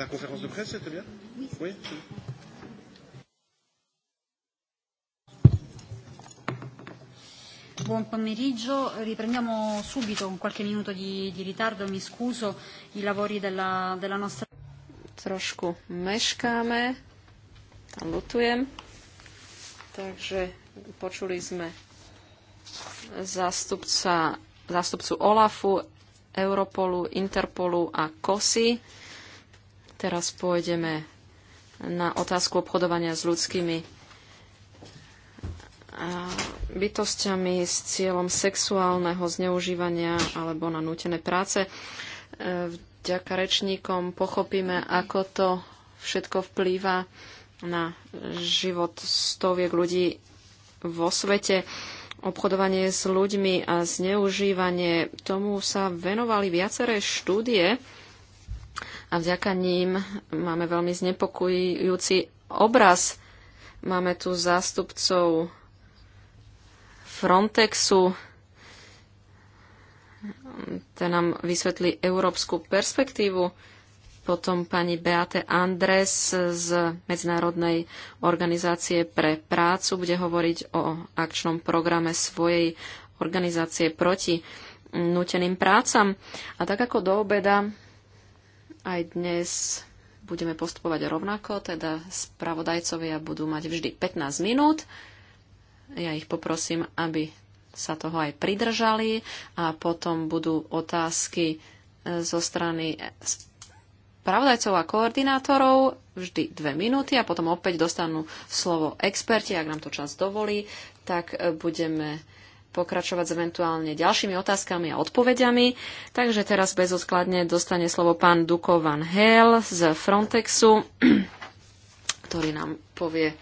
la conférence de presse, c'était bien Oui. oui Buon pomeriggio, riprendiamo subito con qualche minuto di, di ritardo, mi scuso, i lavori della, della nostra. Trošku meškáme, lutujem, takže počuli sme zástupca, zástupcu OLAFu, Europolu, Interpolu a KOSI Teraz pôjdeme na otázku obchodovania s ľudskými bytostiami s cieľom sexuálneho zneužívania alebo na nútené práce. E, vďaka rečníkom pochopíme, ako to všetko vplýva na život stoviek ľudí vo svete. Obchodovanie s ľuďmi a zneužívanie, tomu sa venovali viaceré štúdie a vďaka ním máme veľmi znepokojujúci obraz. Máme tu zástupcov Frontexu, ten nám vysvetlí európsku perspektívu, potom pani Beate Andres z Medzinárodnej organizácie pre prácu bude hovoriť o akčnom programe svojej organizácie proti nuteným prácam. A tak ako do obeda aj dnes budeme postupovať rovnako, teda spravodajcovia budú mať vždy 15 minút. Ja ich poprosím, aby sa toho aj pridržali a potom budú otázky e, zo strany spravodajcov a koordinátorov vždy dve minúty a potom opäť dostanú slovo experti, ak nám to čas dovolí, tak e, budeme pokračovať s eventuálne ďalšími otázkami a odpovediami. Takže teraz bezodkladne dostane slovo pán Duko Van Hel z Frontexu, ktorý nám povie, e,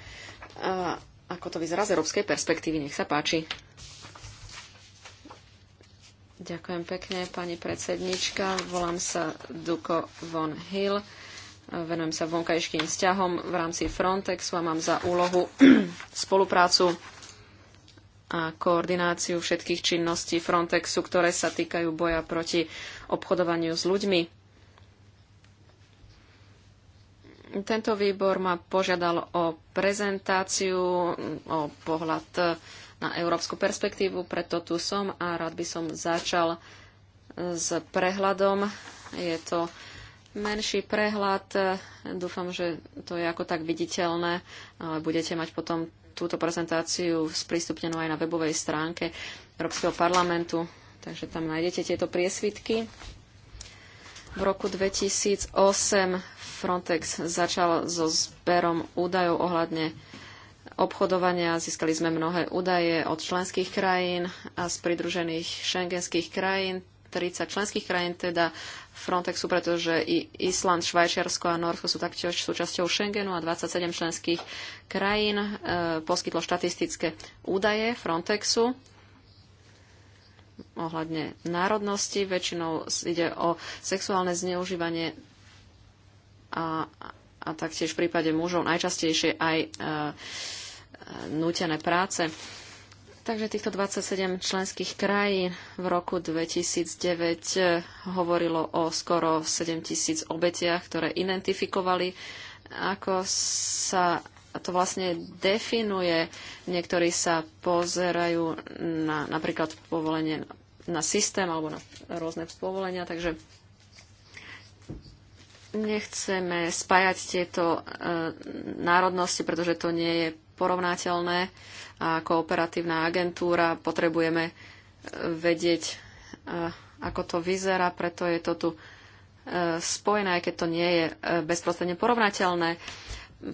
ako to vyzerá z európskej perspektívy. Nech sa páči. Ďakujem pekne, pani predsednička. Volám sa Duko Von Hill. Venujem sa vonkajším vzťahom v rámci Frontexu a mám za úlohu spoluprácu a koordináciu všetkých činností Frontexu, ktoré sa týkajú boja proti obchodovaniu s ľuďmi. Tento výbor ma požiadal o prezentáciu, o pohľad na európsku perspektívu, preto tu som a rád by som začal s prehľadom. Je to menší prehľad. Dúfam, že to je ako tak viditeľné, ale budete mať potom túto prezentáciu sprístupnenú aj na webovej stránke Európskeho parlamentu, takže tam nájdete tieto priesvitky. V roku 2008 Frontex začal so zberom údajov ohľadne obchodovania. Získali sme mnohé údaje od členských krajín a z pridružených šengenských krajín. 30 členských krajín, teda Frontexu, pretože i Island, Švajčiarsko a Norsko sú taktiež súčasťou Schengenu a 27 členských krajín e, poskytlo štatistické údaje Frontexu ohľadne národnosti. Väčšinou ide o sexuálne zneužívanie a, a taktiež v prípade mužov najčastejšie aj e, e nutené práce. Takže týchto 27 členských krajín v roku 2009 eh, hovorilo o skoro 7 tisíc obetiach, ktoré identifikovali, ako sa to vlastne definuje. Niektorí sa pozerajú na napríklad povolenie na systém alebo na rôzne povolenia, takže nechceme spájať tieto e, národnosti, pretože to nie je porovnateľné. E, a ako operatívna agentúra potrebujeme e, vedieť, e, ako to vyzerá, preto je to tu e, spojené, aj keď to nie je bezprostredne porovnateľné.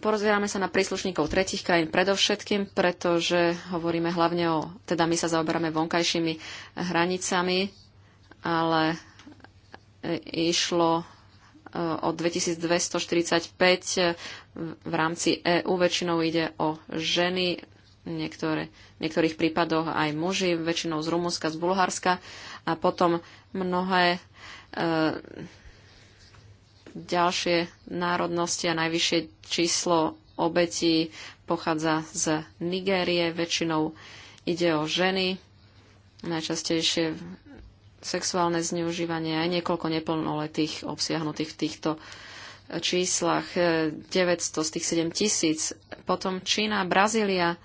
Porozvierame sa na príslušníkov tretich krajín predovšetkým, pretože hovoríme hlavne o, teda my sa zaoberáme vonkajšími hranicami, ale išlo od 2245 v rámci EÚ. Väčšinou ide o ženy, niektoré, v niektorých prípadoch aj muži, väčšinou z Rumunska, z Bulharska a potom mnohé e, ďalšie národnosti a najvyššie číslo obetí pochádza z Nigérie, väčšinou ide o ženy, najčastejšie sexuálne zneužívanie aj niekoľko neplnoletých obsiahnutých v týchto číslach, 900 e, z tých 7 tisíc. Potom Čína, Brazília,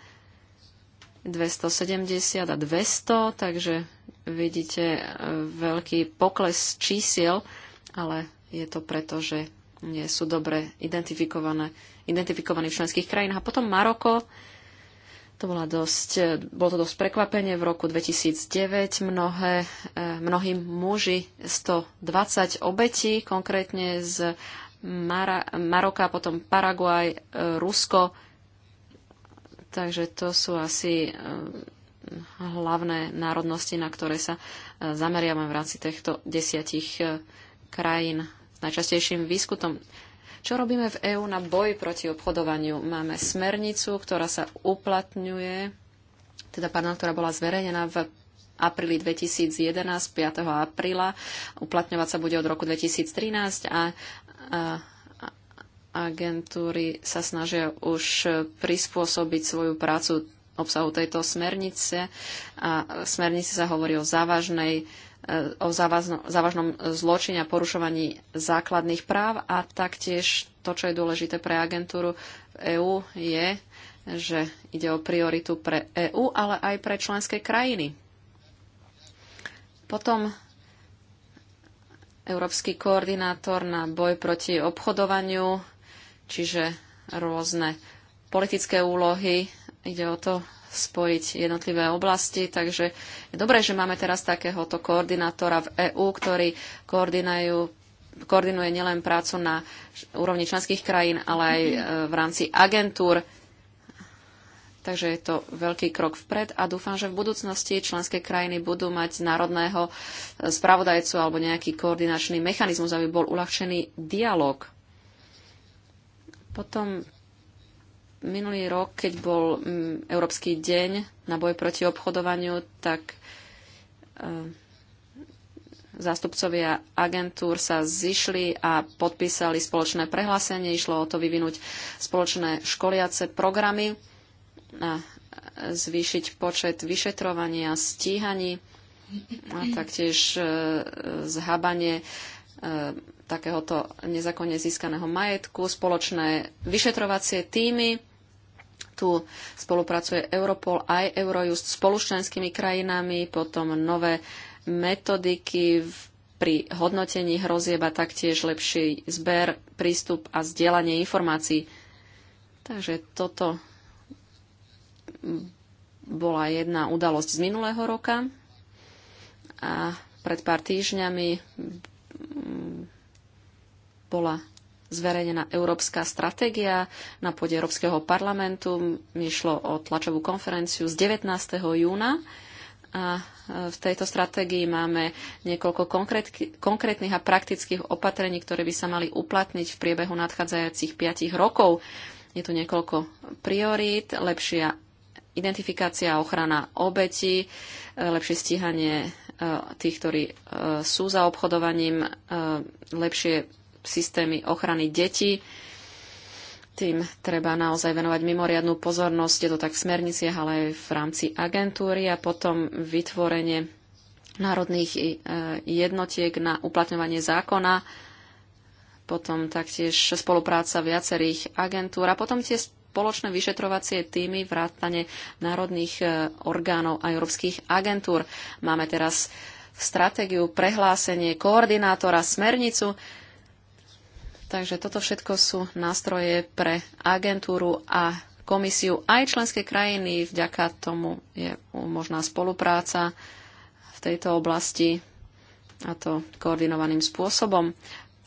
270 a 200, takže vidíte e, veľký pokles čísiel, ale je to preto, že nie sú dobre identifikované, identifikovaní v členských krajinách. A potom Maroko, to bola dosť, e, bolo to dosť prekvapenie. V roku 2009 mnohé, e, mnohí muži, 120 obetí, konkrétne z Mara, Maroka, potom Paraguaj, Rusko, Takže to sú asi eh, hlavné národnosti, na ktoré sa eh, zameriavame v rámci týchto desiatich eh, krajín s najčastejším výskutom. Čo robíme v EÚ na boj proti obchodovaniu? Máme smernicu, ktorá sa uplatňuje, teda pardon, ktorá bola zverejnená v apríli 2011, 5. apríla. Uplatňovať sa bude od roku 2013 a, a agentúry sa snažia už prispôsobiť svoju prácu obsahu tejto smernice a smernice sa hovorí o závažnej e, o závažnom zločine a porušovaní základných práv a taktiež to, čo je dôležité pre agentúru EÚ, je, že ide o prioritu pre EÚ, ale aj pre členské krajiny. Potom Európsky koordinátor na boj proti obchodovaniu čiže rôzne politické úlohy. Ide o to spojiť jednotlivé oblasti, takže je dobré, že máme teraz takéhoto koordinátora v EÚ, ktorý koordinuje nielen prácu na úrovni členských krajín, ale aj e, v rámci agentúr. Takže je to veľký krok vpred a dúfam, že v budúcnosti členské krajiny budú mať národného e, spravodajcu alebo nejaký koordinačný mechanizmus, aby bol uľahčený dialog potom minulý rok, keď bol mm, Európsky deň na boj proti obchodovaniu, tak eh, zástupcovia agentúr sa zišli a podpísali spoločné prehlásenie. Išlo o to vyvinúť spoločné školiace programy a zvýšiť počet vyšetrovania a stíhaní a taktiež eh, zhabanie eh, takéhoto nezákonne získaného majetku, spoločné vyšetrovacie týmy. Tu spolupracuje Europol aj Eurojust s členskými krajinami, potom nové metodiky v, pri hodnotení hrozieb a taktiež lepší zber, prístup a zdieľanie informácií. Takže toto bola jedna udalosť z minulého roka a pred pár týždňami bola zverejnená európska stratégia na pôde Európskeho parlamentu. Išlo o tlačovú konferenciu z 19. júna a e, v tejto stratégii máme niekoľko konkrétnych a praktických opatrení, ktoré by sa mali uplatniť v priebehu nadchádzajúcich 5 rokov. Je tu niekoľko priorít, lepšia identifikácia a ochrana obetí, e, lepšie stíhanie e, tých, ktorí sú za obchodovaním, lepšie systémy ochrany detí. Tým treba naozaj venovať mimoriadnú pozornosť, je to tak v smerniciach, ale aj v rámci agentúry a potom vytvorenie národných e, jednotiek na uplatňovanie zákona, potom taktiež spolupráca viacerých agentúr a potom tie spoločné vyšetrovacie týmy vrátane národných e, orgánov a európskych agentúr. Máme teraz stratégiu, prehlásenie koordinátora, smernicu. Takže toto všetko sú nástroje pre agentúru a komisiu aj členské krajiny. Vďaka tomu je možná spolupráca v tejto oblasti a to koordinovaným spôsobom,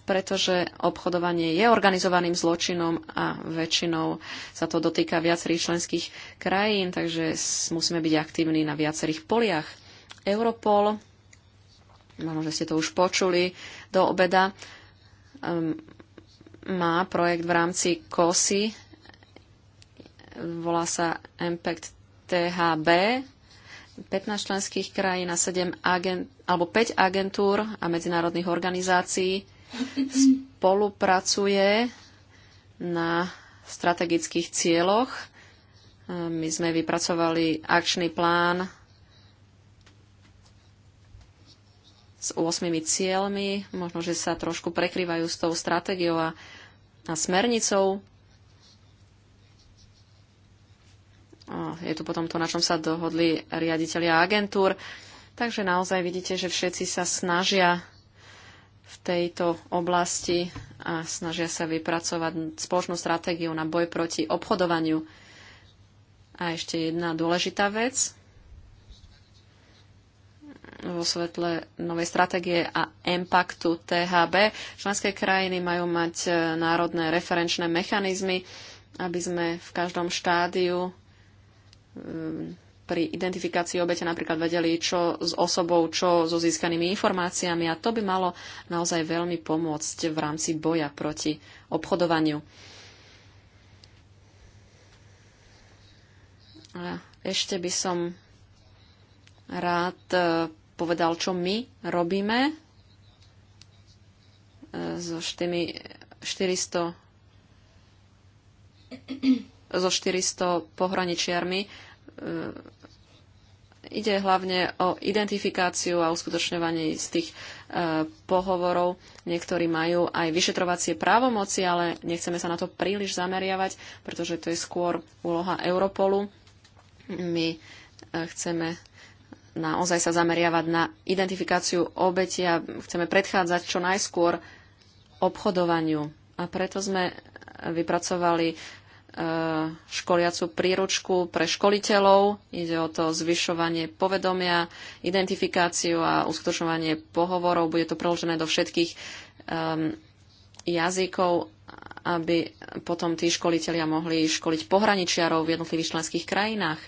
pretože obchodovanie je organizovaným zločinom a väčšinou sa to dotýka viacerých členských krajín, takže musíme byť aktívni na viacerých poliach. Europol, možno, že ste to už počuli do obeda, um, má projekt v rámci KOSI, volá sa Impact THB, 15 členských krajín a 7 agent, alebo 5 agentúr a medzinárodných organizácií spolupracuje na strategických cieľoch. My sme vypracovali akčný plán s 8 cieľmi, možno, že sa trošku prekrývajú s tou stratégiou a, a smernicou. A je tu potom to, na čom sa dohodli riaditeľia agentúr. Takže naozaj vidíte, že všetci sa snažia v tejto oblasti a snažia sa vypracovať spoločnú stratégiu na boj proti obchodovaniu. A ešte jedna dôležitá vec vo svetle novej stratégie a impactu THB. Členské krajiny majú mať e, národné referenčné mechanizmy, aby sme v každom štádiu e, pri identifikácii obete napríklad vedeli, čo s osobou, čo so získanými informáciami a to by malo naozaj veľmi pomôcť v rámci boja proti obchodovaniu. A ešte by som rád e, povedal, čo my robíme e, so 400 so 400 pohraničiarmi. E, ide hlavne o identifikáciu a uskutočňovanie z tých e, pohovorov. Niektorí majú aj vyšetrovacie právomoci, ale nechceme sa na to príliš zameriavať, pretože to je skôr úloha Europolu. My chceme naozaj sa zameriavať na identifikáciu obeti a chceme predchádzať čo najskôr obchodovaniu. A preto sme vypracovali e, školiacu príručku pre školiteľov. Ide o to zvyšovanie povedomia, identifikáciu a uskutočňovanie pohovorov. Bude to preložené do všetkých um, jazykov, aby potom tí školitelia mohli školiť pohraničiarov v jednotlivých členských krajinách.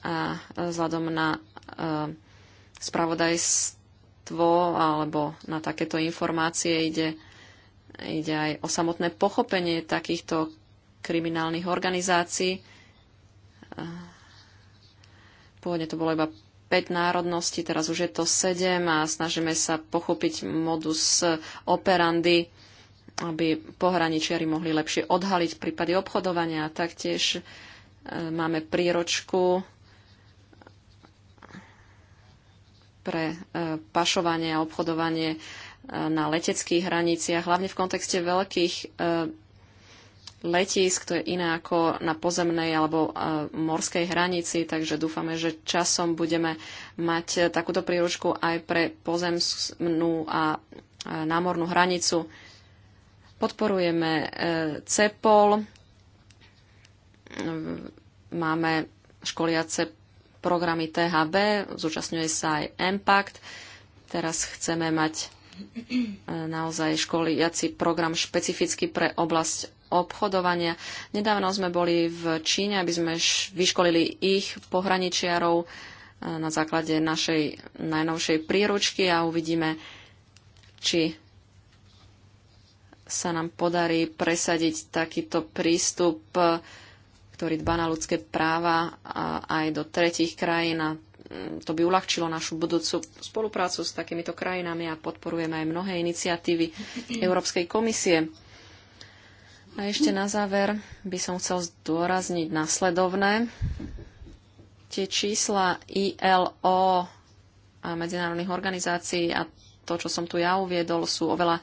A vzhľadom na Eh, spravodajstvo alebo na takéto informácie ide, ide aj o samotné pochopenie takýchto kriminálnych organizácií. Eh, pôvodne to bolo iba 5 národností, teraz už je to 7 a snažíme sa pochopiť modus operandy, aby pohraničiari mohli lepšie odhaliť prípady obchodovania. Taktiež eh, máme príročku pre e, pašovanie a obchodovanie e, na leteckých hraniciach, hlavne v kontexte veľkých e, letísk, to je iné ako na pozemnej alebo morskej hranici, takže dúfame, že časom budeme mať takúto príručku aj pre pozemnú a námornú hranicu. Podporujeme CEPOL, máme školiace programy THB, zúčastňuje sa aj Impact. Teraz chceme mať e, naozaj školiaci program špecificky pre oblasť obchodovania. Nedávno sme boli v Číne, aby sme vyškolili ich pohraničiarov e, na základe našej najnovšej príručky a uvidíme, či sa nám podarí presadiť takýto prístup ktorý dba na ľudské práva aj do tretích krajín a mm, to by uľahčilo našu budúcu spoluprácu s takýmito krajinami a podporujeme aj mnohé iniciatívy Európskej komisie. A ešte na záver by som chcel zdôrazniť nasledovné. Tie čísla ILO a medzinárodných organizácií a to, čo som tu ja uviedol, sú oveľa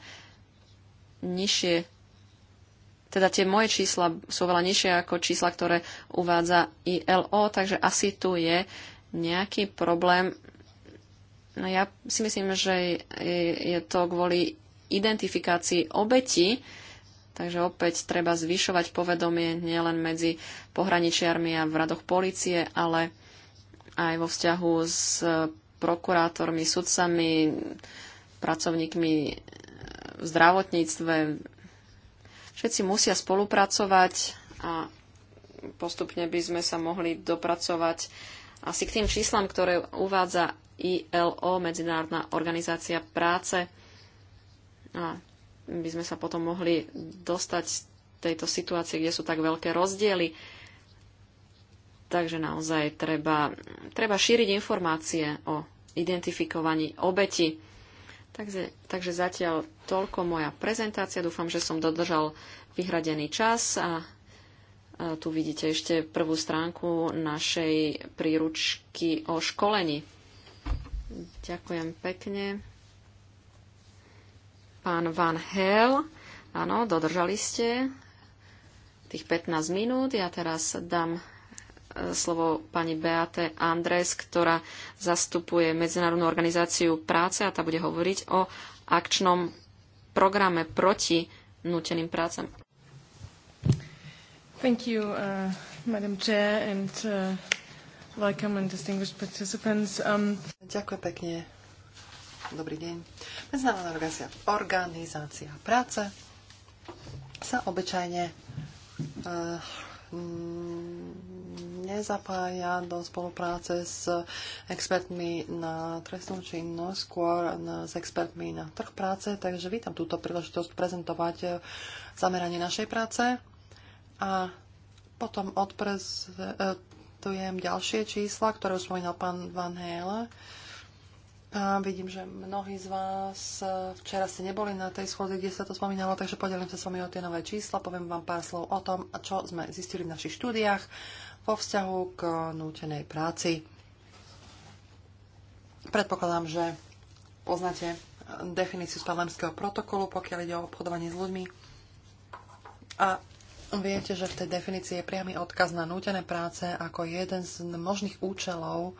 nižšie teda tie moje čísla sú veľa nižšie ako čísla, ktoré uvádza ILO, takže asi tu je nejaký problém. No ja si myslím, že je to kvôli identifikácii obeti, takže opäť treba zvyšovať povedomie nielen medzi pohraničiarmi a v radoch policie, ale aj vo vzťahu s prokurátormi, sudcami, pracovníkmi v zdravotníctve, Všetci musia spolupracovať a postupne by sme sa mohli dopracovať asi k tým číslam, ktoré uvádza ILO, Medzinárodná organizácia práce. A by sme sa potom mohli dostať z tejto situácie, kde sú tak veľké rozdiely. Takže naozaj treba, treba šíriť informácie o identifikovaní obeti. Takže, takže zatiaľ toľko moja prezentácia. Dúfam, že som dodržal vyhradený čas a tu vidíte ešte prvú stránku našej príručky o školení. Ďakujem pekne. Pán Van Hel, áno, dodržali ste tých 15 minút. Ja teraz dám slovo pani Beate Andres, ktorá zastupuje Medzinárodnú organizáciu práce a tá bude hovoriť o akčnom programe proti nuteným prácam. Thank you, uh, Madam Chair, and uh, welcome and distinguished participants. Um... Ďakujem pekne. Dobrý deň. Medzinárodná organizácia, organizácia práce sa obyčajne uh, nezapája do spolupráce s expertmi na trestnú činnosť, skôr s expertmi na trh práce, takže vítam túto príležitosť prezentovať eh, zameranie našej práce a potom odprezentujem ďalšie čísla, ktoré už spomínal pán Van Hele. A vidím, že mnohí z vás eh, včera ste neboli na tej schôdzi, kde sa to spomínalo, takže podelím sa s vami o tie nové čísla, poviem vám pár slov o tom, čo sme zistili v našich štúdiách vo vzťahu k nútenej práci. Predpokladám, že poznáte definíciu spadlemského protokolu, pokiaľ ide o obchodovanie s ľuďmi. A viete, že v tej definícii je priamy odkaz na nútené práce ako jeden z možných účelov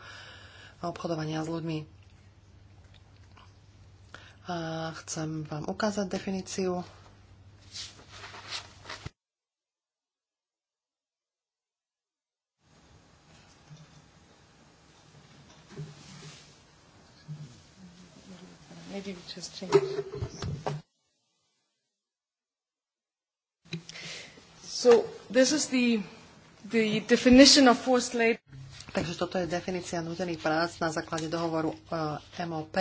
obchodovania s ľuďmi. A chcem vám ukázať definíciu So this is the, the definition of forced labor. Takže toto je definícia nutených prác na základe dohovoru eh, MOP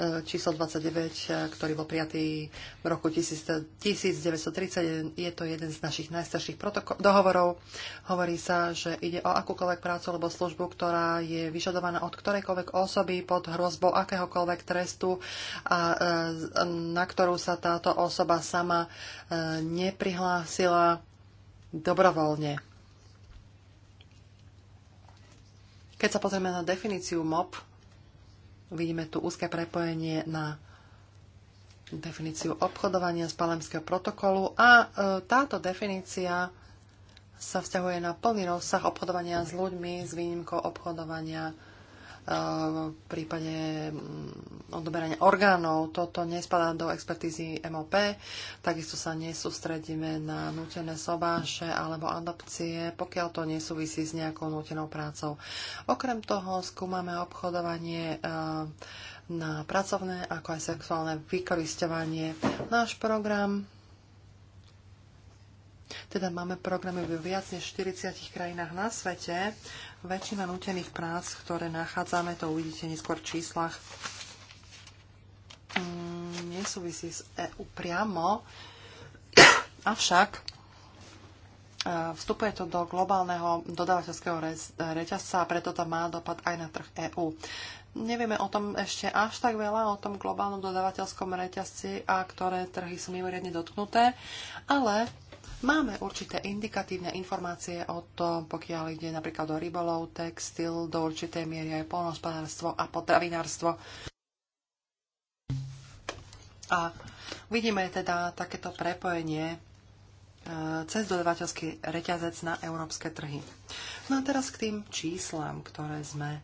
E, číslo 29, e, ktorý bol prijatý v roku 1930. Je to jeden z našich najstarších dohovorov. Hovorí sa, že ide o akúkoľvek prácu alebo službu, ktorá je vyžadovaná od ktorejkoľvek osoby pod hrozbou akéhokoľvek trestu a e, na ktorú sa táto osoba sama neprihlásila dobrovoľne. Keď sa pozrieme na definíciu MOP, Vidíme tu úzke prepojenie na definíciu obchodovania z palemského protokolu a e, táto definícia sa vzťahuje na plný rozsah obchodovania s ľuďmi s výnimkou obchodovania v prípade mm, odoberania orgánov. Toto nespadá do expertízy MOP. Takisto sa nesústredíme na nutené sobáše alebo adopcie, pokiaľ to nesúvisí s nejakou nutenou prácou. Okrem toho skúmame obchodovanie eh, na pracovné ako aj sexuálne vykoristovanie. Náš program teda máme programy v viac než 40 krajinách na svete väčšina nutených prác, ktoré nachádzame, to uvidíte neskôr v číslach, mm, nesúvisí s EU priamo, avšak e, vstupuje to do globálneho dodávateľského reťazca a preto to má dopad aj na trh EÚ. Nevieme o tom ešte až tak veľa, o tom globálnom dodávateľskom reťazci a ktoré trhy sú mimoriadne dotknuté, ale Máme určité indikatívne informácie o tom, pokiaľ ide napríklad o rybolov, textil, do určitej miery aj polnospodárstvo a potravinárstvo. A vidíme teda takéto prepojenie e, cez dodavateľský reťazec na európske trhy. No a teraz k tým číslam, ktoré sme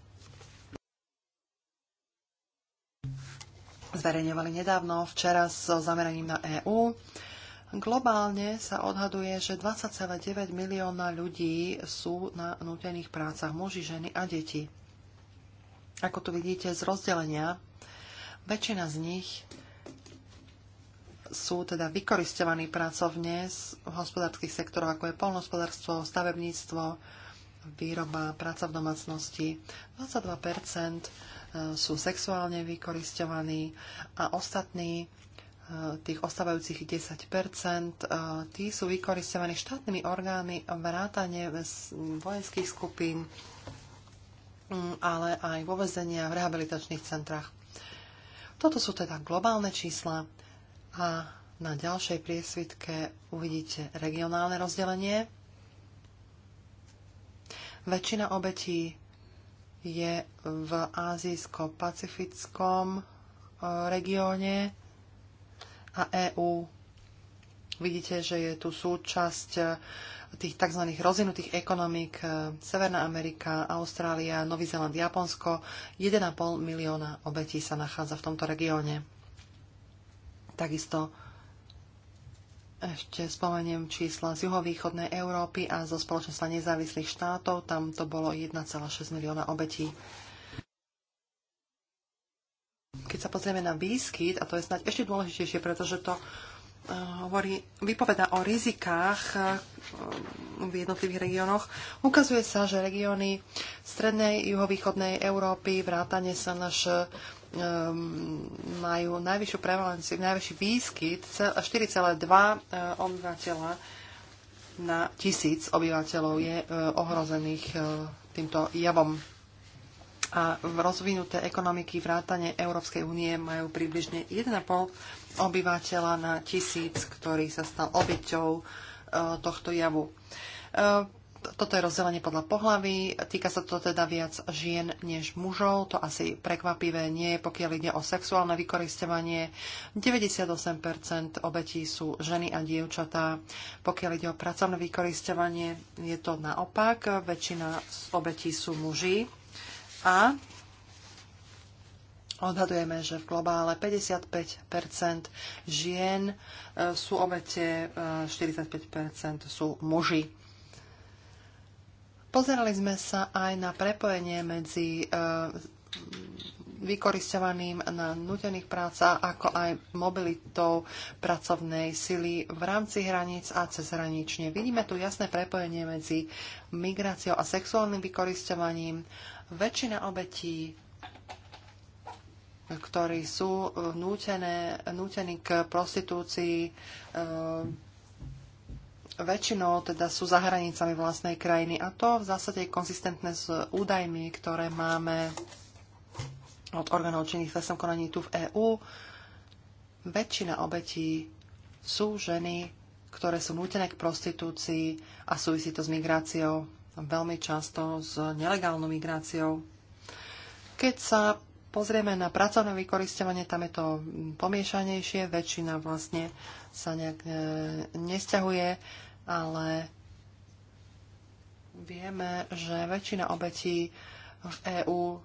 zverejňovali nedávno, včera so zameraním na EÚ. Globálne sa odhaduje, že 20,9 milióna ľudí sú na nutených prácach, muži, ženy a deti. Ako tu vidíte z rozdelenia, väčšina z nich sú teda vykoristovaní pracovne z hospodárskych sektorov, ako je polnospodárstvo, stavebníctvo, výroba, práca v domácnosti. 22% e, sú sexuálne vykoristovaní a ostatní Eh, tých ostávajúcich 10 eh, tí sú vykoristovaní štátnymi orgány vrátane vojenských skupín, mm, ale aj vo vezenia v rehabilitačných centrách. Toto sú teda globálne čísla a na ďalšej priesvitke uvidíte regionálne rozdelenie. Väčšina obetí je v azijsko-pacifickom eh, regióne, a EÚ. Vidíte, že je tu súčasť eh, tých tzv. rozvinutých ekonomík eh, Severná Amerika, Austrália, Nový Zeland, Japonsko. 1,5 milióna obetí sa nachádza v tomto regióne. Takisto ešte spomeniem čísla z juhovýchodnej Európy a zo spoločenstva nezávislých štátov. Tam to bolo 1,6 milióna obetí keď sa pozrieme na výskyt, a to je snáď ešte dôležitejšie, pretože to eh, hovorí, vypoveda o rizikách eh, v jednotlivých regiónoch. Ukazuje sa, že regióny strednej, juhovýchodnej Európy, vrátane sa naš eh, majú najvyššiu prevalenciu, najvyšší výskyt 4,2 obyvateľa na tisíc obyvateľov je ohrozených týmto javom a rozvinuté ekonomiky vrátane Európskej únie majú približne 1,5 obyvateľa na tisíc, ktorý sa stal obeťou e, tohto javu. E, toto je rozdelenie podľa pohlaví, týka sa to teda viac žien než mužov, to asi prekvapivé nie je, pokiaľ ide o sexuálne vykoristovanie. 98% obetí sú ženy a dievčatá. Pokiaľ ide o pracovné vykoristovanie, je to naopak, väčšina z obetí sú muži a odhadujeme, že v globále 55 žien e, sú obete, 45 e, sú muži. Pozerali sme sa aj na prepojenie medzi e, vykoristovaným na nutených prácach, ako aj mobilitou pracovnej sily v rámci hraníc a cezhranične. Vidíme tu jasné prepojenie medzi migráciou a sexuálnym vykoristovaním Väčšina obetí, ktorí sú e, nútené, nútení k prostitúcii, e, väčšinou teda sú za hranicami vlastnej krajiny a to v zásade je konzistentné s údajmi, ktoré máme od orgánov činných trestnom konaní tu v EÚ. Väčšina obetí sú ženy, ktoré sú nútené k prostitúcii a súvisí to s migráciou veľmi často s nelegálnou migráciou. Keď sa pozrieme na pracovné vykoristovanie, tam je to pomiešanejšie, väčšina vlastne sa nejak e, nesťahuje, ale vieme, že väčšina obetí v EÚ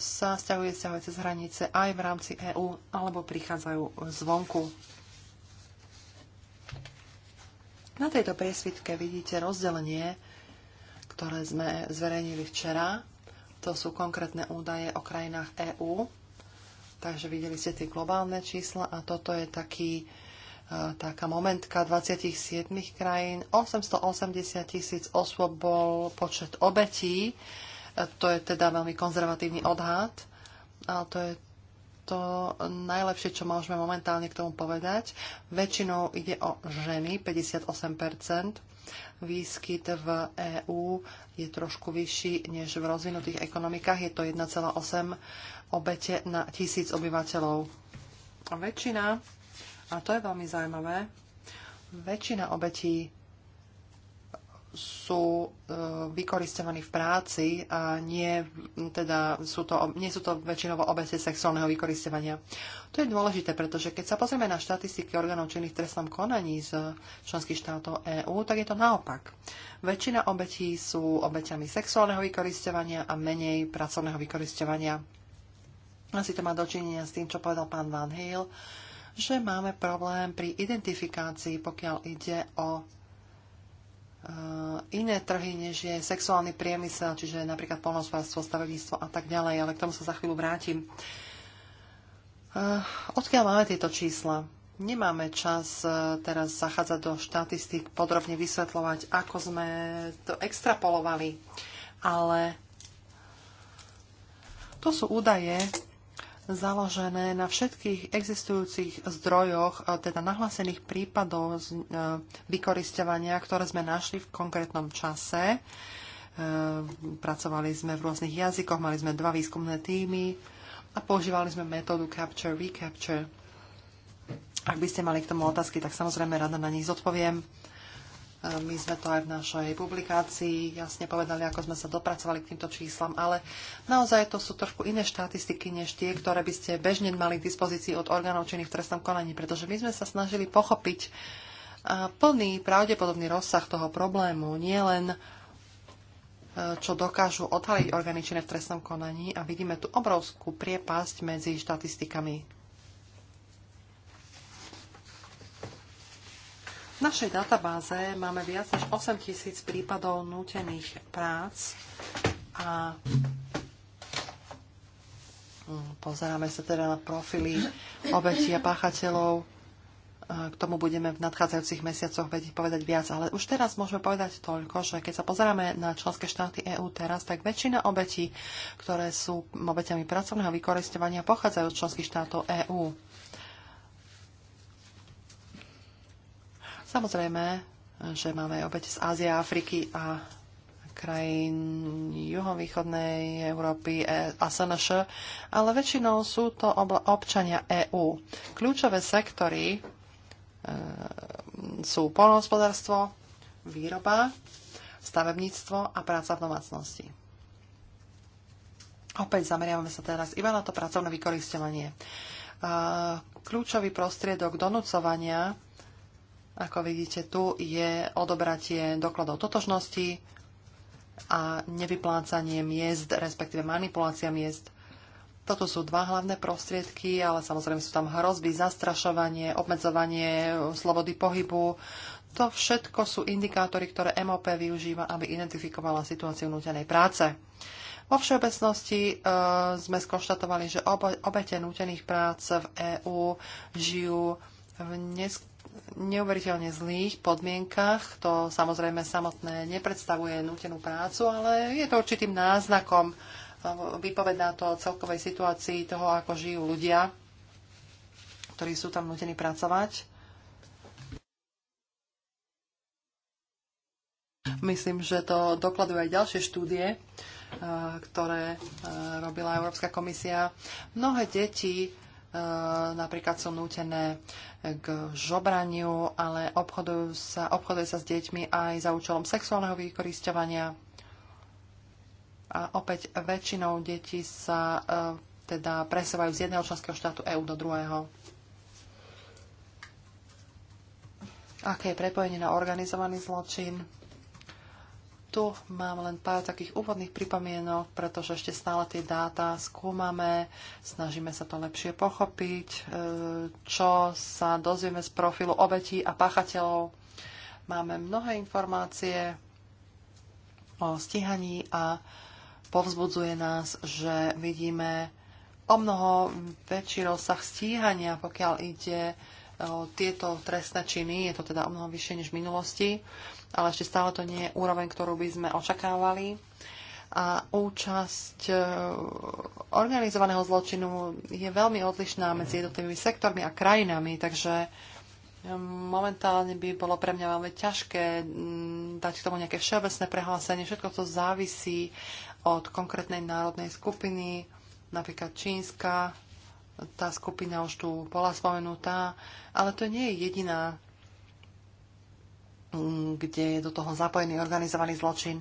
sa sťahuje sťahuje cez hranice aj v rámci EÚ, alebo prichádzajú zvonku. Na tejto priesvitke vidíte rozdelenie ktoré sme zverejnili včera. To sú konkrétne údaje o krajinách EÚ. Takže videli ste tie globálne čísla a toto je taký, e, taká momentka 27 krajín. 880 tisíc osôb bol počet obetí. E, to je teda veľmi konzervatívny odhad, ale to je to najlepšie, čo môžeme momentálne k tomu povedať. Väčšinou ide o ženy, 58%. Výskyt v EÚ je trošku vyšší než v rozvinutých ekonomikách. Je to 1,8 obete na tisíc obyvateľov. A väčšina, a to je veľmi zaujímavé, väčšina obetí sú e, vykoristovaní v práci a nie, teda sú to, nie sú to väčšinovo obete sexuálneho vykoristovania. To je dôležité, pretože keď sa pozrieme na štatistiky orgánov činných v trestnom konaní z členských štátov EÚ, tak je to naopak. Väčšina obetí sú obeťami sexuálneho vykoristovania a menej pracovného vykoristovania. Asi to má dočinenia s tým, čo povedal pán Van Hale, že máme problém pri identifikácii, pokiaľ ide o Eh, iné trhy, než je sexuálny priemysel, čiže napríklad polnospodárstvo, stavebníctvo a tak ďalej, ale k tomu sa za chvíľu vrátim. Eh, odkiaľ máme tieto čísla? Nemáme čas eh, teraz zachádzať do štatistík, podrobne vysvetľovať, ako sme to extrapolovali, ale to sú údaje, založené na všetkých existujúcich zdrojoch, teda nahlásených prípadov e, vykoristovania, ktoré sme našli v konkrétnom čase. E, pracovali sme v rôznych jazykoch, mali sme dva výskumné týmy a používali sme metódu Capture Recapture. Ak by ste mali k tomu otázky, tak samozrejme rada na nich zodpoviem. My sme to aj v našej publikácii jasne povedali, ako sme sa dopracovali k týmto číslam, ale naozaj to sú trošku iné štatistiky než tie, ktoré by ste bežne mali k dispozícii od orgánov činných v trestnom konaní, pretože my sme sa snažili pochopiť plný pravdepodobný rozsah toho problému, nielen čo dokážu odhaliť orgány činné v trestnom konaní a vidíme tu obrovskú priepasť medzi štatistikami V našej databáze máme viac než 8 tisíc prípadov nútených prác a mm, pozeráme sa teda na profily obetí a páchateľov. K tomu budeme v nadchádzajúcich mesiacoch vedieť povedať viac, ale už teraz môžeme povedať toľko, že keď sa pozeráme na členské štáty EÚ teraz, tak väčšina obetí, ktoré sú obeťami pracovného vykoristovania, pochádzajú z členských štátov EÚ. Samozrejme, že máme obete z Ázie, Afriky a krajín juhovýchodnej Európy e, a SNŠ, ale väčšinou sú to občania EÚ. Kľúčové sektory e, sú polnohospodárstvo, výroba, stavebníctvo a práca v domácnosti. Opäť zameriavame sa teraz iba na to pracovné vykoristovanie. E, kľúčový prostriedok donúcovania ako vidíte, tu je odobratie dokladov totožnosti a nevyplácanie miest, respektíve manipulácia miest. Toto sú dva hlavné prostriedky, ale samozrejme sú tam hrozby, zastrašovanie, obmedzovanie slobody pohybu. To všetko sú indikátory, ktoré MOP využíva, aby identifikovala situáciu nútenej práce. Vo všeobecnosti e, sme skonštatovali, že obete nútených prác v EÚ žijú v nesk- neuveriteľne zlých podmienkach. To samozrejme samotné nepredstavuje nutenú prácu, ale je to určitým náznakom vypovedná to o celkovej situácii toho, ako žijú ľudia, ktorí sú tam nutení pracovať. Myslím, že to dokladujú aj ďalšie štúdie, ktoré robila Európska komisia. Mnohé deti napríklad sú nútené k žobraniu, ale obchodujú sa, obchoduje sa s deťmi aj za účelom sexuálneho vykoristovania. A opäť väčšinou deti sa e, teda presúvajú z jedného členského štátu EÚ do druhého. Aké je prepojenie na organizovaný zločin? Tu mám len pár takých úvodných pripomienok, pretože ešte stále tie dáta skúmame, snažíme sa to lepšie pochopiť, e, čo sa dozvieme z profilu obetí a páchateľov. Máme mnohé informácie o stíhaní a povzbudzuje nás, že vidíme o mnoho väčší rozsah stíhania, pokiaľ ide o tieto trestné činy. Je to teda o mnoho vyššie než v minulosti ale ešte stále to nie je úroveň, ktorú by sme očakávali. A účasť e, organizovaného zločinu je veľmi odlišná medzi jednotlivými sektormi a krajinami, takže e, momentálne by bolo pre mňa veľmi ťažké mm, dať k tomu nejaké všeobecné prehlásenie. Všetko to závisí od konkrétnej národnej skupiny, napríklad čínska, tá skupina už tu bola spomenutá, ale to nie je jediná Um, kde je do toho zapojený organizovaný zločin.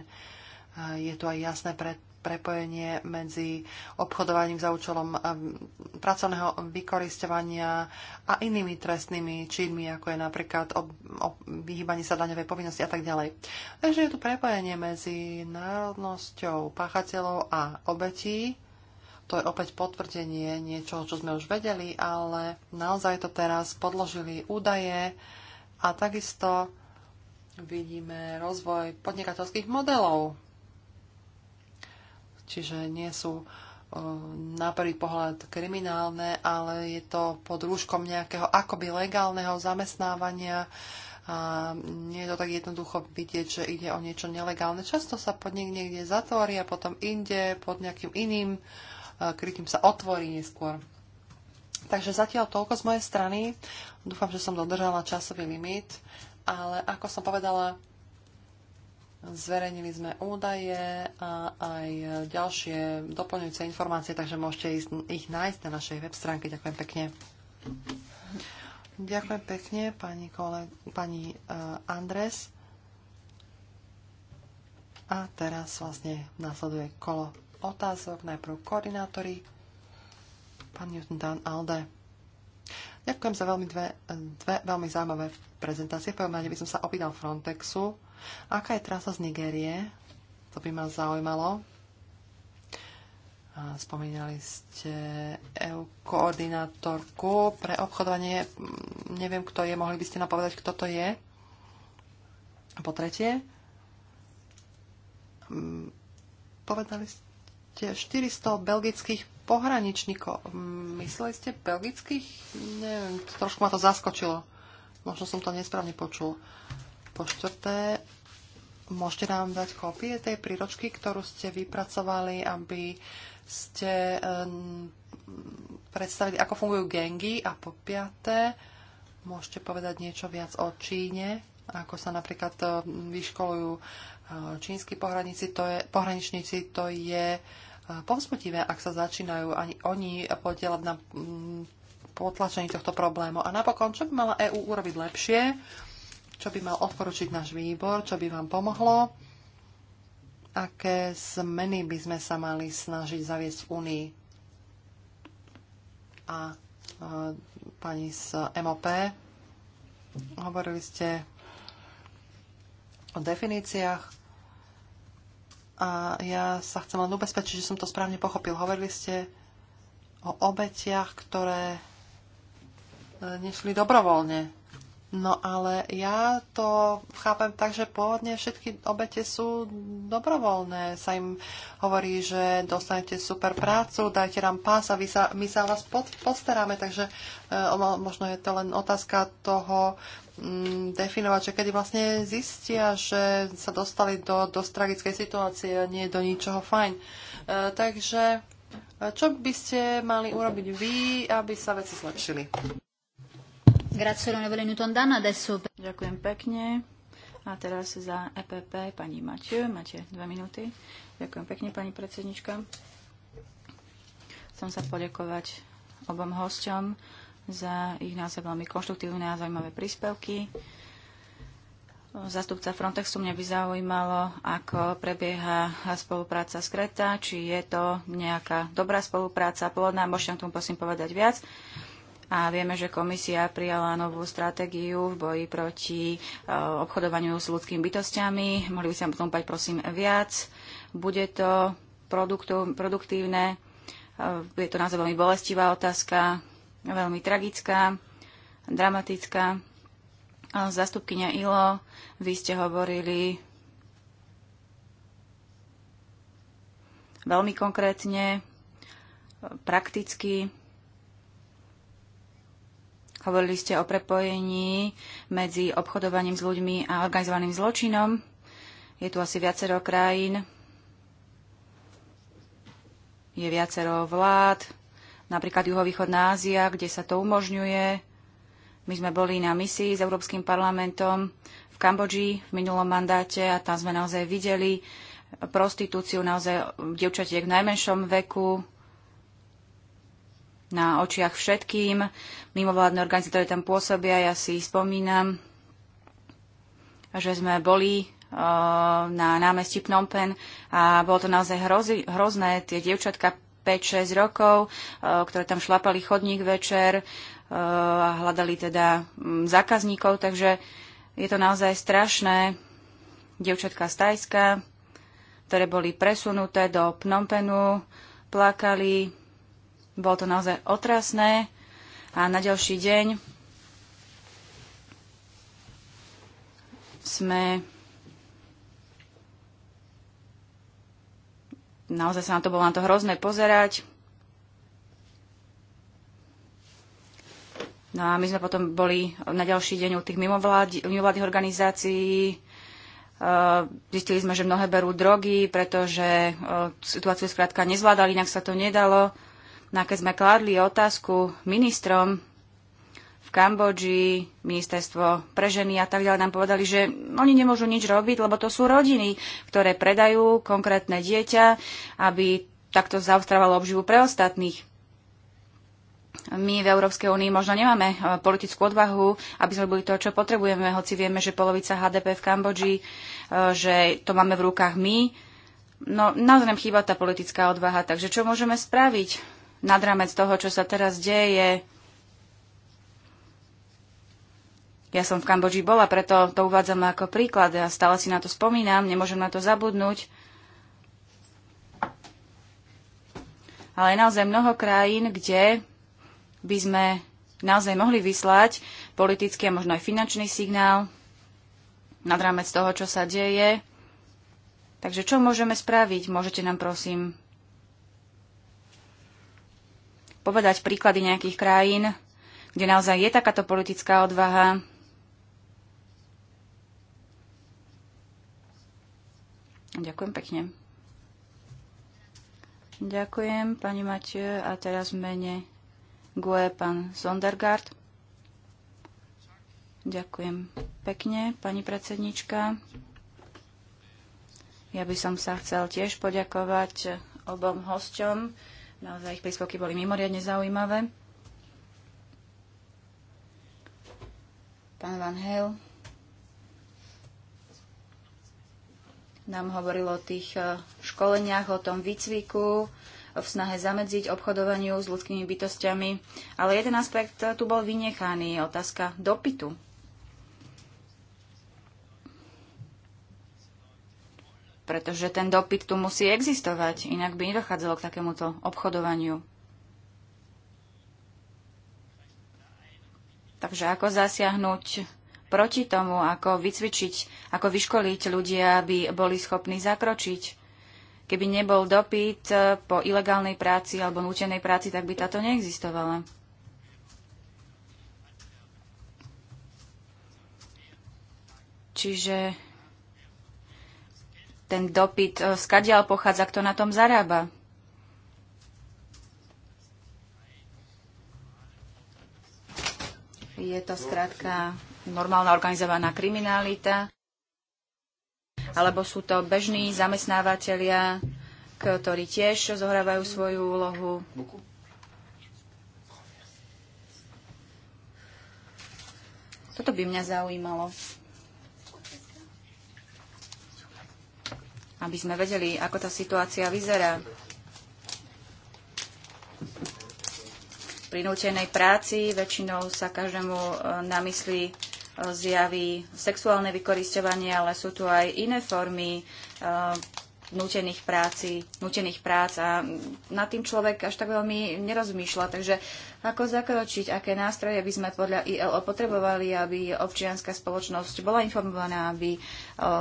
Je tu aj jasné pre, prepojenie medzi obchodovaním za účelom um, pracovného vykoristovania a inými trestnými činmi, ako je napríklad o, o vyhýbanie sa daňovej povinnosti a tak ďalej. Takže je tu prepojenie medzi národnosťou páchateľov a obetí. To je opäť potvrdenie niečoho, čo sme už vedeli, ale naozaj to teraz podložili údaje a takisto vidíme rozvoj podnikateľských modelov. Čiže nie sú e, na prvý pohľad kriminálne, ale je to pod rúškom nejakého akoby legálneho zamestnávania. A nie je to tak jednoducho vidieť, že ide o niečo nelegálne. Často sa podnik niekde zatvorí a potom inde pod nejakým iným e, krytím sa otvorí neskôr. Takže zatiaľ toľko z mojej strany. Dúfam, že som dodržala časový limit ale ako som povedala, zverejnili sme údaje a aj ďalšie doplňujúce informácie, takže môžete ich nájsť na našej web stránke. Ďakujem pekne. Ďakujem pekne, pani, kole, pani uh, Andres. A teraz vlastne nasleduje kolo otázok. Najprv koordinátori. Pán Newton Dan Alde. Ďakujem za veľmi dve, dve veľmi zaujímavé prezentácie. V prvom rade by som sa opýtal Frontexu, aká je trasa z Nigérie. To by ma zaujímalo. Spomínali ste EU koordinátorku pre obchodovanie. Neviem, kto je. Mohli by ste napovedať, kto to je? Po tretie, mm, povedali ste, 400 belgických pohraničníkov. Mysleli ste belgických? Neviem, trošku ma to zaskočilo. Možno som to nesprávne počul. Po štvrté, môžete nám dať kópie tej príročky, ktorú ste vypracovali, aby ste um, predstavili, ako fungujú gengy. A po piaté, môžete povedať niečo viac o Číne, ako sa napríklad e, vyškolujú Eh, čínsky pohraničníci to je, pohraničníci, to je eh, povzbudivé, ak sa začínajú ani oni podielať na mm, potlačení tohto problému. A napokon, čo by mala EÚ urobiť lepšie, čo by mal odporučiť náš výbor, čo by vám pomohlo, aké zmeny by sme sa mali snažiť zaviesť v Únii. A e, pani z MOP, hovorili ste o definíciách. A ja sa chcem len ubezpečiť, že som to správne pochopil. Hovorili ste o obetiach, ktoré e, nešli dobrovoľne. No ale ja to chápem tak, že pôvodne všetky obete sú dobrovoľné. Sa im hovorí, že dostanete super prácu, dajte nám pás a my sa, my sa vás pod, postaráme. Takže e, možno je to len otázka toho mm, definovať, že kedy vlastne zistia, že sa dostali do dosť tragickej situácie a nie do ničoho fajn. E, takže e, čo by ste mali urobiť vy, aby sa veci zlepšili? Ďakujem pekne. A teraz za EPP pani Matiu. Máte dve minúty. Ďakujem pekne, pani predsednička. Chcem sa poďakovať obom hosťom za ich naozaj veľmi konštruktívne a zaujímavé príspevky. Zastupca Frontexu mňa by zaujímalo, ako prebieha spolupráca s Kreta, či je to nejaká dobrá spolupráca, plodná, môžete k tomu prosím povedať viac a vieme, že komisia prijala novú stratégiu v boji proti e, obchodovaniu s ľudskými bytostiami. Mohli by sa potom pať, prosím, viac. Bude to produktívne. E, je to naozaj veľmi bolestivá otázka, veľmi tragická, dramatická. Zastupkynia ILO, vy ste hovorili veľmi konkrétne, prakticky Hovorili ste o prepojení medzi obchodovaním s ľuďmi a organizovaným zločinom. Je tu asi viacero krajín, je viacero vlád, napríklad Juhovýchodná Ázia, kde sa to umožňuje. My sme boli na misii s Európskym parlamentom v Kambodži v minulom mandáte a tam sme naozaj videli prostitúciu naozaj dievčatiek v najmenšom veku, na očiach všetkým. Mimovládne organizácie, ktoré tam pôsobia, ja si spomínam, že sme boli uh, na námestí Phnom Penh a bolo to naozaj hrozi, hrozné. Tie dievčatka 5-6 rokov, uh, ktoré tam šlapali chodník večer uh, a hľadali teda mm, zákazníkov, takže je to naozaj strašné. Dievčatka z Tajska, ktoré boli presunuté do Phnom Penhu, plakali, bolo to naozaj otrasné a na ďalší deň sme naozaj sa na to bolo na to hrozné pozerať. No a my sme potom boli na ďalší deň u tých mimovlád, mimovládnych organizácií. E, zistili sme, že mnohé berú drogy, pretože e, situáciu skrátka nezvládali, inak sa to nedalo. No a keď sme kladli otázku ministrom v Kambodži, ministerstvo pre ženy a tak ďalej, nám povedali, že oni nemôžu nič robiť, lebo to sú rodiny, ktoré predajú konkrétne dieťa, aby takto zaostravalo obživu pre ostatných. My v Európskej únii možno nemáme eh, politickú odvahu, aby sme boli to, čo potrebujeme, hoci vieme, že polovica HDP v Kambodži, eh, že to máme v rukách my. No naozaj nám chýba tá politická odvaha, takže čo môžeme spraviť? nad rámec toho, čo sa teraz deje. Ja som v Kambodži bola, preto to uvádzam ako príklad. Ja stále si na to spomínam, nemôžem na to zabudnúť. Ale je naozaj mnoho krajín, kde by sme naozaj mohli vyslať politický a možno aj finančný signál nad rámec toho, čo sa deje. Takže čo môžeme spraviť? Môžete nám prosím povedať príklady nejakých krajín, kde naozaj je takáto politická odvaha. Ďakujem pekne. Ďakujem, pani Mathieu. A teraz mene Gue, pán Sondergaard. Ďakujem pekne, pani predsednička. Ja by som sa chcel tiež poďakovať obom hosťom Naozaj ich príspevky boli mimoriadne zaujímavé. Pán Van Hel nám hovoril o tých e, školeniach, o tom výcviku, v snahe zamedziť obchodovaniu s ľudskými bytostiami. Ale jeden aspekt tu bol vynechaný, otázka dopytu pretože ten dopyt tu musí existovať, inak by nedochádzalo k takémuto obchodovaniu. Takže ako zasiahnuť proti tomu, ako vycvičiť, ako vyškoliť ľudia, aby boli schopní zakročiť. Keby nebol dopyt eh, po ilegálnej práci alebo nútenej práci, tak by táto neexistovala. Čiže ten dopyt, e, skadial pochádza, kto na tom zarába. Je to skrátka normálna organizovaná kriminalita, alebo sú to bežní zamestnávateľia, ktorí tiež zohrávajú svoju úlohu. Toto by mňa zaujímalo. aby sme vedeli, ako tá situácia vyzerá. Pri nútenej práci väčšinou sa každému e, na mysli e, zjaví sexuálne vykoristovanie, ale sú tu aj iné formy e, nutených, práci, nutených prác a nad tým človek až tak veľmi nerozmýšľa. Takže ako zakročiť, aké nástroje by sme podľa ILO potrebovali, aby občianská spoločnosť bola informovaná, aby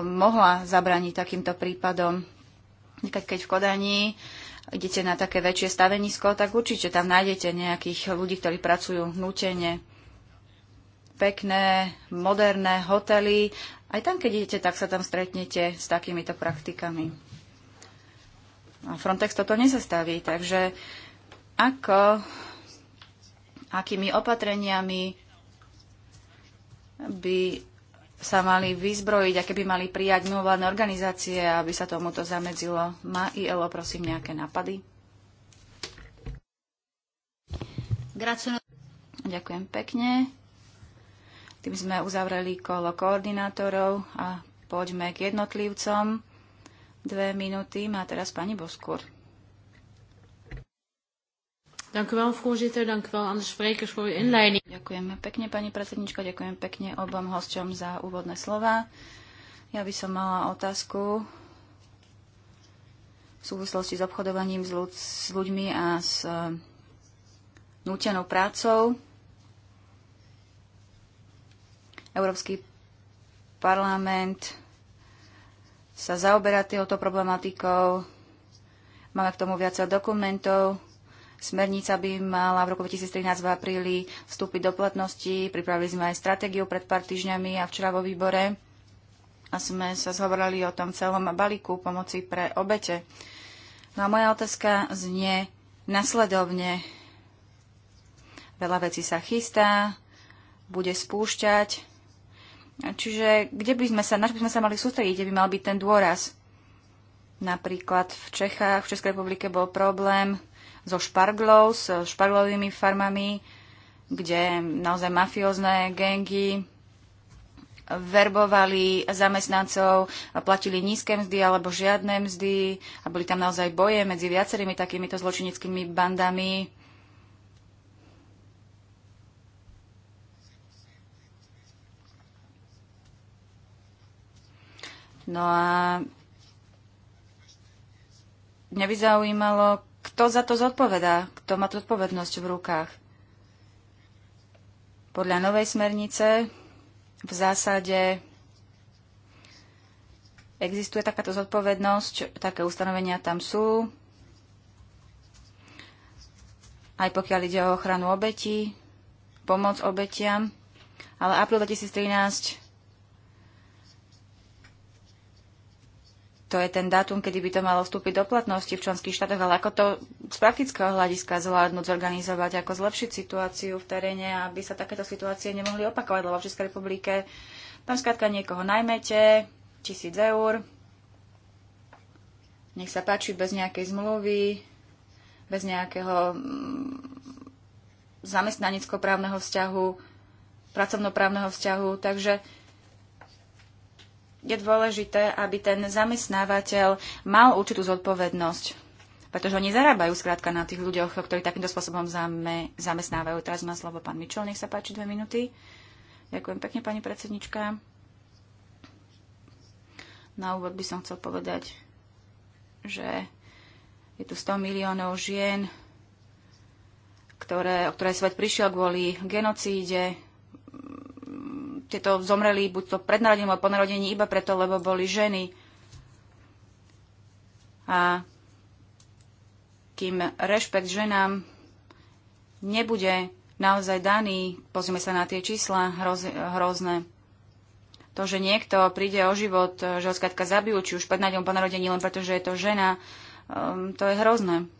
mohla zabraniť takýmto prípadom. Keď v Kodani idete na také väčšie stavenisko, tak určite tam nájdete nejakých ľudí, ktorí pracujú nutene pekné, moderné hotely. Aj tam, keď idete, tak sa tam stretnete s takýmito praktikami. Frontex toto nezastaví. Takže ako, akými opatreniami by sa mali vyzbrojiť, aké by mali prijať mimovládne organizácie, aby sa tomuto zamedzilo. Má ILO, prosím, nejaké nápady? Ďakujem pekne. Tým sme uzavreli kolo koordinátorov a poďme k jednotlivcom. Dve minúty má teraz pani Boskur. Ďakujem pekne, pani predsednička, ďakujem pekne obom hosťom za úvodné slova. Ja by som mala otázku v súvislosti s obchodovaním s, ľud- s ľuďmi a s uh, nútenou prácou. Európsky parlament sa zaoberá touto problematikou. Máme k tomu viacej dokumentov. Smernica by mala v roku 2013 v apríli vstúpiť do platnosti. Pripravili sme aj stratégiu pred pár týždňami a včera vo výbore a sme sa zhovorili o tom celom balíku pomoci pre obete. No a moja otázka znie nasledovne. Veľa vecí sa chystá, bude spúšťať, Čiže kde by sme sa, na čo by sme sa mali sústrediť, kde by mal byť ten dôraz? Napríklad v Čechách, v Českej republike bol problém so šparglou, s šparglovými farmami, kde naozaj mafiózne gengy verbovali zamestnancov, platili nízke mzdy alebo žiadne mzdy a boli tam naozaj boje medzi viacerými takýmito zločineckými bandami No a mňa by zaujímalo, kto za to zodpovedá, kto má zodpovednosť v rukách. Podľa novej smernice v zásade existuje takáto zodpovednosť, také ustanovenia tam sú, aj pokiaľ ide o ochranu obetí, pomoc obetiam, ale apríl 2013 to je ten dátum, kedy by to malo vstúpiť do platnosti v členských štátoch, ale ako to z praktického hľadiska zvládnuť, zorganizovať, ako zlepšiť situáciu v teréne, aby sa takéto situácie nemohli opakovať, lebo v Českej republike tam skrátka niekoho najmete, tisíc eur, nech sa páči bez nejakej zmluvy, bez nejakého mm, právneho vzťahu, pracovnoprávneho vzťahu, takže je dôležité, aby ten zamestnávateľ mal určitú zodpovednosť, pretože oni zarábajú skrátka na tých ľuďoch, ktorí takýmto spôsobom zame, zamestnávajú. Teraz má slovo pán Mičol, nech sa páči dve minúty. Ďakujem pekne, pani predsednička. Na úvod by som chcel povedať, že je tu 100 miliónov žien, ktoré, o ktoré svet prišiel kvôli genocíde, tieto zomreli buď to pred narodením alebo po narodení iba preto, lebo boli ženy. A kým rešpekt ženám nebude naozaj daný, pozrime sa na tie čísla hroz, hrozné. To, že niekto príde o život, že ho skratka zabijú, či už pred po narodení, len pretože je to žena, um, to je hrozné.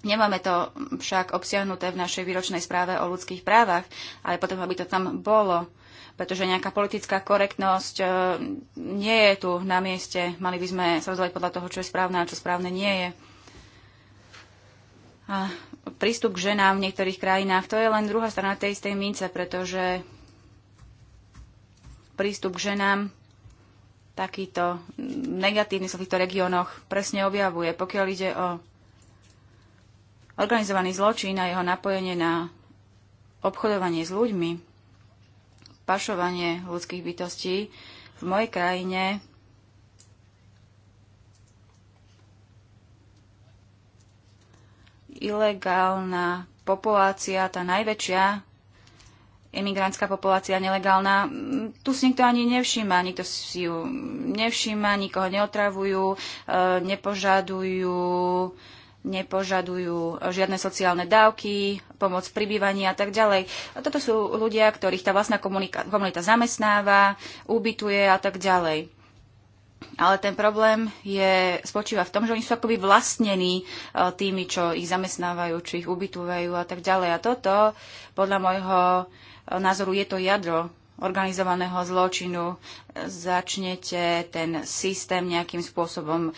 Nemáme to však obsiahnuté v našej výročnej správe o ľudských právach, ale potom, aby to tam bolo pretože nejaká politická korektnosť e, nie je tu na mieste. Mali by sme sa rozhodovať podľa toho, čo je správne a čo správne nie je. A prístup k ženám v niektorých krajinách, to je len druhá strana tej istej mince, pretože prístup k ženám takýto negatívny sa v týchto regiónoch presne objavuje. Pokiaľ ide o organizovaný zločin a jeho napojenie na obchodovanie s ľuďmi, pašovanie ľudských bytostí. V mojej krajine ilegálna populácia, tá najväčšia emigrantská populácia nelegálna, tu si nikto ani nevšíma, nikto si ju nevšíma, nikoho neotravujú, e, nepožadujú, nepožadujú žiadne sociálne dávky, pomoc pri bývaní a tak ďalej. A toto sú ľudia, ktorých tá vlastná komunita zamestnáva, ubytuje a tak ďalej. Ale ten problém je, spočíva v tom, že oni sú akoby vlastnení e, tými, čo ich zamestnávajú, či ich ubytujú a tak ďalej. A toto, podľa môjho e, názoru, je to jadro organizovaného zločinu, začnete ten systém nejakým spôsobom e,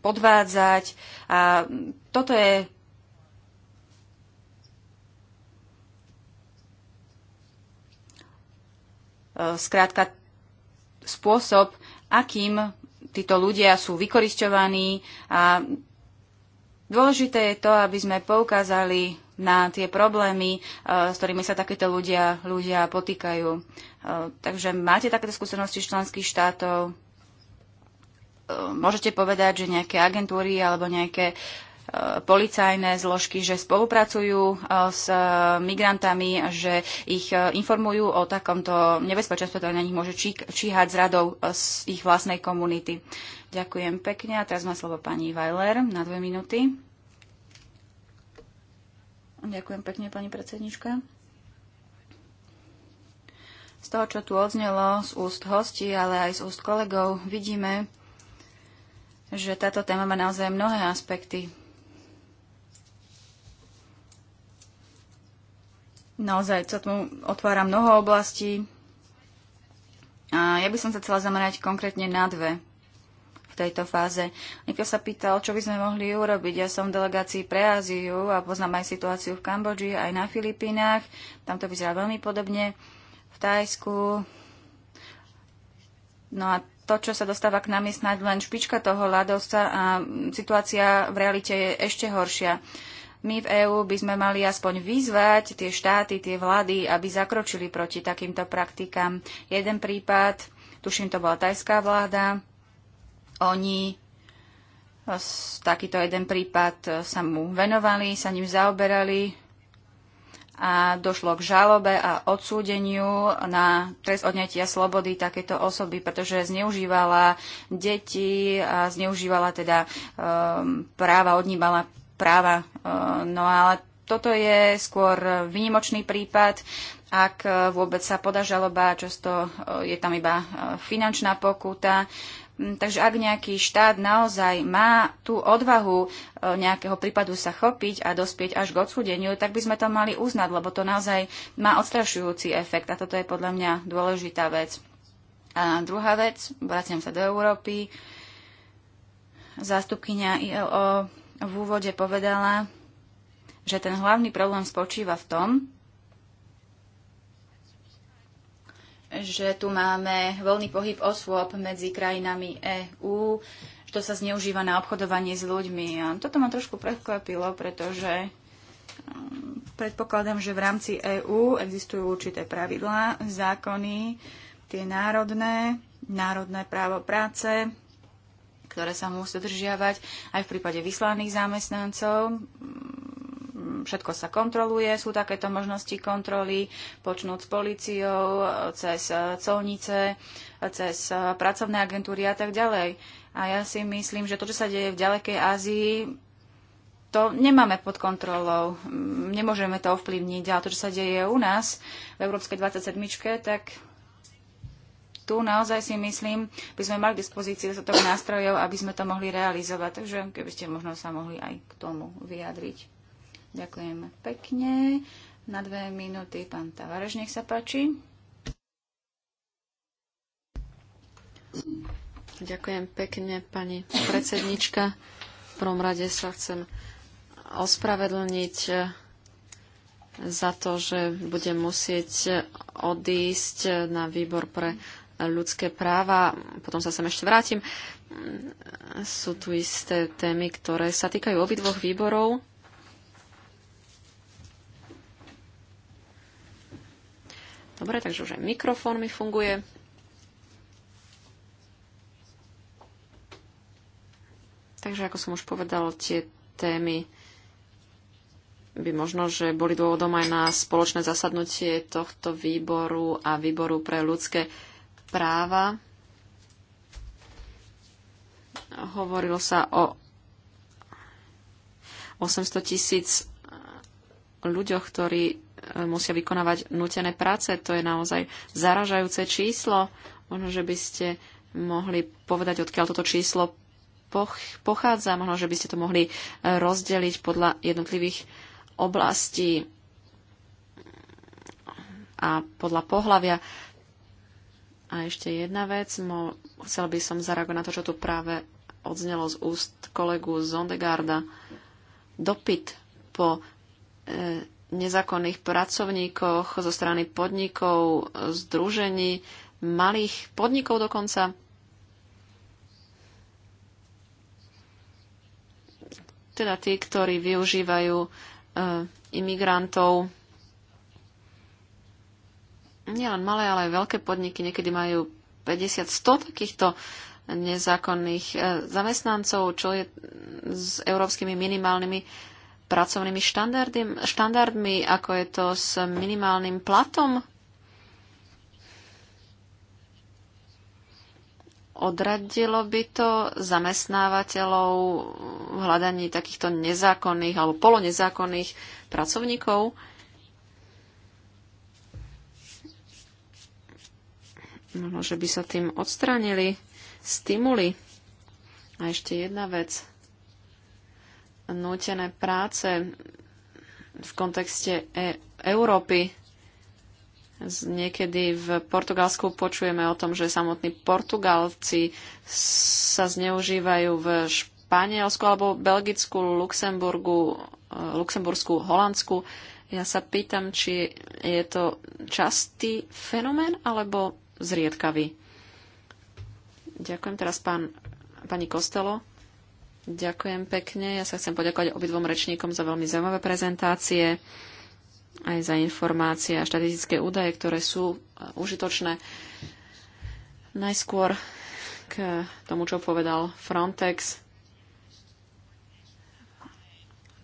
podvádzať. A toto je eh, Skrátka, spôsob, akým títo ľudia sú vykoristovaní a dôležité je to, aby sme poukázali na tie problémy, e, s ktorými sa takéto ľudia, ľudia potýkajú. E, takže máte takéto skúsenosti členských štátov? E, môžete povedať, že nejaké agentúry alebo nejaké policajné zložky, že spolupracujú s migrantami, že ich informujú o takomto nebezpečenstve, ktoré na nich môže číhať z radou z ich vlastnej komunity. Ďakujem pekne a teraz má slovo pani Weiler na dve minúty. Ďakujem pekne, pani predsednička. Z toho, čo tu odznelo z úst hostí, ale aj z úst kolegov, vidíme, že táto téma má naozaj mnohé aspekty. Naozaj, sa tu otvára mnoho oblastí. A ja by som sa chcela zamerať konkrétne na dve tejto fáze. Niekto sa pýtal, čo by sme mohli urobiť. Ja som v delegácii pre Áziu a poznám aj situáciu v Kambodži, aj na Filipínach. Tam to vyzerá veľmi podobne. V Tajsku. No a to, čo sa dostáva k nám, je snáď len špička toho ľadovca a situácia v realite je ešte horšia. My v EÚ by sme mali aspoň vyzvať tie štáty, tie vlády, aby zakročili proti takýmto praktikám. Jeden prípad, tuším, to bola tajská vláda, oni takýto jeden prípad e, sa mu venovali, sa ním zaoberali a došlo k žalobe a odsúdeniu na trest odňatia slobody takéto osoby, pretože zneužívala deti a zneužívala teda um, práva, odnímala práva. Um, no ale toto je skôr výnimočný prípad ak e, vôbec sa podá žaloba, často je tam iba finančná pokuta. Mm, takže ak nejaký štát naozaj má tú odvahu e, nejakého prípadu sa chopiť a dospieť až k odsúdeniu, tak by sme to mali uznať, lebo to naozaj má odstrašujúci efekt a toto je podľa mňa dôležitá vec. A druhá vec, vraciam sa do Európy, zástupkynia ILO v úvode povedala, že ten hlavný problém spočíva v tom, že tu máme voľný pohyb osôb medzi krajinami EÚ, že to sa zneužíva na obchodovanie s ľuďmi. A toto ma trošku prekvapilo, pretože mm, predpokladám, že v rámci EÚ existujú určité pravidlá, zákony, tie národné, národné právo práce, ktoré sa musí dodržiavať aj v prípade vyslaných zamestnancov. Mm, všetko sa kontroluje, sú takéto možnosti kontroly, počnúť s policiou, cez colnice, cez pracovné agentúry a tak ďalej. A ja si myslím, že to, čo sa deje v ďalekej Ázii, to nemáme pod kontrolou. Nemôžeme to ovplyvniť. Ale to, čo sa deje u nás v Európskej 27, tak tu naozaj si myslím, by sme mali k dispozícii dostatok nástrojov, aby sme to mohli realizovať. Takže keby ste možno sa mohli aj k tomu vyjadriť. Ďakujem pekne. Na dve minúty pán Tavareš, nech sa páči. Ďakujem pekne, pani predsednička. V prvom rade sa chcem ospravedlniť eh, za to, že budem musieť eh, odísť eh, na výbor pre ľudské práva. Potom sa sem ešte vrátim. Mm, sú tu isté témy, ktoré sa týkajú obidvoch výborov Dobre, takže už aj mikrofón mi funguje. Takže ako som už povedal, tie témy by možno, že boli dôvodom aj na spoločné zasadnutie tohto výboru a výboru pre ľudské práva. Hovorilo sa o 800 tisíc ľuďoch, ktorí musia vykonávať nutené práce. To je naozaj zaražajúce číslo. Možno, že by ste mohli povedať, odkiaľ toto číslo pochádza. Možno, že by ste to mohli e, rozdeliť podľa jednotlivých oblastí a podľa pohľavia. A ešte jedna vec, mo, chcel by som zareagovať na to, čo tu práve odznelo z úst kolegu Zondegarda. Dopyt po e, nezákonných pracovníkoch zo strany podnikov, združení, malých podnikov dokonca. Teda tí, ktorí využívajú e, imigrantov. Nielen malé, ale aj veľké podniky niekedy majú 50-100 takýchto nezákonných e, zamestnancov, čo je s európskymi minimálnymi pracovnými štandardmi, ako je to s minimálnym platom? Odradilo by to zamestnávateľov v hľadaní takýchto nezákonných alebo polonezákonných pracovníkov? Možno, že by sa tým odstránili stimuli A ešte jedna vec nútené práce v kontexte e- Európy. Niekedy v Portugalsku počujeme o tom, že samotní Portugalci sa zneužívajú v Španielsku alebo Belgicku, Luxemburgu, e, Luxembursku, Holandsku. Ja sa pýtam, či je to častý fenomén alebo zriedkavý. Ďakujem teraz pán, pani Kostelo. Ďakujem pekne. Ja sa chcem poďakovať obidvom rečníkom za veľmi zaujímavé prezentácie, aj za informácie a štatistické údaje, ktoré sú e, užitočné. Najskôr k tomu, čo povedal Frontex.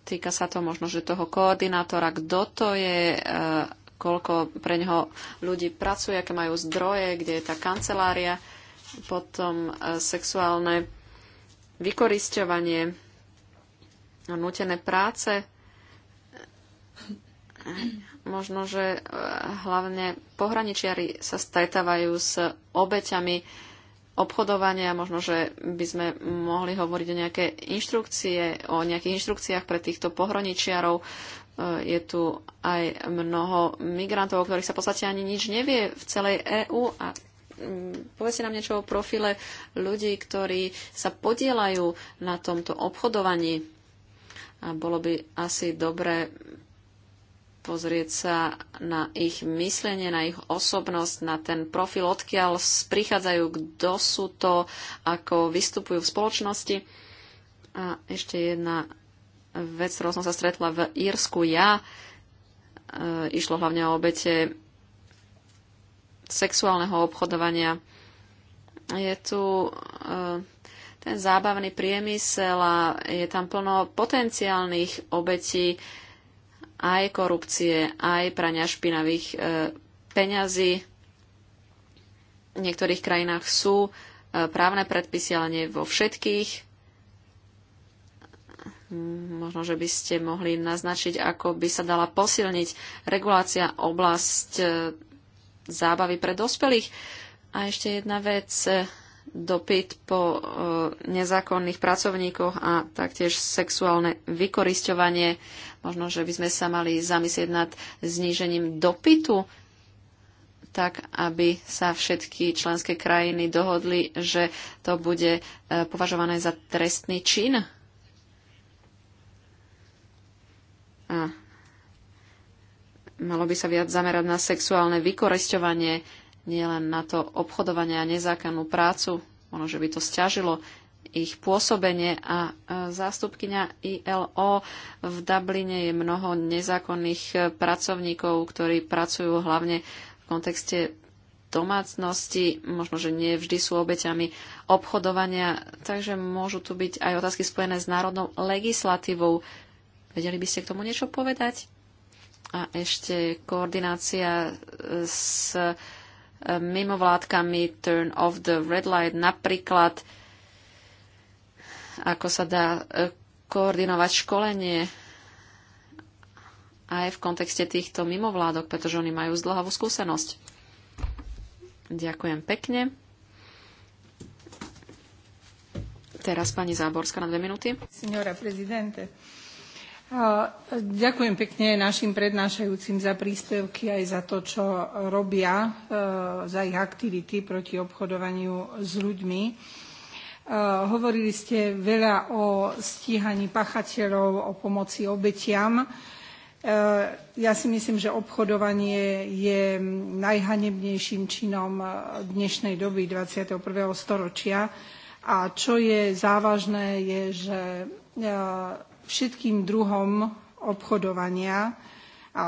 Týka sa to možno, že toho koordinátora, kto to je, e, koľko pre neho ľudí pracuje, aké majú zdroje, kde je tá kancelária, potom e, sexuálne vykorisťovanie, nutené práce. Možno, že e, hlavne pohraničiari sa stretávajú s obeťami obchodovania, možno, že by sme mohli hovoriť o nejaké inštrukcie, o nejakých inštrukciách pre týchto pohraničiarov. E, je tu aj mnoho migrantov, o ktorých sa v podstate ani nič nevie v celej EÚ a Mm, povedzte nám niečo o profile ľudí, ktorí sa podielajú na tomto obchodovaní. A bolo by asi dobre pozrieť sa na ich myslenie, na ich osobnosť, na ten profil, odkiaľ prichádzajú, kto sú to, ako vystupujú v spoločnosti. A ešte jedna vec, ktorou som sa stretla v Írsku ja, e, išlo hlavne o obete sexuálneho obchodovania. Je tu eh, ten zábavný priemysel a je tam plno potenciálnych obetí aj korupcie, aj prania špinavých e, peňazí. V niektorých krajinách sú e, právne predpisy, ale nie vo všetkých. Možno, že by ste mohli naznačiť, ako by sa dala posilniť regulácia oblasť e, zábavy pre dospelých. A ešte jedna vec, e, dopyt po e, nezákonných pracovníkoch a taktiež sexuálne vykorisťovanie. Možno, že by sme sa mali zamyslieť nad znížením dopytu, tak aby sa všetky členské krajiny dohodli, že to bude e, považované za trestný čin. A Malo by sa viac zamerať na sexuálne vykoresťovanie, nielen na to obchodovanie a nezákonnú prácu. Ono, že by to stiažilo ich pôsobenie a e, zástupkyňa ILO v Dubline je mnoho nezákonných e, pracovníkov, ktorí pracujú hlavne v kontexte domácnosti, možno, že nie vždy sú obeťami obchodovania, takže môžu tu byť aj otázky spojené s národnou legislatívou. Vedeli by ste k tomu niečo povedať? A ešte koordinácia e, s e, mimovládkami Turn off the red light napríklad ako sa dá e, koordinovať školenie aj v kontexte týchto mimovládok, pretože oni majú zdlhavú skúsenosť. Ďakujem pekne. Teraz pani Záborská na dve minúty. Signora prezidente, Ďakujem pekne našim prednášajúcim za príspevky aj za to, čo robia, e, za ich aktivity proti obchodovaniu s ľuďmi. E, hovorili ste veľa o stíhaní pachateľov, o pomoci obetiam. E, ja si myslím, že obchodovanie je najhanebnejším činom dnešnej doby 21. storočia. A čo je závažné, je, že všetkým druhom obchodovania, a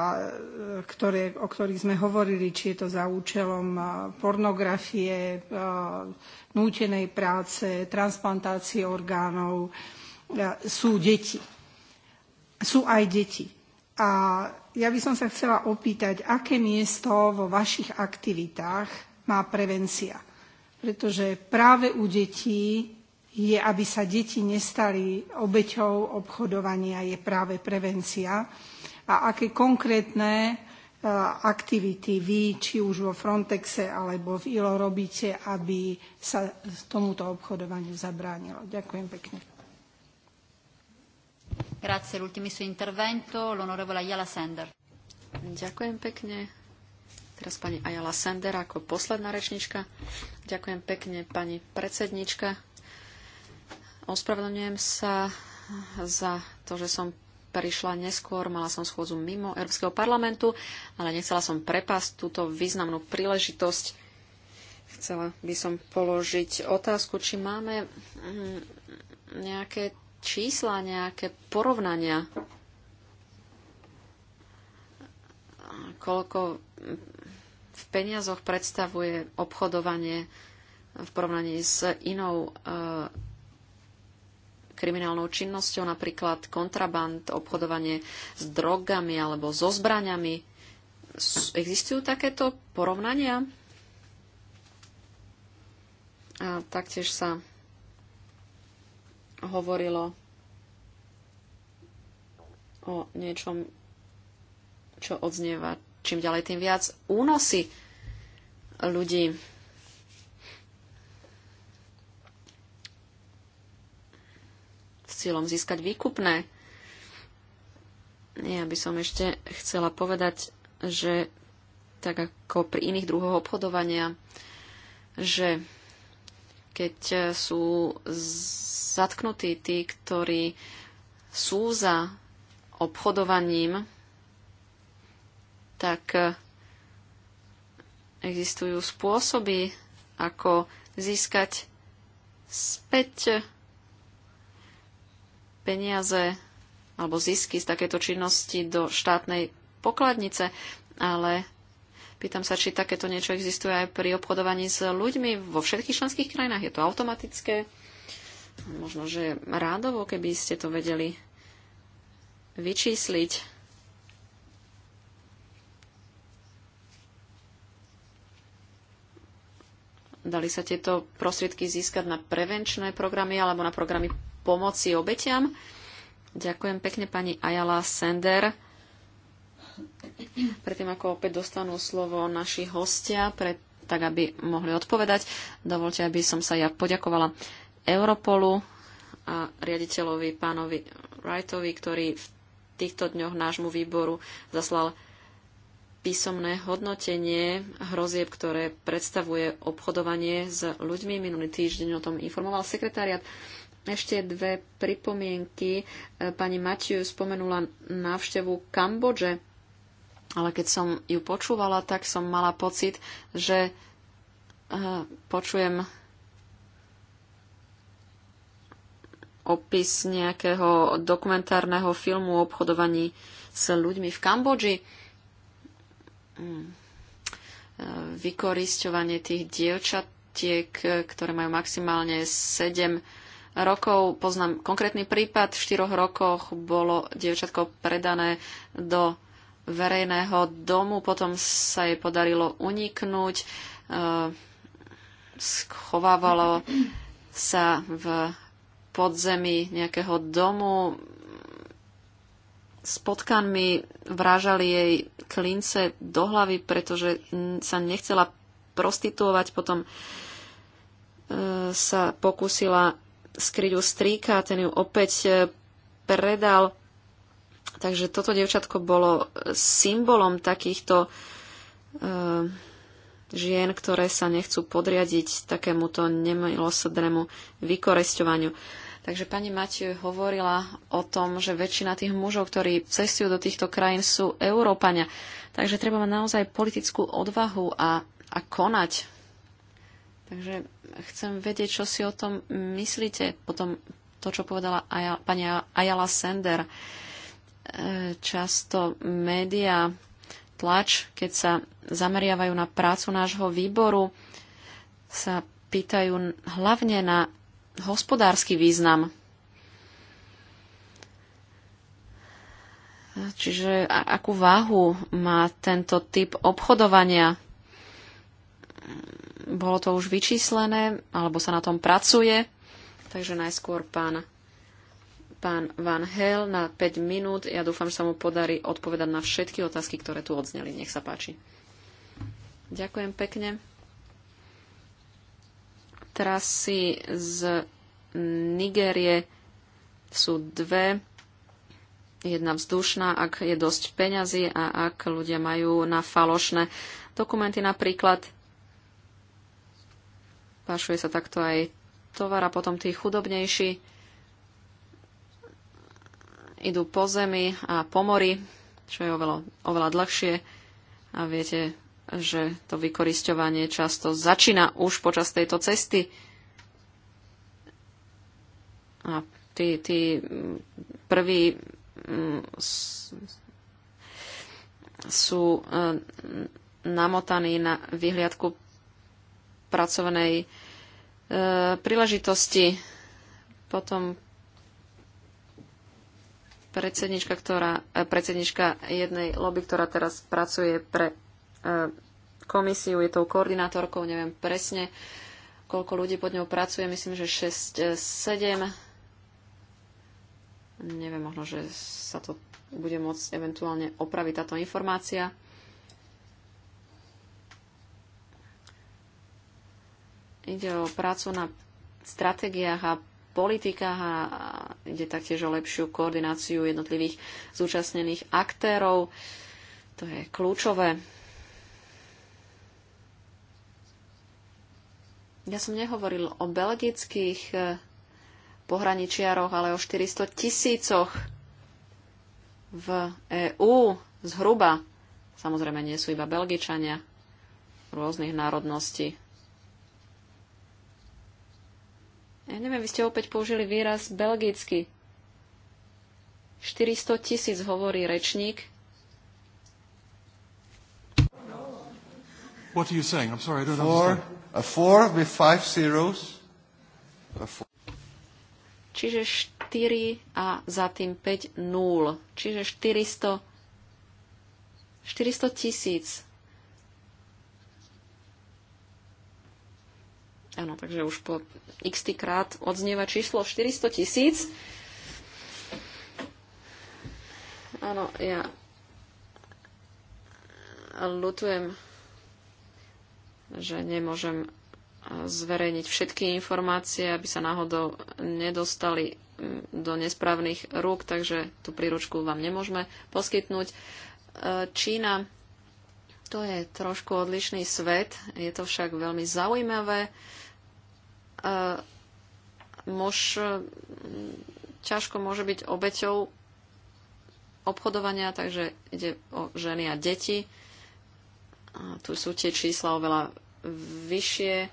ktoré, o ktorých sme hovorili, či je to za účelom pornografie, nútenej práce, transplantácie orgánov, sú deti. Sú aj deti. A ja by som sa chcela opýtať, aké miesto vo vašich aktivitách má prevencia. Pretože práve u detí je, aby sa deti nestali obeťou obchodovania, je práve prevencia. A aké konkrétne e, aktivity vy, či už vo Frontexe alebo v ILO robíte, aby sa tomuto obchodovaniu zabránilo. Ďakujem pekne. Grazie, l'ultimissimo intervento, l'onorevole Ayala Sender. Ďakujem pekne. Teraz pani Ayala Sender ako posledná rečnička. Ďakujem pekne, pani predsednička. Ospravedlňujem sa za to, že som prišla neskôr, mala som schôdzu mimo Európskeho parlamentu, ale nechcela som prepasť túto významnú príležitosť. Chcela by som položiť otázku, či máme mm, nejaké čísla, nejaké porovnania, koľko v peniazoch predstavuje obchodovanie v porovnaní s inou e, kriminálnou činnosťou, napríklad kontraband, obchodovanie s drogami alebo so zbraňami. Existujú takéto porovnania? A taktiež sa hovorilo o niečom, čo odznieva čím ďalej, tým viac únosy ľudí cieľom získať výkupné. Ja by som ešte chcela povedať, že tak ako pri iných druhoch obchodovania, že keď sú zatknutí tí, ktorí sú za obchodovaním, tak existujú spôsoby, ako získať späť peniaze alebo zisky z takéto činnosti do štátnej pokladnice, ale pýtam sa, či takéto niečo existuje aj pri obchodovaní s ľuďmi vo všetkých členských krajinách. Je to automatické? Možno, že rádovo, keby ste to vedeli vyčísliť. Dali sa tieto prostriedky získať na prevenčné programy alebo na programy pomoci obetiam. Ďakujem pekne pani Ayala Sender. Predtým, ako opäť dostanú slovo naši hostia, pre, tak aby mohli odpovedať, dovolte, aby som sa ja poďakovala Europolu a riaditeľovi pánovi Wrightovi, ktorý v týchto dňoch nášmu výboru zaslal písomné hodnotenie hrozieb, ktoré predstavuje obchodovanie s ľuďmi. Minulý týždeň o tom informoval sekretariat ešte dve pripomienky. E, pani Matiu spomenula návštevu Kambodže, ale keď som ju počúvala, tak som mala pocit, že e, počujem opis nejakého dokumentárneho filmu o obchodovaní s ľuďmi v Kambodži. Mm. E, Vykoristovanie tých dievčatiek, ktoré majú maximálne 7 rokov. Poznám konkrétny prípad. V štyroch rokoch bolo dievčatko predané do verejného domu, potom sa jej podarilo uniknúť, eh, schovávalo sa v podzemí nejakého domu, s potkanmi vrážali jej klince do hlavy, pretože sa nechcela prostituovať, potom eh, sa pokúsila skryťu strýka a ten ju opäť e, predal. Takže toto devčatko bolo e, symbolom takýchto uh, žien, ktoré sa nechcú podriadiť takémuto nemilosrdnému vykoresťovaniu. Takže pani Matiu hovorila o tom, že väčšina tých mužov, ktorí cestujú do týchto krajín, sú Európania. Takže treba mať naozaj politickú odvahu a, a konať Takže chcem vedieť, čo si o tom myslíte. Potom to, čo povedala Aja, pani Ayala Sender. E, často média, tlač, keď sa zameriavajú na prácu nášho výboru, sa pýtajú hlavne na hospodársky význam. Čiže akú váhu má tento typ obchodovania bolo to už vyčíslené, alebo sa na tom pracuje. Takže najskôr pán, pán Van Hel na 5 minút. Ja dúfam, že sa mu podarí odpovedať na všetky otázky, ktoré tu odzneli. Nech sa páči. Ďakujem pekne. Trasy z Nigérie sú dve. Jedna vzdušná, ak je dosť peňazí a ak ľudia majú na falošné dokumenty napríklad. Pašuje sa takto aj tovar a potom tí chudobnejší idú po zemi a po mori, čo je oveľa, oveľa dlhšie. A viete, že to vykorisťovanie často začína už počas tejto cesty. A tí, tí mm, prví mm, sú eh, namotaní na vyhliadku pracovnej e, príležitosti. Potom predsednička, ktorá, e, predsednička jednej lobby, ktorá teraz pracuje pre e, komisiu, je tou koordinátorkou, neviem presne, koľko ľudí pod ňou pracuje, myslím, že 6-7. E, neviem, možno, že sa to bude môcť eventuálne opraviť táto informácia. Ide o prácu na stratégiách a politikách a ide taktiež o lepšiu koordináciu jednotlivých zúčastnených aktérov. To je kľúčové. Ja som nehovoril o belgických e, pohraničiaroch, ale o 400 tisícoch v EÚ zhruba. Samozrejme, nie sú iba Belgičania rôznych národností. Ja neviem, vy ste opäť použili výraz belgicky. 400 tisíc hovorí rečník. What are you saying? I'm sorry, I don't four, understand. A four with five zeros. A four. Čiže 4 a za tým 5 nul. Čiže 400, 400 tisíc Áno, takže už po x krát odznieva číslo 400 tisíc. Áno, ja lutujem, že nemôžem eh, zverejniť všetky informácie, aby sa náhodou nedostali mm, do nesprávnych rúk, takže tú príručku vám nemôžeme poskytnúť. Eh, Čína to je trošku odlišný svet, je to však veľmi zaujímavé muž ťažko môže byť obeťou obchodovania, takže ide o ženy a deti. A tu sú tie čísla oveľa vyššie,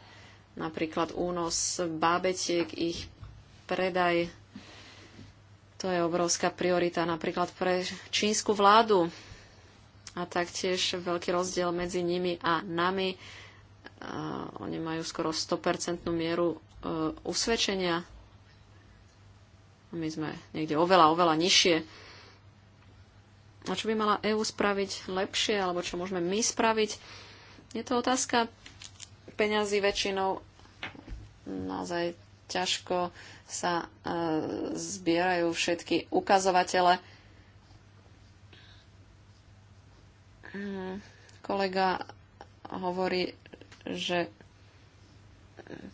napríklad únos bábetiek, ich predaj. To je obrovská priorita napríklad pre čínsku vládu. A taktiež veľký rozdiel medzi nimi a nami oni majú skoro 100% mieru e, usvedčenia. My sme niekde oveľa, oveľa nižšie. A čo by mala EÚ spraviť lepšie, alebo čo môžeme my spraviť? Je to otázka peňazí väčšinou naozaj ťažko sa e, zbierajú všetky ukazovatele. Hm, kolega hovorí že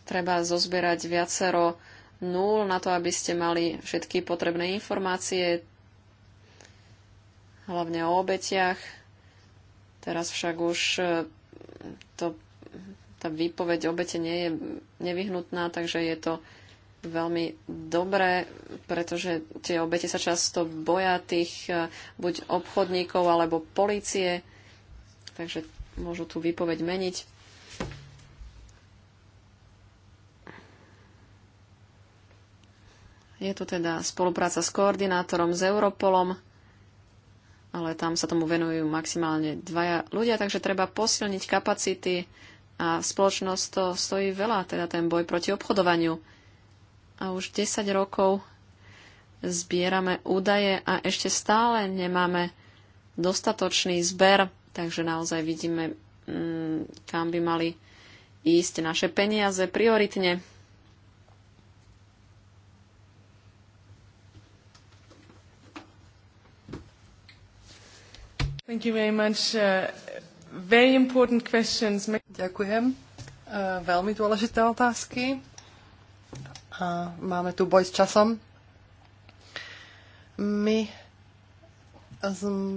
treba zozbierať viacero nul na to, aby ste mali všetky potrebné informácie, hlavne o obetiach. Teraz však už e, to, tá výpoveď obete nie je nevyhnutná, takže je to veľmi dobré, pretože tie obete sa často boja tých e, buď obchodníkov alebo policie, takže môžu tú výpoveď meniť. Je tu teda spolupráca s koordinátorom, s Europolom, ale tam sa tomu venujú maximálne dvaja ľudia, takže treba posilniť kapacity a spoločnosť to stojí veľa, teda ten boj proti obchodovaniu. A už 10 rokov zbierame údaje a ešte stále nemáme dostatočný zber, takže naozaj vidíme, mm, kam by mali ísť naše peniaze prioritne. Thank you very much. Uh, very important questions. Ďakujem. Uh, veľmi dôležité otázky. A máme tu boj s časom. My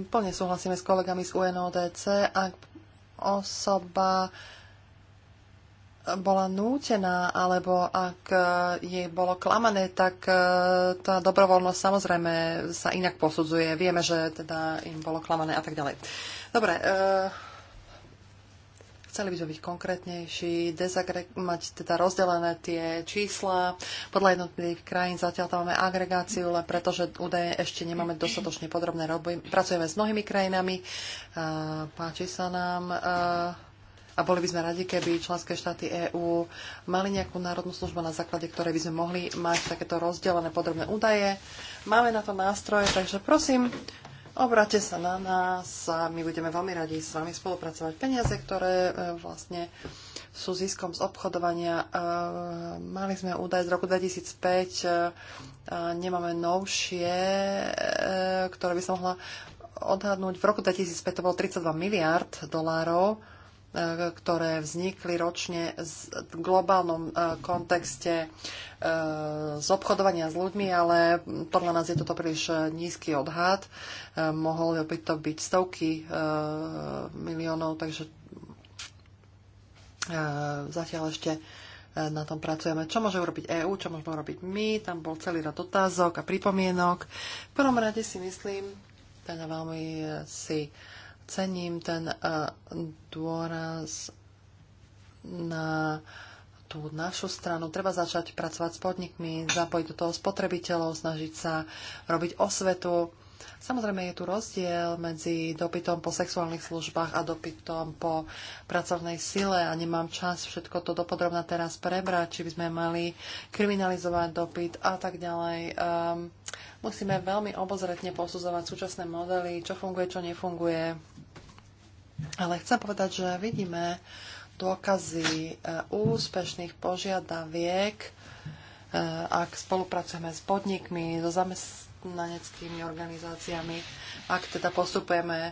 plne súhlasíme s kolegami z UNODC, ak osoba bola nútená, alebo ak e, jej bolo klamané, tak e, tá dobrovoľnosť samozrejme sa inak posudzuje. Vieme, že teda im bolo klamané a tak ďalej. Dobre, e, chceli by sme byť konkrétnejší, dezagre- mať teda rozdelené tie čísla podľa jednotlivých krajín. Zatiaľ tam máme agregáciu, ale pretože údaje ešte nemáme dostatočne podrobné, robuj- pracujeme s mnohými krajinami. páči sa nám a boli by sme radi, keby členské štáty EÚ mali nejakú národnú službu, na základe ktorej by sme mohli mať takéto rozdelené podrobné údaje. Máme na to nástroje, takže prosím, obráte sa na nás a my budeme veľmi radi s vami spolupracovať. Peniaze, ktoré e, vlastne sú ziskom z obchodovania. E, mali sme údaj z roku 2005, e, nemáme novšie, ktoré by som mohla odhadnúť. V roku 2005 to bolo 32 miliard dolárov ktoré vznikli ročne v globálnom e, kontexte e, z obchodovania s ľuďmi, ale podľa nás je toto príliš nízky odhad. E, Mohol by to byť stovky miliónov, takže zatiaľ ešte na tom pracujeme. Čo môže urobiť EÚ, čo môžeme urobiť my, tam bol celý rad otázok a pripomienok. V prvom rade si myslím, teda veľmi si cením ten e, dôraz na tú našu stranu. Treba začať pracovať s podnikmi, zapojiť do toho spotrebiteľov, snažiť sa robiť osvetu. Samozrejme je tu rozdiel medzi dopytom po sexuálnych službách a dopytom po pracovnej sile a nemám čas všetko to dopodrobne teraz prebrať, či by sme mali kriminalizovať dopyt a tak ďalej. Um, musíme veľmi obozretne posudzovať súčasné modely, čo funguje, čo nefunguje ale chcem povedať, že vidíme dôkazy e, úspešných požiadaviek, e, ak spolupracujeme s podnikmi, so zamestnaneckými organizáciami, ak teda postupujeme e,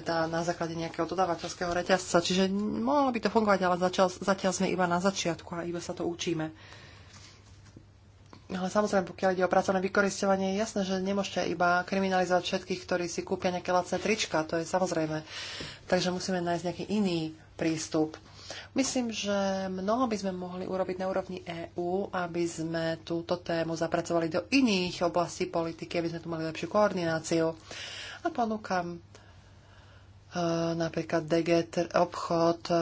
teda na základe nejakého dodávateľského reťazca. Čiže mohlo by to fungovať, ale zatiaľ, zatiaľ sme iba na začiatku a iba sa to učíme. Ale samozrejme, pokiaľ ide o pracovné vykoristovanie, je jasné, že nemôžete iba kriminalizovať všetkých, ktorí si kúpia nejaké lacné trička, to je samozrejme. Takže musíme nájsť nejaký iný prístup. Myslím, že mnoho by sme mohli urobiť na úrovni EÚ, aby sme túto tému zapracovali do iných oblastí politiky, aby sme tu mali lepšiu koordináciu. A ponúkam e, napríklad DGT, obchod, e,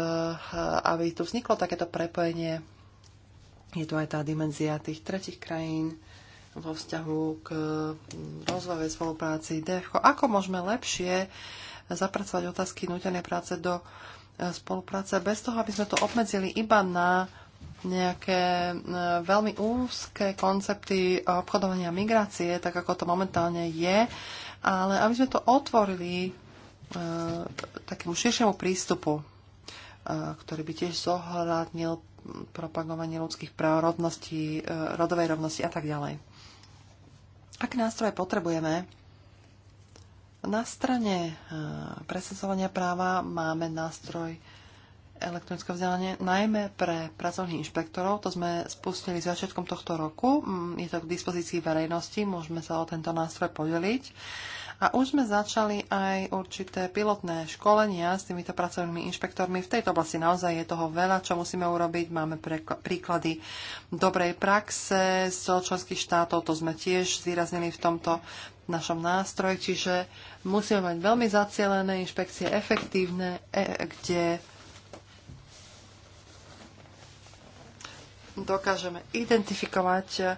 aby tu vzniklo takéto prepojenie je tu aj tá dimenzia tých tretich krajín vo vzťahu k mm, rozvojovej spolupráci DFCO. Ako môžeme lepšie zapracovať otázky nutenej práce do e, spolupráce bez toho, aby sme to obmedzili iba na nejaké mm, veľmi úzke koncepty obchodovania migrácie, tak ako to momentálne je, ale aby sme to otvorili e, takému širšiemu prístupu, e, ktorý by tiež zohľadnil propagovanie ľudských práv, rovnosti, e, rodovej rovnosti a tak ďalej. Aké nástroje potrebujeme? Na strane e, presadzovania práva máme nástroj elektronického vzdelania, najmä pre pracovných inšpektorov. To sme spustili začiatkom tohto roku. Mm, je to k dispozícii verejnosti, môžeme sa o tento nástroj podeliť. A už sme začali aj určité pilotné školenia s týmito pracovnými inšpektormi. V tejto oblasti naozaj je toho veľa, čo musíme urobiť. Máme príklady dobrej praxe z členských štátov, to sme tiež zvýraznili v tomto našom nástroji, čiže musíme mať veľmi zacielené inšpekcie, efektívne, e, kde dokážeme identifikovať e,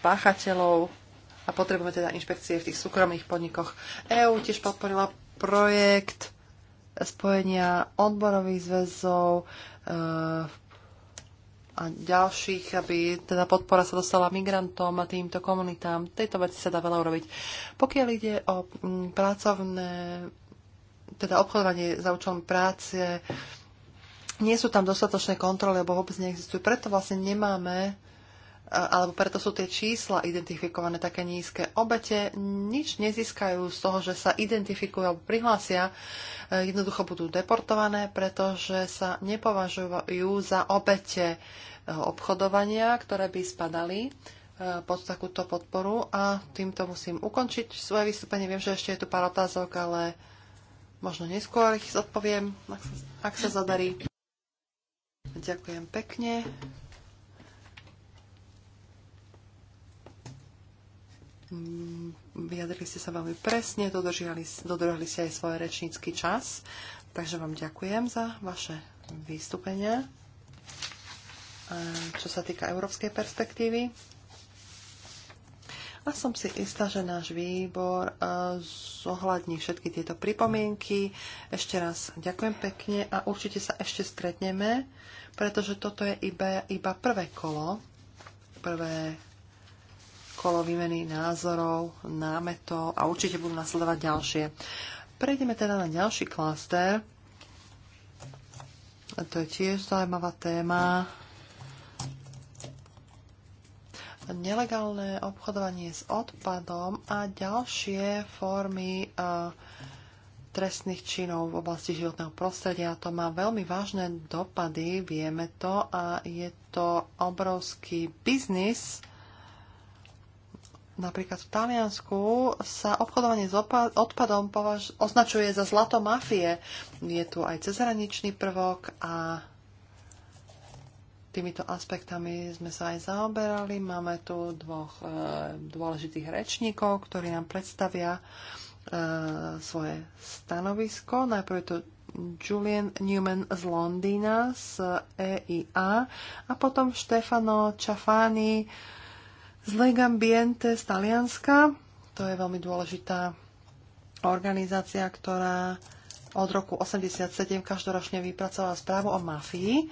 páchateľov a potrebujeme teda inšpekcie v tých súkromných podnikoch. EÚ tiež podporila projekt spojenia odborových zväzov eh, a ďalších, aby teda podpora sa dostala migrantom a týmto komunitám. Tejto veci sa dá veľa urobiť. Pokiaľ ide o mm, pracovné, teda obchodovanie za účelom práce, nie sú tam dostatočné kontroly, alebo vôbec neexistujú. Preto vlastne nemáme alebo preto sú tie čísla identifikované také nízke. Obete nič nezískajú z toho, že sa identifikujú alebo prihlásia, e, jednoducho budú deportované, pretože sa nepovažujú za obete e, obchodovania, ktoré by spadali e, pod takúto podporu a týmto musím ukončiť svoje vystúpenie. Viem, že ešte je tu pár otázok, ale možno neskôr ich zodpoviem, ak sa, ak sa zadarí. Ďakujem pekne. Vyjadrili ste sa veľmi presne, dodržali, dodržali ste aj svoj rečnícky čas, takže vám ďakujem za vaše vystúpenie. Čo sa týka európskej perspektívy, a som si istá, že náš výbor e, zohľadní všetky tieto pripomienky. Ešte raz ďakujem pekne a určite sa ešte stretneme, pretože toto je iba, iba prvé kolo, prvé kolo výmeny názorov, námetov a určite budú nasledovať ďalšie. Prejdeme teda na ďalší klaster. To je tiež zaujímavá téma. Nelegálne obchodovanie s odpadom a ďalšie formy e, trestných činov v oblasti životného prostredia. To má veľmi vážne dopady, vieme to, a je to obrovský biznis, Napríklad v Taliansku sa obchodovanie s odpadom považ- označuje za zlato mafie. Je tu aj cezhraničný prvok a týmito aspektami sme sa aj zaoberali. Máme tu dvoch e, dôležitých rečníkov, ktorí nám predstavia e, svoje stanovisko. Najprv je tu Julian Newman z Londýna z EIA a potom Stefano Čafány z Legambiente z Talianska. To je veľmi dôležitá organizácia, ktorá od roku 1987 každoročne vypracovala správu o mafii.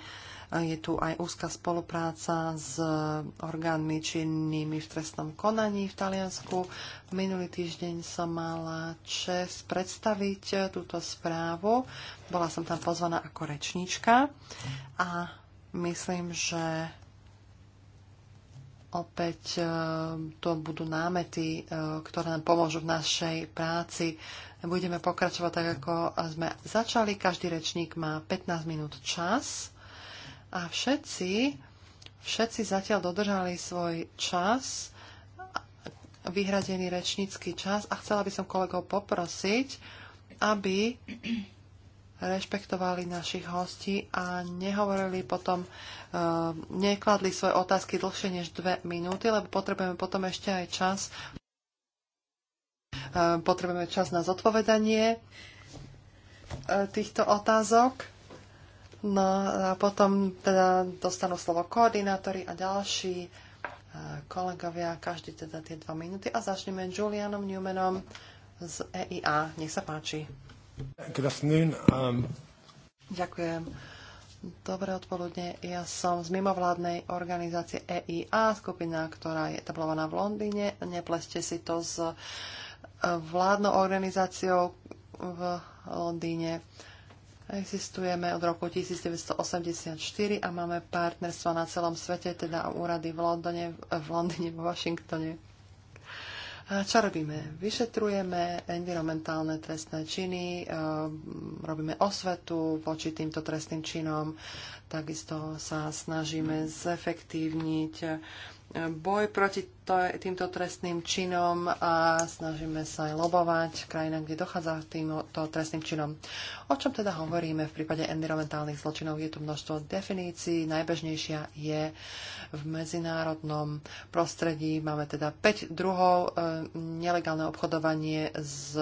Je tu aj úzka spolupráca s orgánmi činnými v trestnom konaní v Taliansku. Minulý týždeň som mala čest predstaviť túto správu. Bola som tam pozvaná ako rečníčka a myslím, že Opäť e, to budú námety, e, ktoré nám pomôžu v našej práci. Budeme pokračovať tak, ako sme začali. Každý rečník má 15 minút čas a všetci, všetci zatiaľ dodržali svoj čas, vyhradený rečnícky čas a chcela by som kolegov poprosiť, aby rešpektovali našich hostí a nehovorili potom, eh, nekladli svoje otázky dlhšie než dve minúty, lebo potrebujeme potom ešte aj čas. Eh, potrebujeme čas na zodpovedanie eh, týchto otázok. No a potom teda dostanú slovo koordinátori a ďalší kolegovia, každý teda tie dva minúty a začneme Julianom Newmanom z EIA. Nech sa páči. Um... Ďakujem. Dobré odpoludne. Ja som z mimovládnej organizácie EIA, skupina, ktorá je tablovaná v Londýne. Nepleste si to s eh, vládnou organizáciou v Londýne. Existujeme od roku 1984 a máme partnerstva na celom svete, teda úrady v Londýne, v Londýne, v Washingtone, čo robíme? Vyšetrujeme environmentálne trestné činy, e, robíme osvetu voči týmto trestným činom, takisto sa snažíme zefektívniť boj proti týmto trestným činom a snažíme sa aj lobovať v krajinách, kde dochádza k týmto trestným činom. O čom teda hovoríme v prípade environmentálnych zločinov? Je tu množstvo definícií. Najbežnejšia je v medzinárodnom prostredí. Máme teda 5 druhov. E, nelegálne obchodovanie s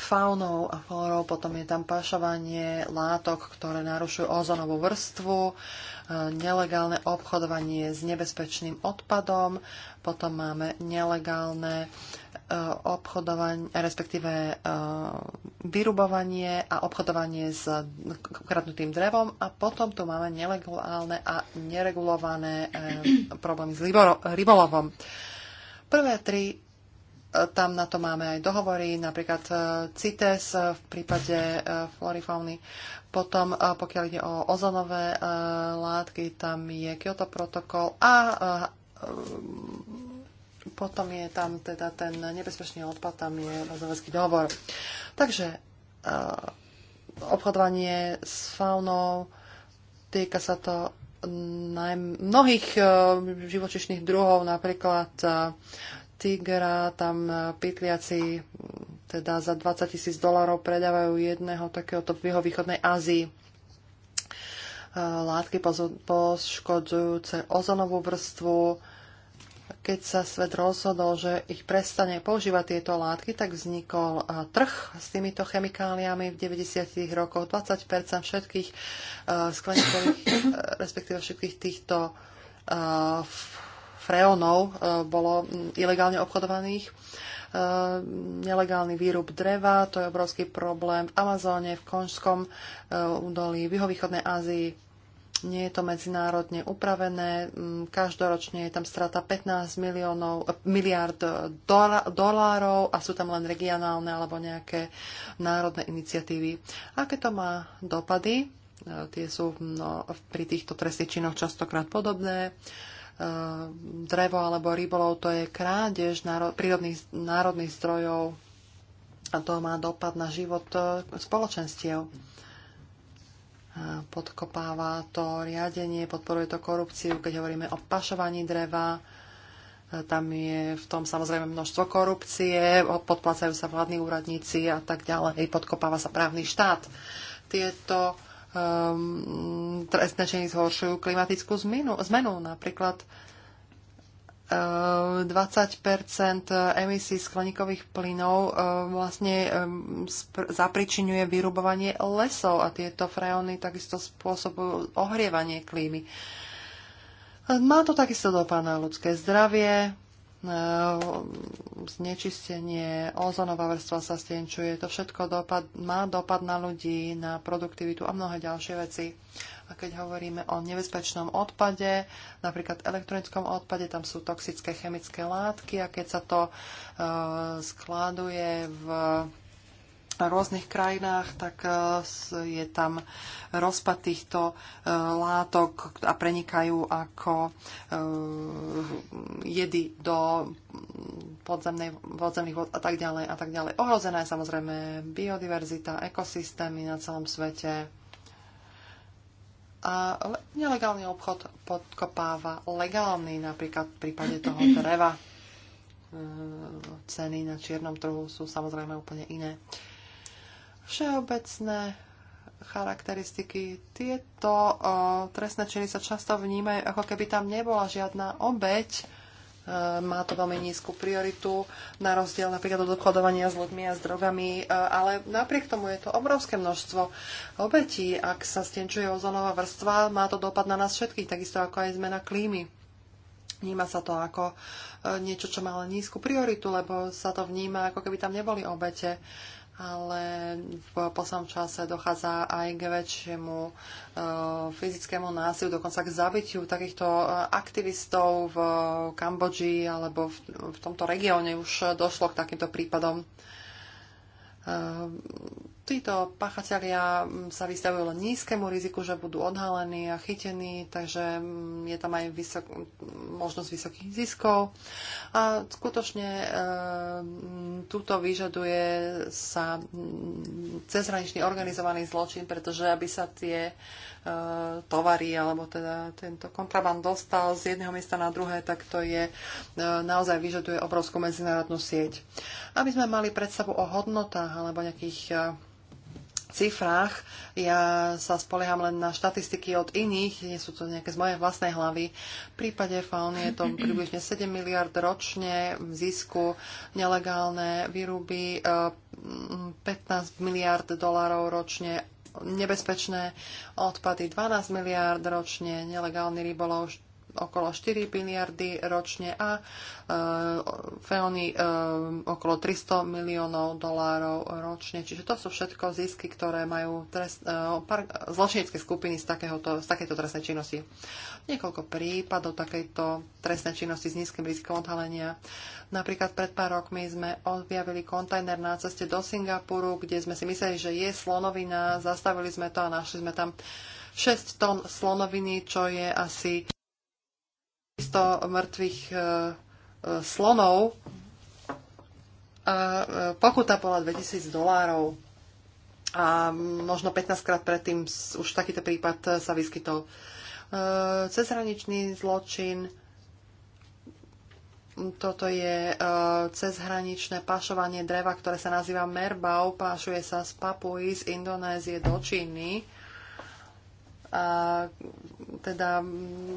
faunou a florou, potom je tam pašovanie látok, ktoré narušujú ozonovú vrstvu, e, nelegálne obchodovanie s nebezpečným odpadom, potom máme nelegálne e, obchodovanie, respektíve e, vyrubovanie a obchodovanie s kradnutým drevom a potom tu máme nelegálne a neregulované problémy s rybolovom. Prvé tri tam na to máme aj dohovory, napríklad e, CITES v prípade e, florifauny. Potom, e, pokiaľ ide o ozonové látky, tam je Kyoto protokol a potom je tam teda ten nebezpečný odpad, tam je rozhovorský dohovor. Takže obchodovanie s faunou týka sa to mnohých živočišných druhov, napríklad tigra, tam e, pytliaci teda za 20 tisíc dolarov predávajú jedného takéhoto v jeho východnej Ázii e, látky poškodzujúce ozonovú vrstvu. Keď sa svet rozhodol, že ich prestane používať tieto látky, tak vznikol e, trh s týmito chemikáliami v 90. rokoch. 20 všetkých skleníkových, respektíve všetkých týchto freónov e, bolo ilegálne obchodovaných. E, nelegálny výrub dreva, to je obrovský problém v Amazóne, v Konžskom e, údolí, v juhovýchodnej Ázii. Nie je to medzinárodne upravené. Každoročne je tam strata 15 miliónov, miliard dola, dolárov a sú tam len regionálne alebo nejaké národné iniciatívy. Aké to má dopady? Tie sú no, pri týchto trestných činoch častokrát podobné. Uh, Ehm, drevo alebo rybolov, to je krádež prírodných národných zdrojov a to má dopad na život e, spoločenstiev. Podkopáva to riadenie, podporuje to korupciu, keď hovoríme o pašovaní dreva, e, tam je v tom samozrejme množstvo korupcie, podplácajú sa vládni úradníci a tak ďalej, podkopáva sa právny štát. Tieto um, trestné činy zhoršujú klimatickú zmenu. zmenu napríklad 20 ehm, emisí skleníkových plynov um, vlastne zapričinuje vyrubovanie lesov a tieto freóny takisto spôsobujú ohrievanie klímy. Má to takisto dopad na ľudské zdravie, Ehm, znečistenie, ozonová vrstva sa stenčuje. to všetko dopad, má dopad na ľudí, na produktivitu a mnohé ďalšie veci. A keď hovoríme o nebezpečnom odpade, napríklad elektronickom odpade, tam sú toxické chemické látky a keď sa to uh, skladuje v uh, na rôznych krajinách, tak e, je tam rozpad týchto e, látok a prenikajú ako e, jedy do podzemnej, podzemných vod a tak ďalej a tak ďalej. Ohrozená je samozrejme biodiverzita, ekosystémy na celom svete. A nelegálny obchod podkopáva legálny, napríklad v prípade toho dreva. ceny na čiernom trhu sú samozrejme úplne iné. Všeobecné charakteristiky. Tieto o, trestné činy sa často vnímajú, ako keby tam nebola žiadna obeď. E, má to veľmi nízku prioritu, na rozdiel napríklad od obchodovania s ľuďmi a s drogami, e, ale napriek tomu je to obrovské množstvo obetí. Ak sa stenčuje ozonová vrstva, má to dopad na nás všetkých, takisto ako aj zmena klímy. Vníma sa to ako e, niečo, čo má len nízku prioritu, lebo sa to vníma, ako keby tam neboli obete ale v poslednom čase dochádza aj k väčšiemu e, fyzickému násilu. dokonca k zabitiu takýchto e, aktivistov v Kambodži alebo v, v tomto regióne už došlo k takýmto prípadom. E, títo pachatelia mm, sa vystavujú len nízkemu riziku, že budú odhalení a chytení, takže mm, je tam aj vysok, možnosť vysokých ziskov. A skutočne e, mm, túto vyžaduje sa cezhraničný organizovaný zločin, pretože aby sa tie e, tovary alebo teda tento kontraband dostal z jedného miesta na druhé, tak to je e, naozaj vyžaduje obrovskú medzinárodnú sieť. Aby sme mali predstavu o hodnotách alebo nejakých e, cifrách. Ja sa spolieham len na štatistiky od iných, nie sú to nejaké z mojej vlastnej hlavy. V prípade fauny je to približne 7 miliard ročne v zisku, nelegálne výruby 15 eh, miliard dolárov ročne, nebezpečné odpady 12 miliard ročne, nelegálny rybolov okolo 4 miliardy ročne a e, feóny e, okolo 300 miliónov dolárov ročne. Čiže to sú všetko zisky, ktoré majú trest, e, par, zločinecké skupiny z, takéhoto, z takejto trestnej činnosti. Niekoľko prípadov takejto trestnej činnosti s nízkym rizikom odhalenia. Napríklad pred pár rokmi sme objavili kontajner na ceste do Singapuru, kde sme si mysleli, že je slonovina, zastavili sme to a našli sme tam 6 tón slonoviny, čo je asi 100 mŕtvych e, e, slonov a e, pokuta bola 2000 dolárov a možno 15 krát predtým už takýto prípad sa vyskytol. Cezhraničný zločin, toto je cezhraničné pašovanie dreva, ktoré sa nazýva merbau, pášuje sa z Papuji z Indonézie do Číny a teda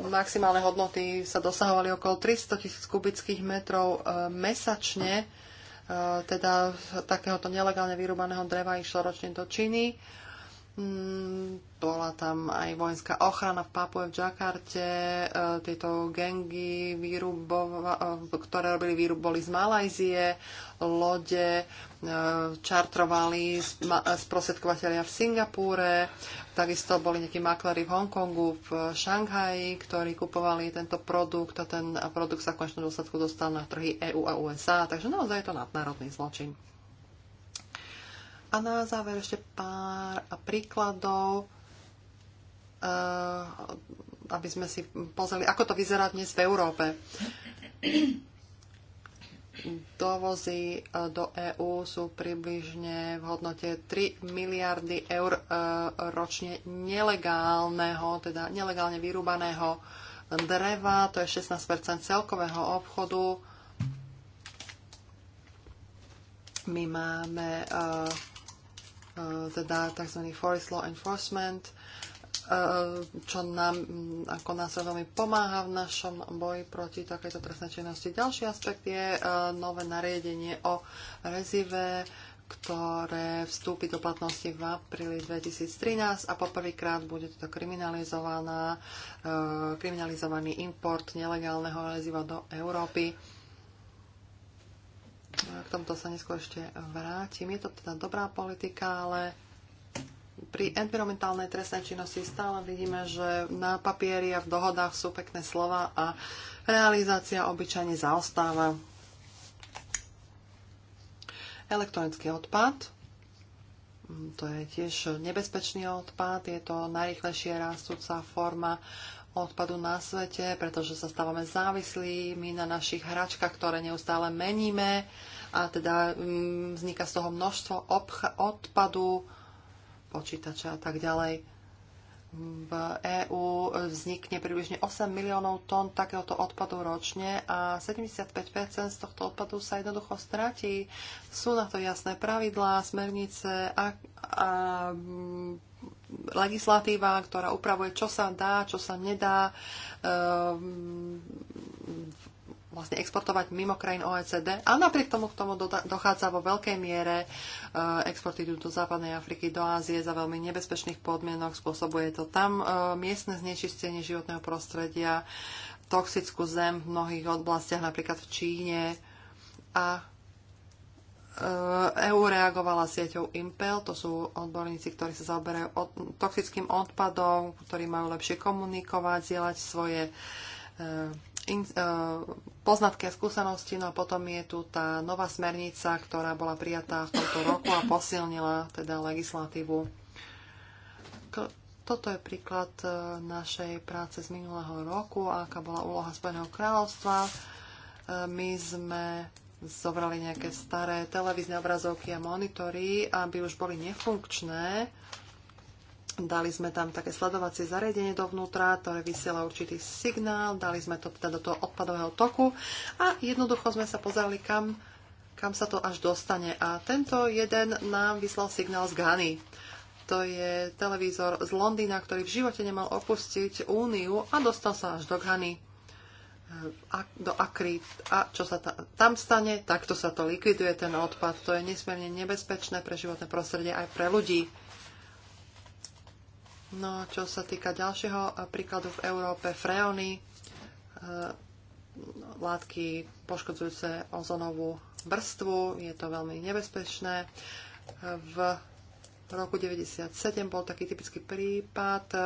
maximálne hodnoty sa dosahovali okolo 300 tisíc kubických metrov e, mesačne, e, teda takéhoto nelegálne vyrúbaného dreva išlo ročne do Číny. Mm, bola tam aj vojenská ochrana v Papue v Džakarte. E, tieto gengy, ktoré robili výrub, boli z Malajzie. Lode čartrovali sprosedkovateľia v Singapúre. Takisto boli nejakí maklery v Hongkongu, v Šanghaji, ktorí kupovali tento produkt a ten produkt sa v konečnom dôsledku dostal na trhy EU a USA. Takže naozaj je to nadnárodný zločin. A na záver ešte pár príkladov, eh, aby sme si pozreli, ako to vyzerá dnes v Európe dovozy e, do EÚ sú približne v hodnote 3 miliardy eur e, ročne nelegálneho, teda nelegálne vyrúbaného dreva, to je 16 celkového obchodu. My máme e, teda tzv. Forest Law Enforcement, Eh, čo nám mm, ako nás veľmi pomáha v našom boji proti takejto trestnej činnosti. Ďalší aspekt je eh, nové nariadenie o rezive, ktoré vstúpi do platnosti v apríli 2013 a poprvýkrát bude toto kriminalizovaná, eh, kriminalizovaný import nelegálneho reziva do Európy. K tomuto sa neskôr ešte vrátim. Je to teda dobrá politika, ale pri environmentálnej trestnej činnosti stále vidíme, že na papieri a v dohodách sú pekné slova a realizácia obyčajne zaostáva. Elektronický odpad. To je tiež nebezpečný odpad. Je to najrychlejšie rastúca forma odpadu na svete, pretože sa stávame závislými na našich hračkách, ktoré neustále meníme a teda mm, vzniká z toho množstvo odpadu, počítače a tak ďalej. V EÚ vznikne približne 8 miliónov tón takéhoto odpadu ročne a 75 z tohto odpadu sa jednoducho stratí. Sú na to jasné pravidlá, smernice a, a mm, legislatíva, ktorá upravuje, čo sa dá, čo sa nedá. Ehm, vlastne exportovať mimo krajín OECD a napriek tomu k tomu dochádza vo veľkej miere. E, exporty idú do západnej Afriky, do Ázie za veľmi nebezpečných podmienok, spôsobuje to tam e, miestne znečistenie životného prostredia, toxickú zem v mnohých oblastiach, napríklad v Číne. A EU e reagovala sieťou Impel, to sú odborníci, ktorí sa zaoberajú od, toxickým odpadom, ktorí majú lepšie komunikovať, zielať svoje e, in, uh, poznatky a skúsenosti, no a potom je tu tá nová smernica, ktorá bola prijatá v tomto roku a posilnila teda legislatívu. Toto je príklad uh, našej práce z minulého roku, aká bola úloha Spojeného kráľovstva. Uh, my sme zobrali nejaké staré televízne obrazovky a monitory, aby už boli nefunkčné Dali sme tam také sledovacie zariadenie dovnútra, ktoré vysiela určitý signál, dali sme to teda do toho odpadového toku a jednoducho sme sa pozerali, kam, kam sa to až dostane. A tento jeden nám vyslal signál z Gany. To je televízor z Londýna, ktorý v živote nemal opustiť Úniu a dostal sa až do Ghany do akry a čo sa tam stane, takto sa to likviduje ten odpad. To je nesmierne nebezpečné pre životné prostredie aj pre ľudí. No a čo sa týka ďalšieho eh, príkladu v Európe, freóny, eh, látky poškodzujúce ozonovú vrstvu, je to veľmi nebezpečné. V roku 1997 bol taký typický prípad, eh,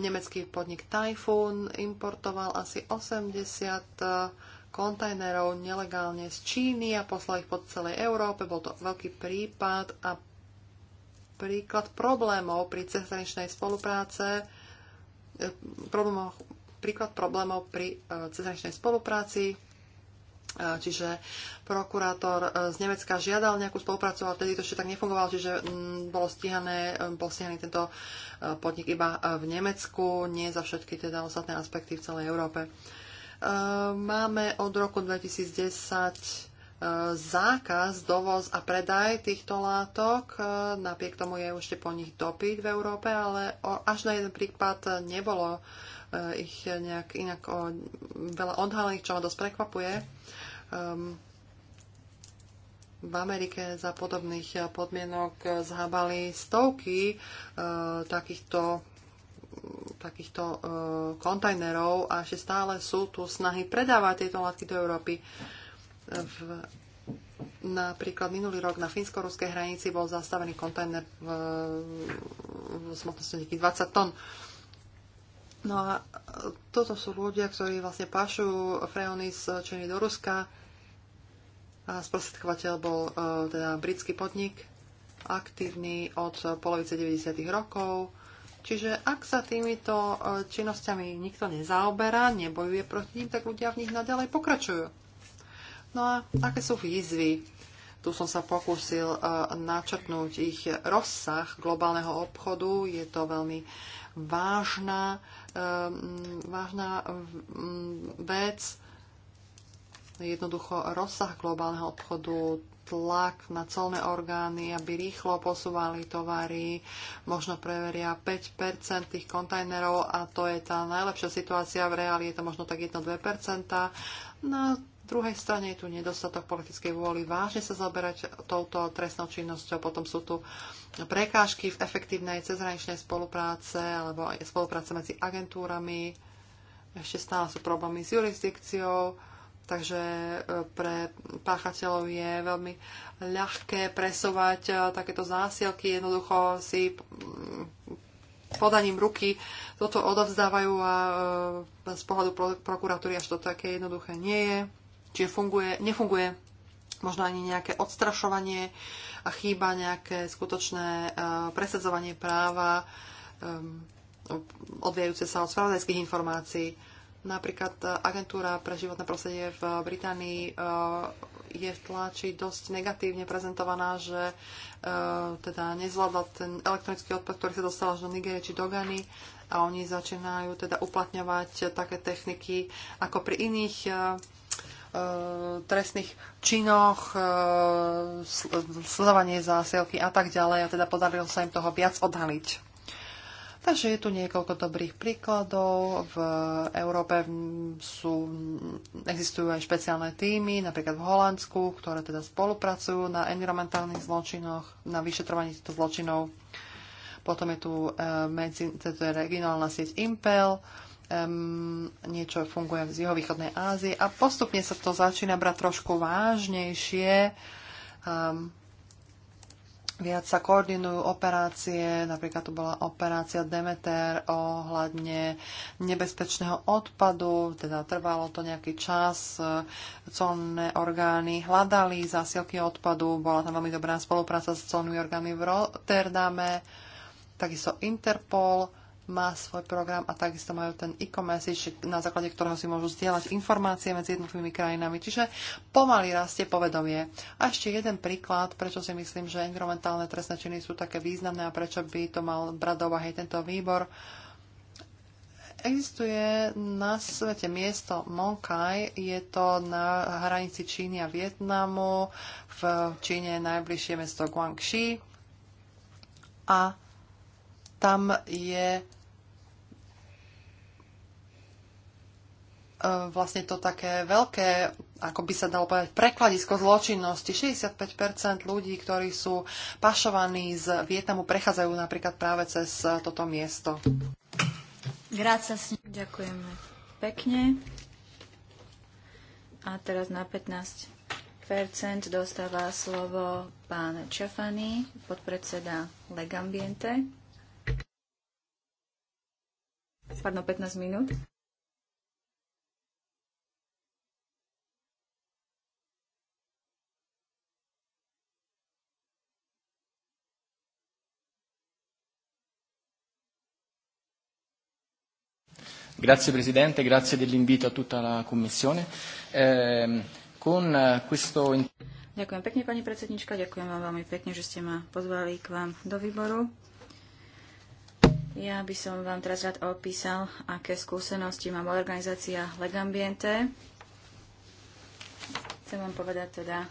nemecký podnik Typhoon importoval asi 80 kontajnerov nelegálne z Číny a poslal ich po celej Európe. Bol to veľký prípad a príklad problémov pri cezhraničnej spolupráce, e, problémov, príklad problémov pri e, cezhraničnej spolupráci, e, Čiže prokurátor z Nemecka žiadal nejakú spoluprácu, ale tedy to ešte tak nefungovalo, čiže mm, bolo stíhané, bol stíhaný tento podnik iba v Nemecku, nie za všetky teda ostatné aspekty v celej Európe. Máme od roku 2010 zákaz, dovoz a predaj týchto látok. E, Napriek tomu je ešte po nich dopyt v Európe, ale až na jeden prípad nebolo e, ich nejak inak o, veľa odhalených, čo ma dosť prekvapuje. Um, v Amerike za podobných e, podmienok zhábali stovky uh, takýchto takýchto uh, kontajnerov a ešte stále sú tu snahy predávať tieto látky do Európy. Uh, v, napríklad minulý rok na fínsko-ruskej hranici bol zastavený kontajner v, v smotnosti nejakých 20 tón. No a toto sú ľudia, ktorí vlastne pašujú freony z Čeny do Ruska a sprostredkovateľ bol e, teda britský podnik, aktívny od polovice 90. rokov. Čiže ak sa týmito e, činnosťami nikto nezaoberá, nebojuje proti ním, tak ľudia v nich naďalej pokračujú. No a aké sú výzvy? Tu som sa pokúsil e, načrtnúť ich rozsah globálneho obchodu. Je to veľmi vážna, e, vážna vec. Jednoducho rozsah globálneho obchodu, tlak na colné orgány, aby rýchlo posúvali tovary, možno preveria 5% tých kontajnerov a to je tá najlepšia situácia. V reáli je to možno tak 1-2%. No, druhej strane je tu nedostatok politickej vôly vážne sa zaberať touto trestnou činnosťou. Potom sú tu prekážky v efektívnej cezhraničnej spolupráce alebo spolupráce medzi agentúrami. Ešte stále sú problémy s jurisdikciou, takže e, pre páchateľov je veľmi ľahké presovať e, takéto zásielky. Jednoducho si mm, podaním ruky toto odovzdávajú a e, z pohľadu prokuratúry až to také jednoduché nie je. Čiže funguje, nefunguje možno ani nejaké odstrašovanie a chýba nejaké skutočné e, presadzovanie práva e, odviejúce sa od spravodajských informácií. Napríklad e, agentúra pre životné prostredie v Británii je v tlači dosť negatívne prezentovaná, že teda nezvládla ten elektronický odpad, ktorý sa dostal až do Nigérie či do Gany a oni začínajú teda uplatňovať také techniky ako pri iných Eh, trestných činoch, eh, sledovanie zásielky a tak ďalej. A teda podarilo sa im toho viac odhaliť. Takže je tu niekoľko dobrých príkladov. V Európe sú, existujú aj špeciálne týmy, napríklad v Holandsku, ktoré teda spolupracujú na environmentálnych zločinoch, na vyšetrovaní týchto zločinov. Potom je tu eh, medzi, teda regionálna sieť Impel, um, niečo funguje z juhovýchodnej Ázie a postupne sa to začína brať trošku vážnejšie. Um, viac sa koordinujú operácie, napríklad tu bola operácia Demeter ohľadne nebezpečného odpadu, teda trvalo to nejaký čas, e, colné orgány hľadali zásielky odpadu, bola tam veľmi dobrá spolupráca s colnými orgánmi v Rotterdame, takisto Interpol, má svoj program a takisto majú ten e-commerce, na základe ktorého si môžu zdieľať informácie medzi jednotlivými krajinami. Čiže pomaly rastie povedomie. A ešte jeden príklad, prečo si myslím, že environmentálne trestné činy sú také významné a prečo by to mal brať do váhy tento výbor. Existuje na svete miesto Monkai, je to na hranici Číny a Vietnamu, v Číne je najbližšie mesto Guangxi a tam je E, vlastne to také veľké, ako by sa dalo povedať, prekladisko zločinnosti. 65% ľudí, ktorí sú pašovaní z Vietnamu, prechádzajú napríklad práve cez e, toto miesto. Grazie, ďakujeme pekne. A teraz na 15 dostáva slovo pán Čafany, podpredseda Legambiente. Spadlo 15 minút. Grazie Presidente, grazie dell'invito a tutta la Commissione. Ehm, eh, con questo... Ďakujem pekne, pani predsednička, ďakujem vám veľmi pekne, že ste ma pozvali k vám do výboru. Ja by som vám teraz rád opísal, aké skúsenosti má moja organizácia Legambiente. Chcem vám povedať teda,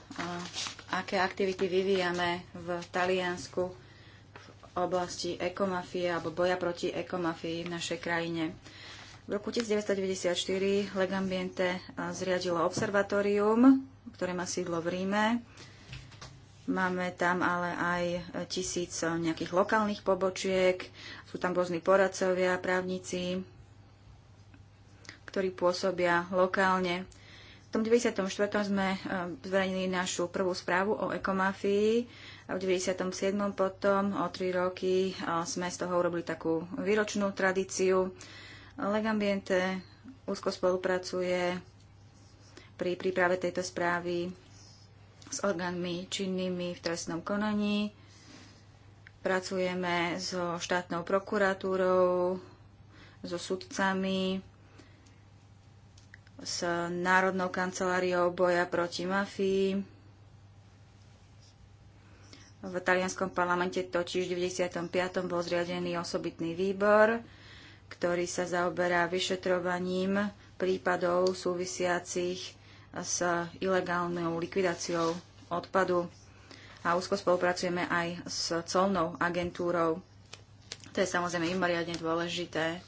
aké aktivity vyvíjame v Taliansku v oblasti ekomafie alebo boja proti ekomafii v našej krajine. V roku 1994 Legambiente eh, zriadilo observatórium, ktoré má sídlo v Ríme. Máme tam ale aj eh, tisíc eh, nejakých lokálnych pobočiek, sú tam rôzni poradcovia, právnici, ktorí pôsobia lokálne. V tom 94. sme zverejnili našu prvú správu o ekomafii a v 97. potom o tri roky sme z toho urobili takú výročnú tradíciu. Legambiente úzko spolupracuje pri príprave tejto správy s orgánmi činnými v trestnom konaní. Pracujeme so štátnou prokuratúrou, so sudcami, s Národnou kanceláriou boja proti mafii. V talianskom parlamente totiž v 95. bol zriadený osobitný výbor, ktorý sa zaoberá vyšetrovaním prípadov súvisiacich s ilegálnou likvidáciou odpadu. A úzko spolupracujeme aj s colnou agentúrou. To je samozrejme imariadne dôležité,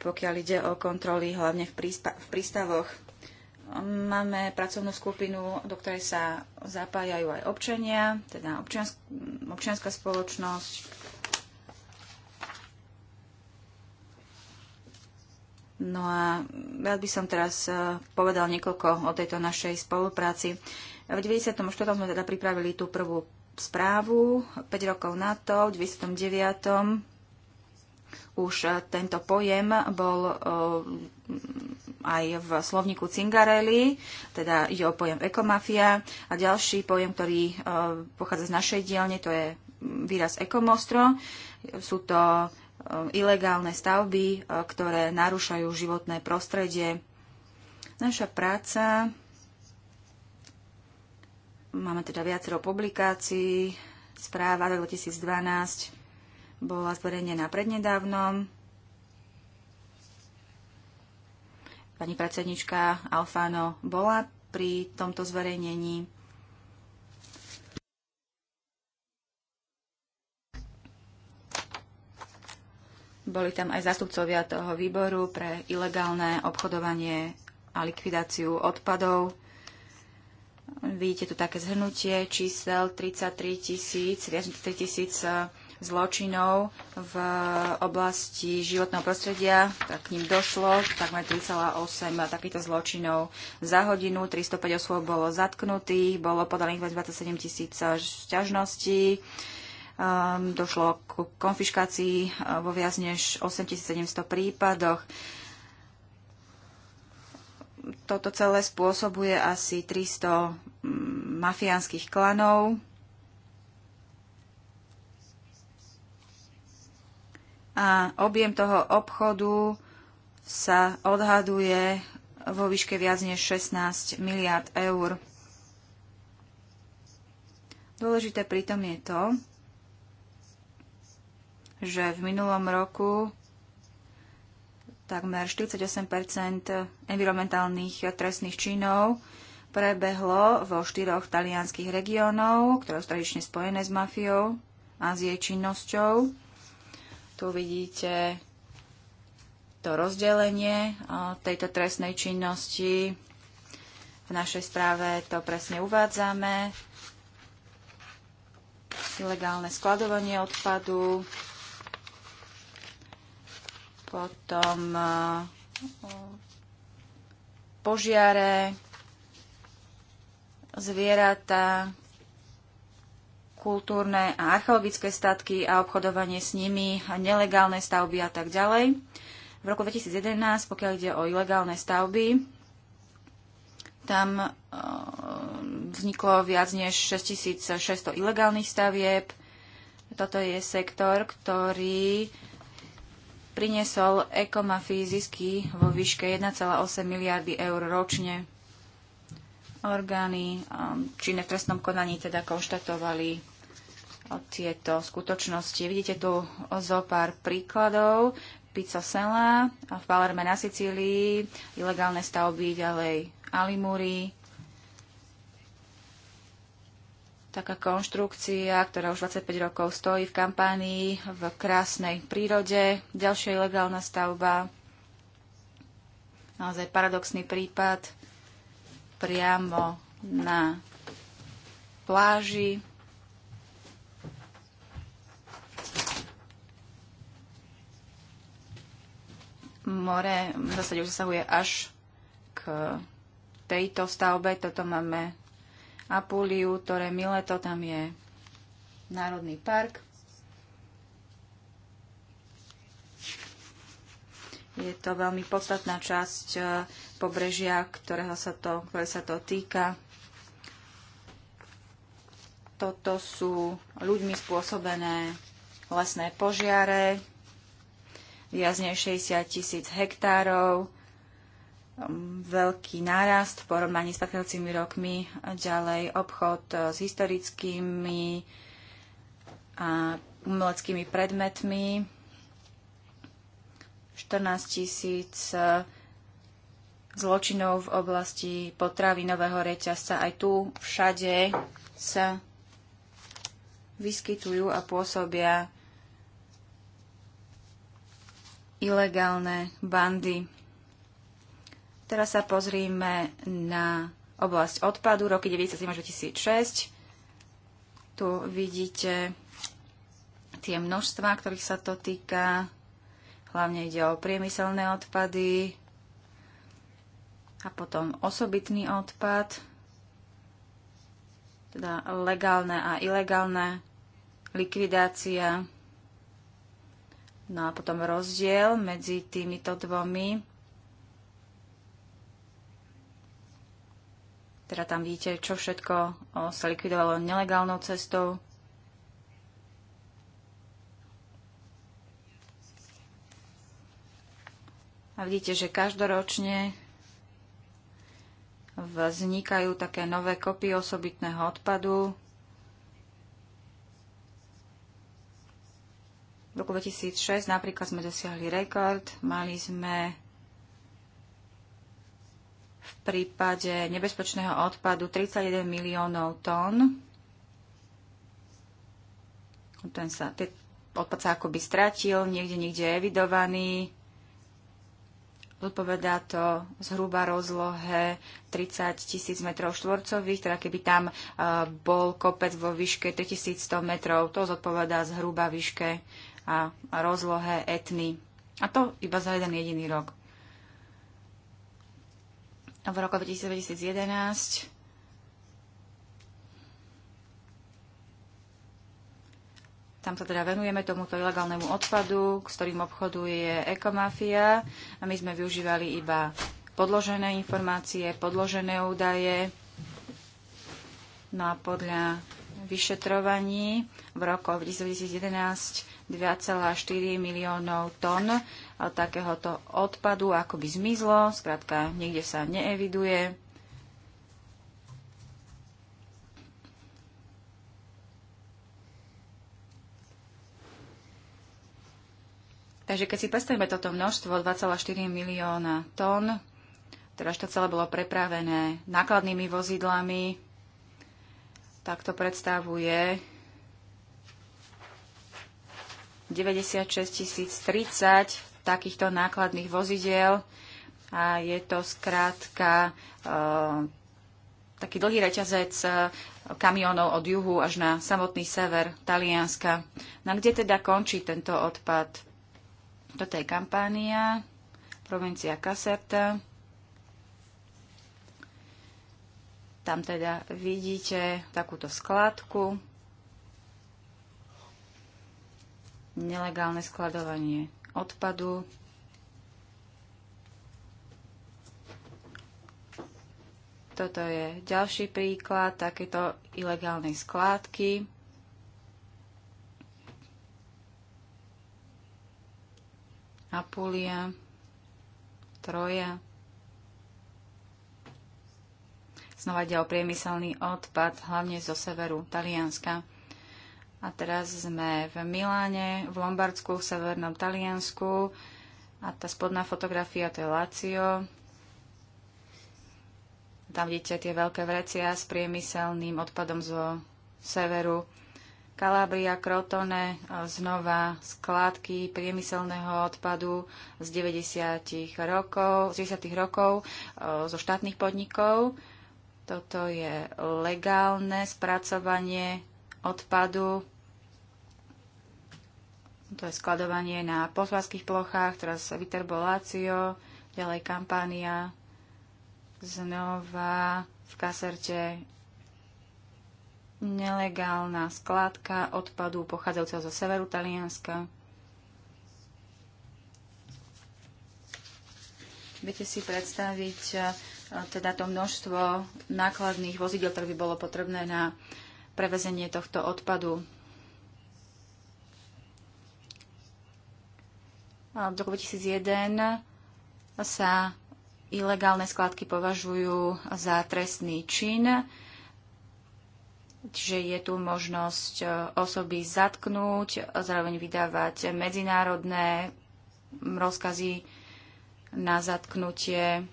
pokiaľ ide o kontroly, hlavne v, v prístavoch. Máme pracovnú skupinu, do ktorej sa zapájajú aj občania, teda občiansk- občianská spoločnosť, No a rád by som teraz e, povedal niekoľko o tejto našej spolupráci. V 94. sme teda pripravili tú prvú správu, 5 rokov na to, v 2009. už e, tento pojem bol e, aj v slovníku Cingarelli, teda ide o pojem ekomafia a ďalší pojem, ktorý pochádza z našej dielne, to je výraz ekomostro. Sú to Um, ilegálne stavby, uh, ktoré narúšajú životné prostredie. Naša práca, máme teda viacero publikácií, správa 2012 bola zverejnená prednedávnom. Pani predsednička Alfano bola pri tomto zverejnení. Boli tam aj zástupcovia toho výboru pre ilegálne obchodovanie a likvidáciu odpadov. Vidíte tu také zhrnutie čísel 33 tisíc, viac 3 tisíc e, zločinov v oblasti životného prostredia, tak k ním došlo takmer 3,8 takýchto zločinov za hodinu, 305 osôb bolo zatknutých, bolo podaných 27 tisíc šťažností. E, Ehm, došlo k konfiškácii eh, vo viac než 8700 prípadoch. Toto celé spôsobuje asi 300 mm, mafiánskych klanov. A objem toho obchodu sa odhaduje vo výške viac než 16 miliard eur. Dôležité pritom je to, že v minulom roku takmer 48 environmentálnych trestných činov prebehlo vo štyroch talianských regiónov, ktoré sú tradične spojené s mafiou a s jej činnosťou. Tu vidíte to rozdelenie tejto trestnej činnosti. V našej správe to presne uvádzame. Ilegálne skladovanie odpadu, potom e, požiare, zvieratá, kultúrne a archeologické statky a obchodovanie s nimi, a nelegálne stavby a tak ďalej. V roku 2011, pokiaľ ide o ilegálne stavby, tam e, vzniklo viac než 6600 ilegálnych stavieb. Toto je sektor, ktorý priniesol ekomafii zisky vo výške 1,8 miliardy eur ročne. Orgány um, či v trestnom konaní teda konštatovali uh, tieto skutočnosti. Vidíte tu zo pár príkladov. pico Sela, v Palerme na Sicílii, ilegálne stavby ďalej Alimuri, taká konštrukcia, ktorá už 25 rokov stojí v kampánii v krásnej prírode. Ďalšia ilegálna stavba, naozaj paradoxný prípad, priamo na pláži. More v zásade už zasahuje až k tejto stavbe. Toto máme Apuliu, Tore Mileto, tam je Národný park. Je to veľmi podstatná časť eh, pobrežia, ktorého sa to, ktoré sa to týka. Toto sú ľuďmi spôsobené lesné požiare, viac než 60 tisíc hektárov, veľký nárast v porovnaní s predchádzajúcimi rokmi. Ďalej obchod e, s historickými a umeleckými predmetmi. 14 tisíc e, zločinov v oblasti potravinového reťazca. Aj tu všade sa vyskytujú a pôsobia ilegálne bandy Teraz sa pozrime na oblasť odpadu roky 1997 2006. Tu vidíte tie množstva, ktorých sa to týka. Hlavne ide o priemyselné odpady a potom osobitný odpad, teda legálne a ilegálne, likvidácia. No a potom rozdiel medzi týmito dvomi Teda tam vidíte, čo všetko sa likvidovalo nelegálnou cestou. A vidíte, že každoročne vznikajú také nové kopy osobitného odpadu. V roku 2006 napríklad sme dosiahli rekord, mali sme v prípade nebezpečného odpadu 31 miliónov tón. Ten sa, ten odpad sa akoby stratil, niekde, niekde je evidovaný. Odpovedá to zhruba rozlohe 30 tisíc metrov štvorcových, teda keby tam e, bol kopec vo výške 3100 metrov, to zodpovedá zhruba výške a rozlohe etny. A to iba za jeden jediný rok v roku 2011 Tam sa teda venujeme tomuto ilegálnemu odpadu, s ktorým obchoduje ekomafia. A my sme využívali iba podložené informácie, podložené údaje. No a podľa vyšetrovaní v roku 2011 2,4 miliónov tón takéhoto odpadu ako by zmizlo, skrátka niekde sa neeviduje. Takže keď si predstavíme toto množstvo 2,4 milióna tón, teraz to celé bolo prepravené nákladnými vozidlami, tak to predstavuje 96 030 takýchto nákladných vozidiel a je to skrátka eh, taký dlhý reťazec eh, kamionov od juhu až na samotný sever Talianska. Na no kde teda končí tento odpad? Toto je Kampánia, provincia Caserta. Tam teda vidíte takúto skladku. Nelegálne skladovanie odpadu. Toto je ďalší príklad takéto ilegálnej skládky. Apulia, Troja. Znova ide o priemyselný odpad, hlavne zo severu Talianska. A teraz sme v Miláne, v Lombardsku, v severnom Taliansku. A tá spodná fotografia to je Lazio. Tam vidíte tie veľké vrecia s priemyselným odpadom zo severu. Kalábria, Krotone, znova skládky priemyselného odpadu z 90. rokov, z 60. rokov e, zo štátnych podnikov. Toto je legálne spracovanie odpadu. To je skladovanie na posvárských plochách, teraz Viterbolácio, ďalej Kampánia, znova v kaserte nelegálna skladka odpadu pochádzajúceho zo severu Talianska. Viete si predstaviť eh, teda to množstvo nákladných vozidel, ktoré by bolo potrebné na prevezenie tohto odpadu. V roku 2001 sa ilegálne skladky považujú za trestný čin, čiže je tu možnosť e, osoby zatknúť, zároveň vydávať medzinárodné rozkazy na zatknutie.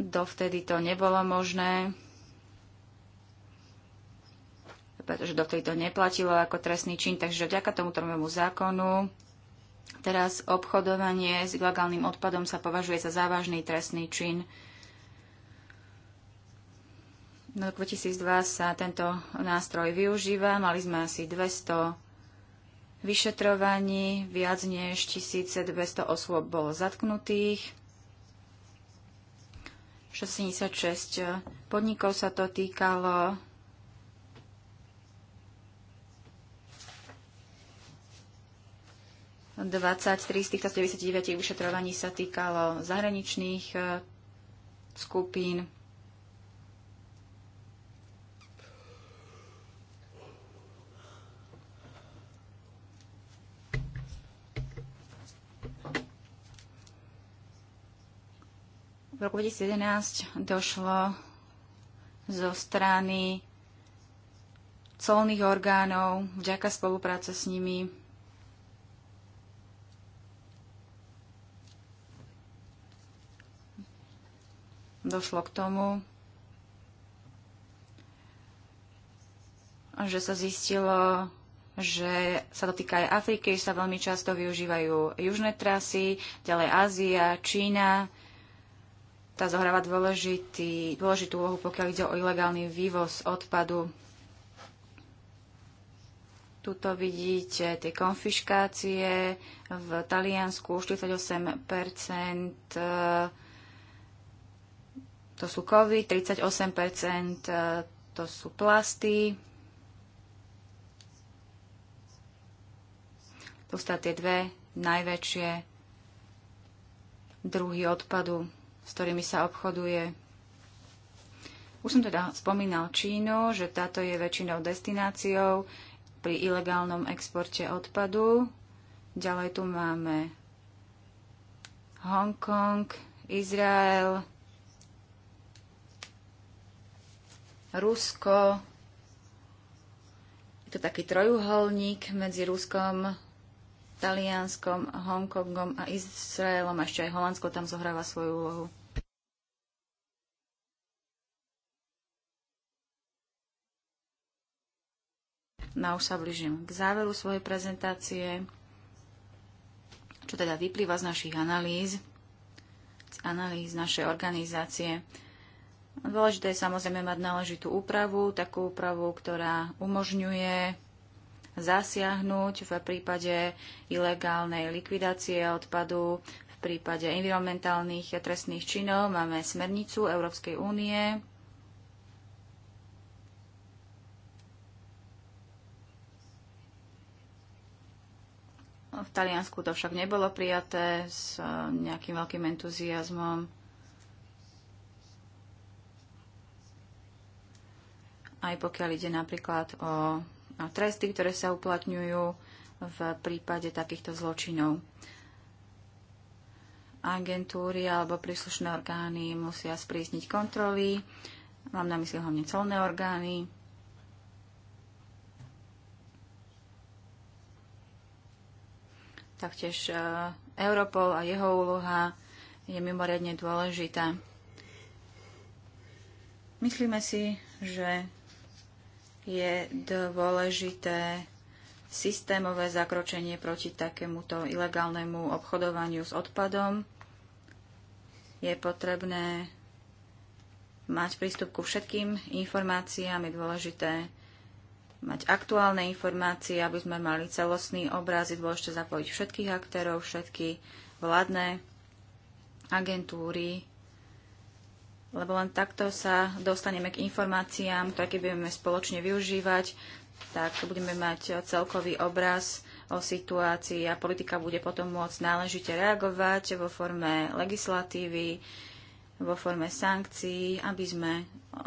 Dovtedy to nebolo možné pretože do to neplatilo ako trestný čin, takže vďaka tomu novému zákonu teraz obchodovanie s ilegálnym odpadom sa považuje za závažný trestný čin. V roku 2002 sa tento nástroj využíva, mali sme asi 200 vyšetrovaní, viac než 1200 osôb bolo zatknutých. 66 podnikov sa to týkalo, 23 z týchto 99 vyšetrovaní sa týkalo zahraničných e, skupín. V roku 2011 došlo zo strany colných orgánov vďaka spolupráce s nimi došlo k tomu, že sa zistilo, že sa dotýka aj Afriky, že sa veľmi často využívajú južné trasy, ďalej Ázia, Čína. Tá zohráva dôležitý, dôležitú úlohu, pokiaľ ide o ilegálny vývoz odpadu. Tuto vidíte tie konfiškácie v Taliansku 48 to sú kovy, 38% e, to sú plasty, to sú tie dve najväčšie druhy odpadu, s ktorými sa obchoduje. Už som teda spomínal Čínu, že táto je väčšinou destináciou pri ilegálnom exporte odpadu. Ďalej tu máme Hongkong, Izrael, Rusko, je to taký trojuholník medzi Ruskom, Talianskom, Hongkongom a Izraelom, a ešte aj Holandsko tam zohráva svoju úlohu. No už sa blížim k záveru svojej prezentácie, čo teda vyplýva z našich analýz, z analýz našej organizácie. Dôležité je samozrejme mať náležitú úpravu, takú úpravu, ktorá umožňuje zasiahnuť v prípade ilegálnej likvidácie odpadu, v prípade environmentálnych trestných činov. Máme smernicu Európskej únie, V Taliansku to však nebolo prijaté s nejakým veľkým entuziasmom. aj pokiaľ ide napríklad o tresty, ktoré sa uplatňujú v prípade takýchto zločinov. Agentúry alebo príslušné orgány musia sprísniť kontroly, mám na mysli hlavne colné orgány, taktiež e, Europol a jeho úloha je mimoriadne dôležitá. Myslíme si, že je dôležité systémové zakročenie proti takémuto ilegálnemu obchodovaniu s odpadom. Je potrebné mať prístup ku všetkým informáciám, je dôležité mať aktuálne informácie, aby sme mali celostný obraz, je dôležité zapojiť všetkých aktérov, všetky vládne agentúry, lebo len takto sa dostaneme k informáciám, ktoré keď budeme spoločne využívať, tak budeme mať celkový obraz o situácii a politika bude potom môcť náležite reagovať vo forme legislatívy, vo forme sankcií, aby sme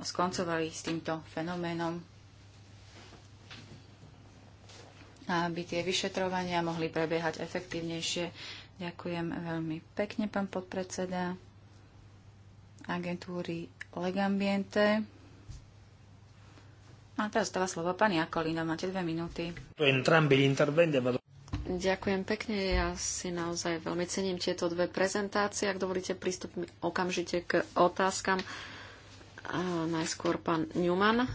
skoncovali s týmto fenoménom. A aby tie vyšetrovania mohli prebiehať efektívnejšie. Ďakujem veľmi pekne, pán podpredseda agentúry Legambiente. A teraz dáva slovo pani Jakolina, máte dve minúty. Ďakujem pekne, ja si naozaj veľmi cením tieto dve prezentácie. Ak dovolíte, prístup okamžite k otázkam. A najskôr pán Newman. E,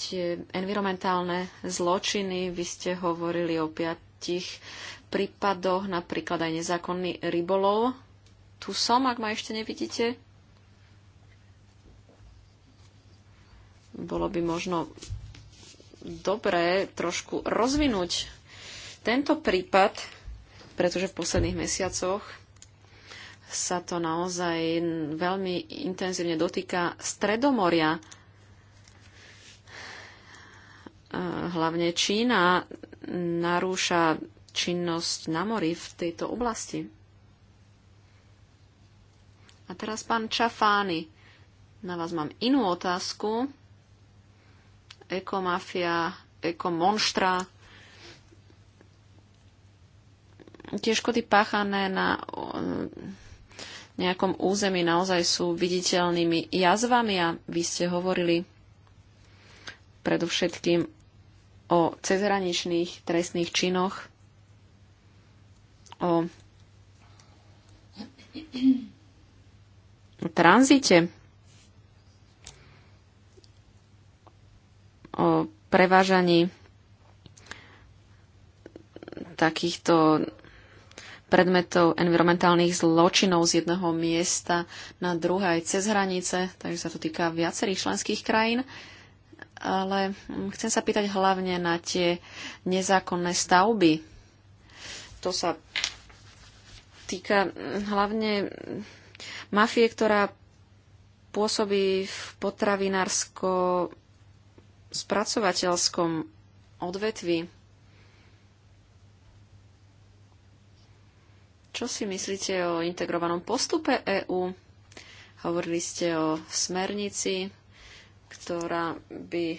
tie environmentálne zločiny, vy ste hovorili o piatich prípadoch, napríklad aj nezákonný rybolov. Tu som, ak ma ešte nevidíte. Bolo by možno dobré trošku rozvinúť tento prípad, pretože v posledných mesiacoch sa to naozaj veľmi intenzívne dotýka Stredomoria. Hlavne Čína narúša činnosť na mori v tejto oblasti. A teraz pán Čafány, na vás mám inú otázku. Ekomafia, ekomonštra, tie škody páchané na nejakom území naozaj sú viditeľnými jazvami a vy ste hovorili predovšetkým o cezhraničných trestných činoch o tranzite, o prevážaní takýchto predmetov environmentálnych zločinov z jedného miesta na druhé aj cez hranice, takže sa to týka viacerých členských krajín. Ale chcem sa pýtať hlavne na tie nezákonné stavby. To sa týka mm, hlavne mm, mafie, ktorá pôsobí v potravinársko-spracovateľskom odvetvi. Čo si myslíte o integrovanom postupe EÚ? Hovorili ste o smernici, ktorá by mm,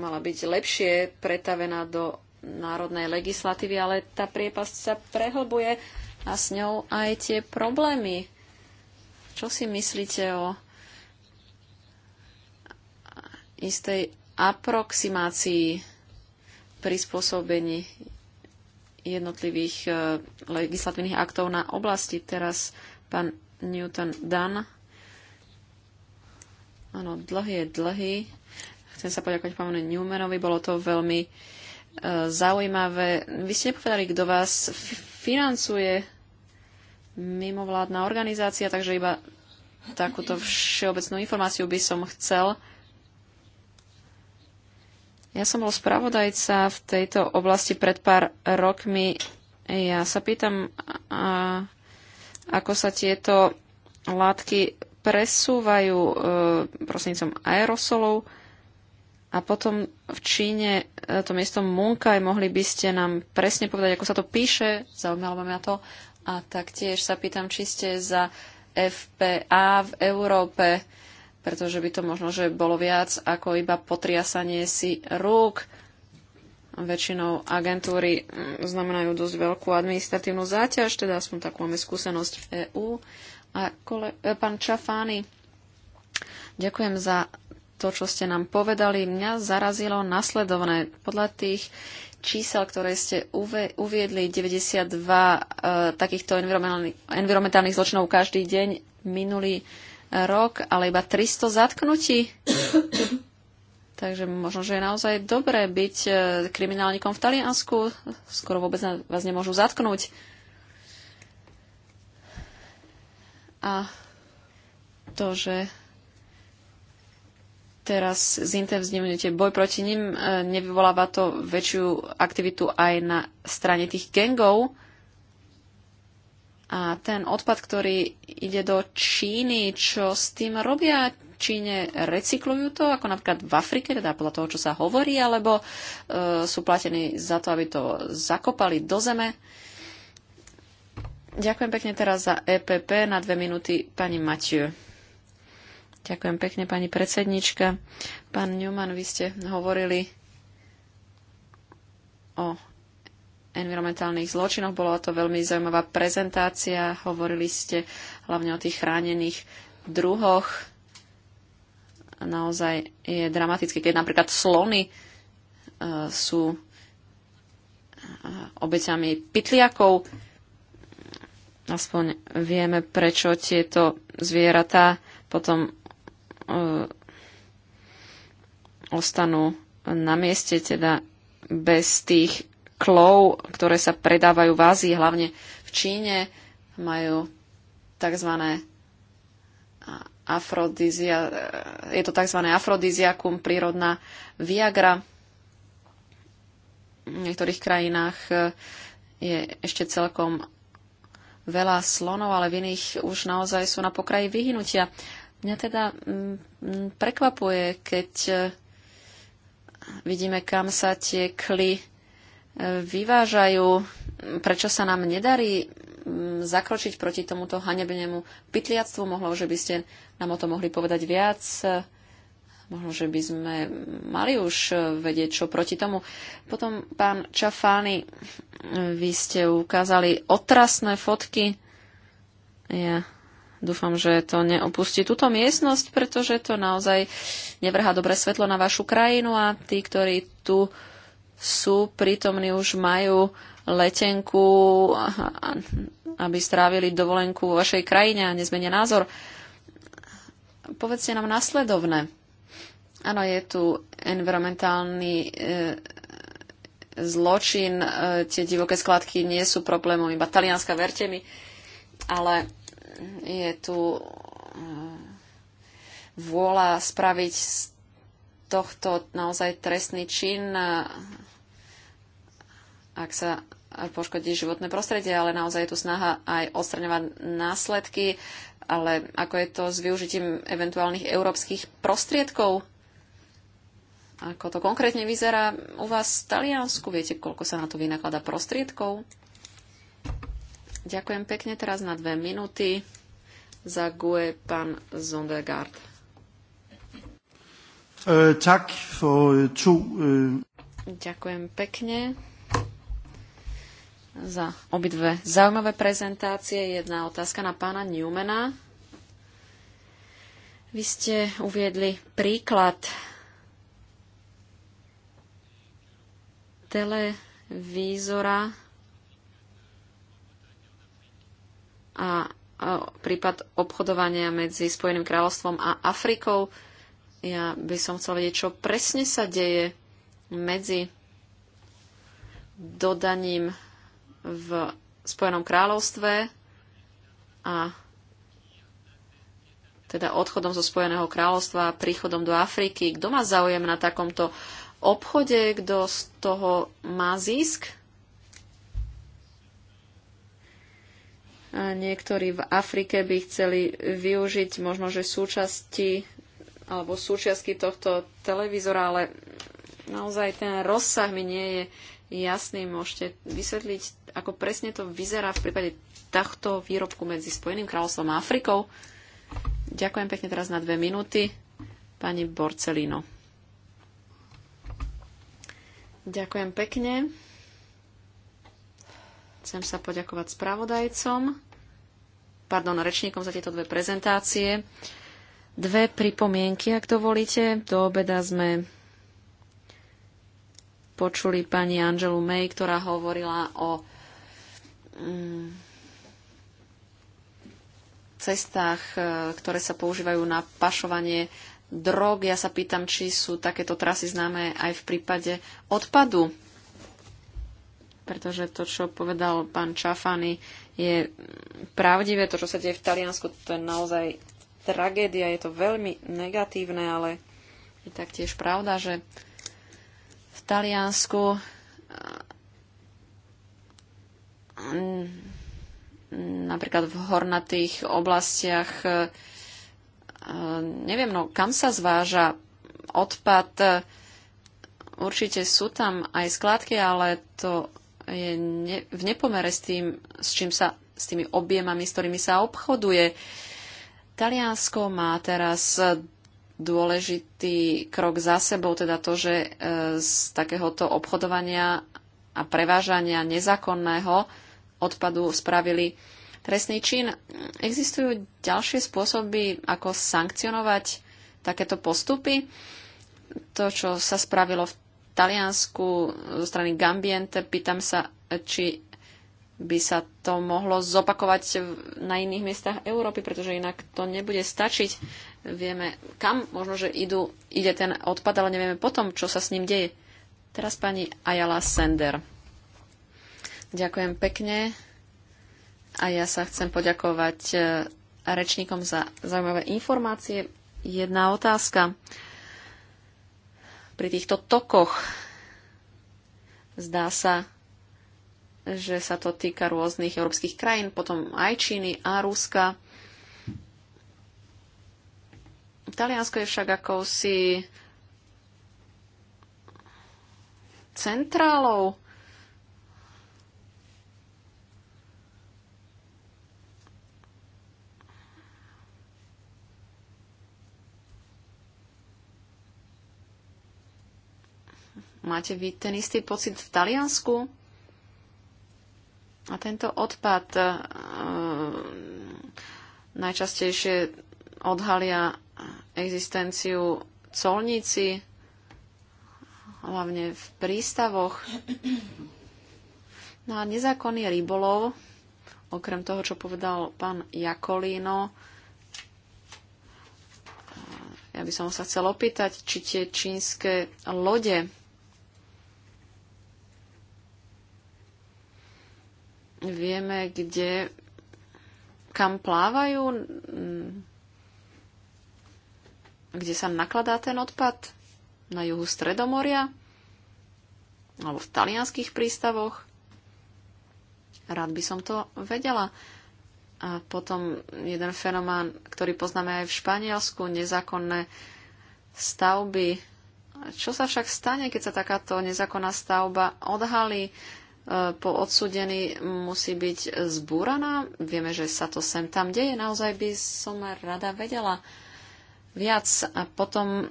mala byť lepšie pretavená do národnej legislatívy, ale tá priepasť sa prehlbuje a s ňou aj tie problémy. Čo si myslíte o istej aproximácii prispôsobení jednotlivých e, legislatívnych aktov na oblasti. Teraz pán Newton Dunn. Áno, dlhý je dlhý. Chcem sa poďakovať pánu Newmanovi, bolo to veľmi uh, zaujímavé. Vy ste nepovedali, kto vás financuje mimovládna organizácia, takže iba takúto všeobecnú informáciu by som chcel. Ja som bol spravodajca v tejto oblasti pred pár rokmi. Ja sa pýtam, a, ako sa tieto látky presúvajú e, prostrednícom aerosolov. A potom v Číne e, to miesto Munkaj, mohli by ste nám presne povedať, ako sa to píše, zaujímalo ma to. A taktiež sa pýtam, či ste za FPA v Európe, pretože by to možno, že bolo viac ako iba potriasanie si rúk. Väčšinou agentúry mm, znamenajú dosť veľkú administratívnu záťaž, teda aspoň takú máme skúsenosť v EÚ. A kole, e, pán Čafány, ďakujem za to, čo ste nám povedali, mňa zarazilo nasledovné. Podľa tých čísel, ktoré ste uviedli, 92 e, takýchto environmentálnych, environmentálnych zločinov každý deň minulý e, rok, ale iba 300 zatknutí. Takže možno, že je naozaj dobré byť e, kriminálnikom v Taliansku. Skoro vôbec vás nemôžu zatknúť. A to, že teraz zintenzívňujete boj proti ním, e, nevyvoláva to väčšiu aktivitu aj na strane tých gengov. A ten odpad, ktorý ide do Číny, čo s tým robia Číne? Recyklujú to, ako napríklad v Afrike, teda podľa toho, čo sa hovorí, alebo e, sú platení za to, aby to zakopali do zeme? Ďakujem pekne teraz za EPP na dve minúty pani Matiu. Ďakujem pekne, pani predsednička. Pán Newman, vy ste hovorili o environmentálnych zločinoch. Bola to veľmi zaujímavá prezentácia. Hovorili ste hlavne o tých chránených druhoch. Naozaj je dramatické, keď napríklad slony uh, sú uh, obeťami pytliakov. Aspoň vieme, prečo tieto zvieratá potom E, ostanú na mieste, teda bez tých klov, ktoré sa predávajú v Ázii, hlavne v Číne, majú tzv. Afrodizia, e, je to tzv. afrodiziakum, prírodná Viagra. V niektorých krajinách e, je ešte celkom veľa slonov, ale v iných už naozaj sú na pokraji vyhnutia. Mňa teda mm, prekvapuje, keď e, vidíme, kam sa tie kly e, vyvážajú, prečo sa nám nedarí mm, zakročiť proti tomuto hanebnému pytliactvu. Mohlo, že by ste nám o tom mohli povedať viac. Možno, že by sme mali už e, vedieť, čo proti tomu. Potom, pán Čafány, vy ste ukázali otrasné fotky. Ja Dúfam, že to neopustí túto miestnosť, pretože to naozaj nevrhá dobré svetlo na vašu krajinu a tí, ktorí tu sú prítomní, už majú letenku, aby strávili dovolenku vo vašej krajine a nezmenia názor. Povedzte nám nasledovné. Áno, je tu environmentálny e, zločin, e, tie divoké skladky nie sú problémom iba talianska, verte mi, ale je tu mm, vôľa spraviť z tohto naozaj trestný čin, ak sa poškodí životné prostredie, ale naozaj je tu snaha aj odstraňovať následky, ale ako je to s využitím eventuálnych európskych prostriedkov? Ako to konkrétne vyzerá u vás v Taliansku? Viete, koľko sa na to vynaklada prostriedkov? Ďakujem pekne teraz na dve minúty. Za GUE pán Zondergaard. Eh, tak eh, eh, Ďakujem pekne za obidve zaujímavé prezentácie. Jedna otázka na pána Newmana. Vy ste uviedli príklad televízora a, a prípad obchodovania medzi Spojeným kráľovstvom a Afrikou. Ja by som chcel vedieť, čo presne sa deje medzi dodaním v Spojenom kráľovstve a teda odchodom zo Spojeného kráľovstva a príchodom do Afriky. Kto má záujem na takomto obchode, kto z toho má zisk? Niektorí v Afrike by chceli využiť možno, že súčasti alebo súčiastky tohto televízora, ale naozaj ten rozsah mi nie je jasný. Môžete vysvetliť, ako presne to vyzerá v prípade takto výrobku medzi Spojeným kráľovstvom a Afrikou. Ďakujem pekne teraz na dve minúty. Pani Borcelino. Ďakujem pekne. Chcem sa poďakovať spravodajcom, pardon, rečníkom za tieto dve prezentácie. Dve pripomienky, ak dovolíte. Do obeda sme počuli pani Angelu May, ktorá hovorila o mm, cestách, e, ktoré sa používajú na pašovanie drog. Ja sa pýtam, či sú takéto trasy známe aj v prípade odpadu pretože to, čo povedal pán Čafany, je pravdivé. To, čo sa deje v Taliansku, to je naozaj tragédia, je to veľmi negatívne, ale je taktiež pravda, že v Taliansku mm, napríklad v hornatých oblastiach e, neviem, no kam sa zváža odpad určite sú tam aj skladky, ale to je ne, v nepomere s tým, s čím sa, s tými objemami, s ktorými sa obchoduje. Taliansko má teraz dôležitý krok za sebou, teda to, že e, z takéhoto obchodovania a prevážania nezákonného odpadu spravili trestný čin. Existujú ďalšie spôsoby, ako sankcionovať takéto postupy. To, čo sa spravilo v Taliansku, zo strany Gambiente. Pýtam sa, či by sa to mohlo zopakovať na iných miestach Európy, pretože inak to nebude stačiť. Vieme, kam možno, že idú, ide ten odpad, ale nevieme potom, čo sa s ním deje. Teraz pani Ayala Sender. Ďakujem pekne a ja sa chcem poďakovať eh, rečníkom za zaujímavé informácie. Jedna otázka pri týchto tokoch. Zdá sa, že sa to týka rôznych európskych krajín, potom aj Číny a Ruska. Taliansko je však akousi centrálou Máte vy ten istý pocit v Taliansku? A tento odpad e, najčastejšie odhalia existenciu colníci, hlavne v prístavoch. No a nezákonný rybolov, okrem toho, čo povedal pán Jakolíno, e, ja by som sa chcel opýtať, či tie čínske lode Vieme, kde, kam plávajú, kde sa nakladá ten odpad? Na juhu Stredomoria? Alebo v talianských prístavoch? Rád by som to vedela. A potom jeden fenomán, ktorý poznáme aj v Španielsku, nezákonné stavby. Čo sa však stane, keď sa takáto nezákonná stavba odhalí? E, po odsudení musí byť zbúraná. Vieme, že sa to sem tam deje. Naozaj by som rada vedela viac. A potom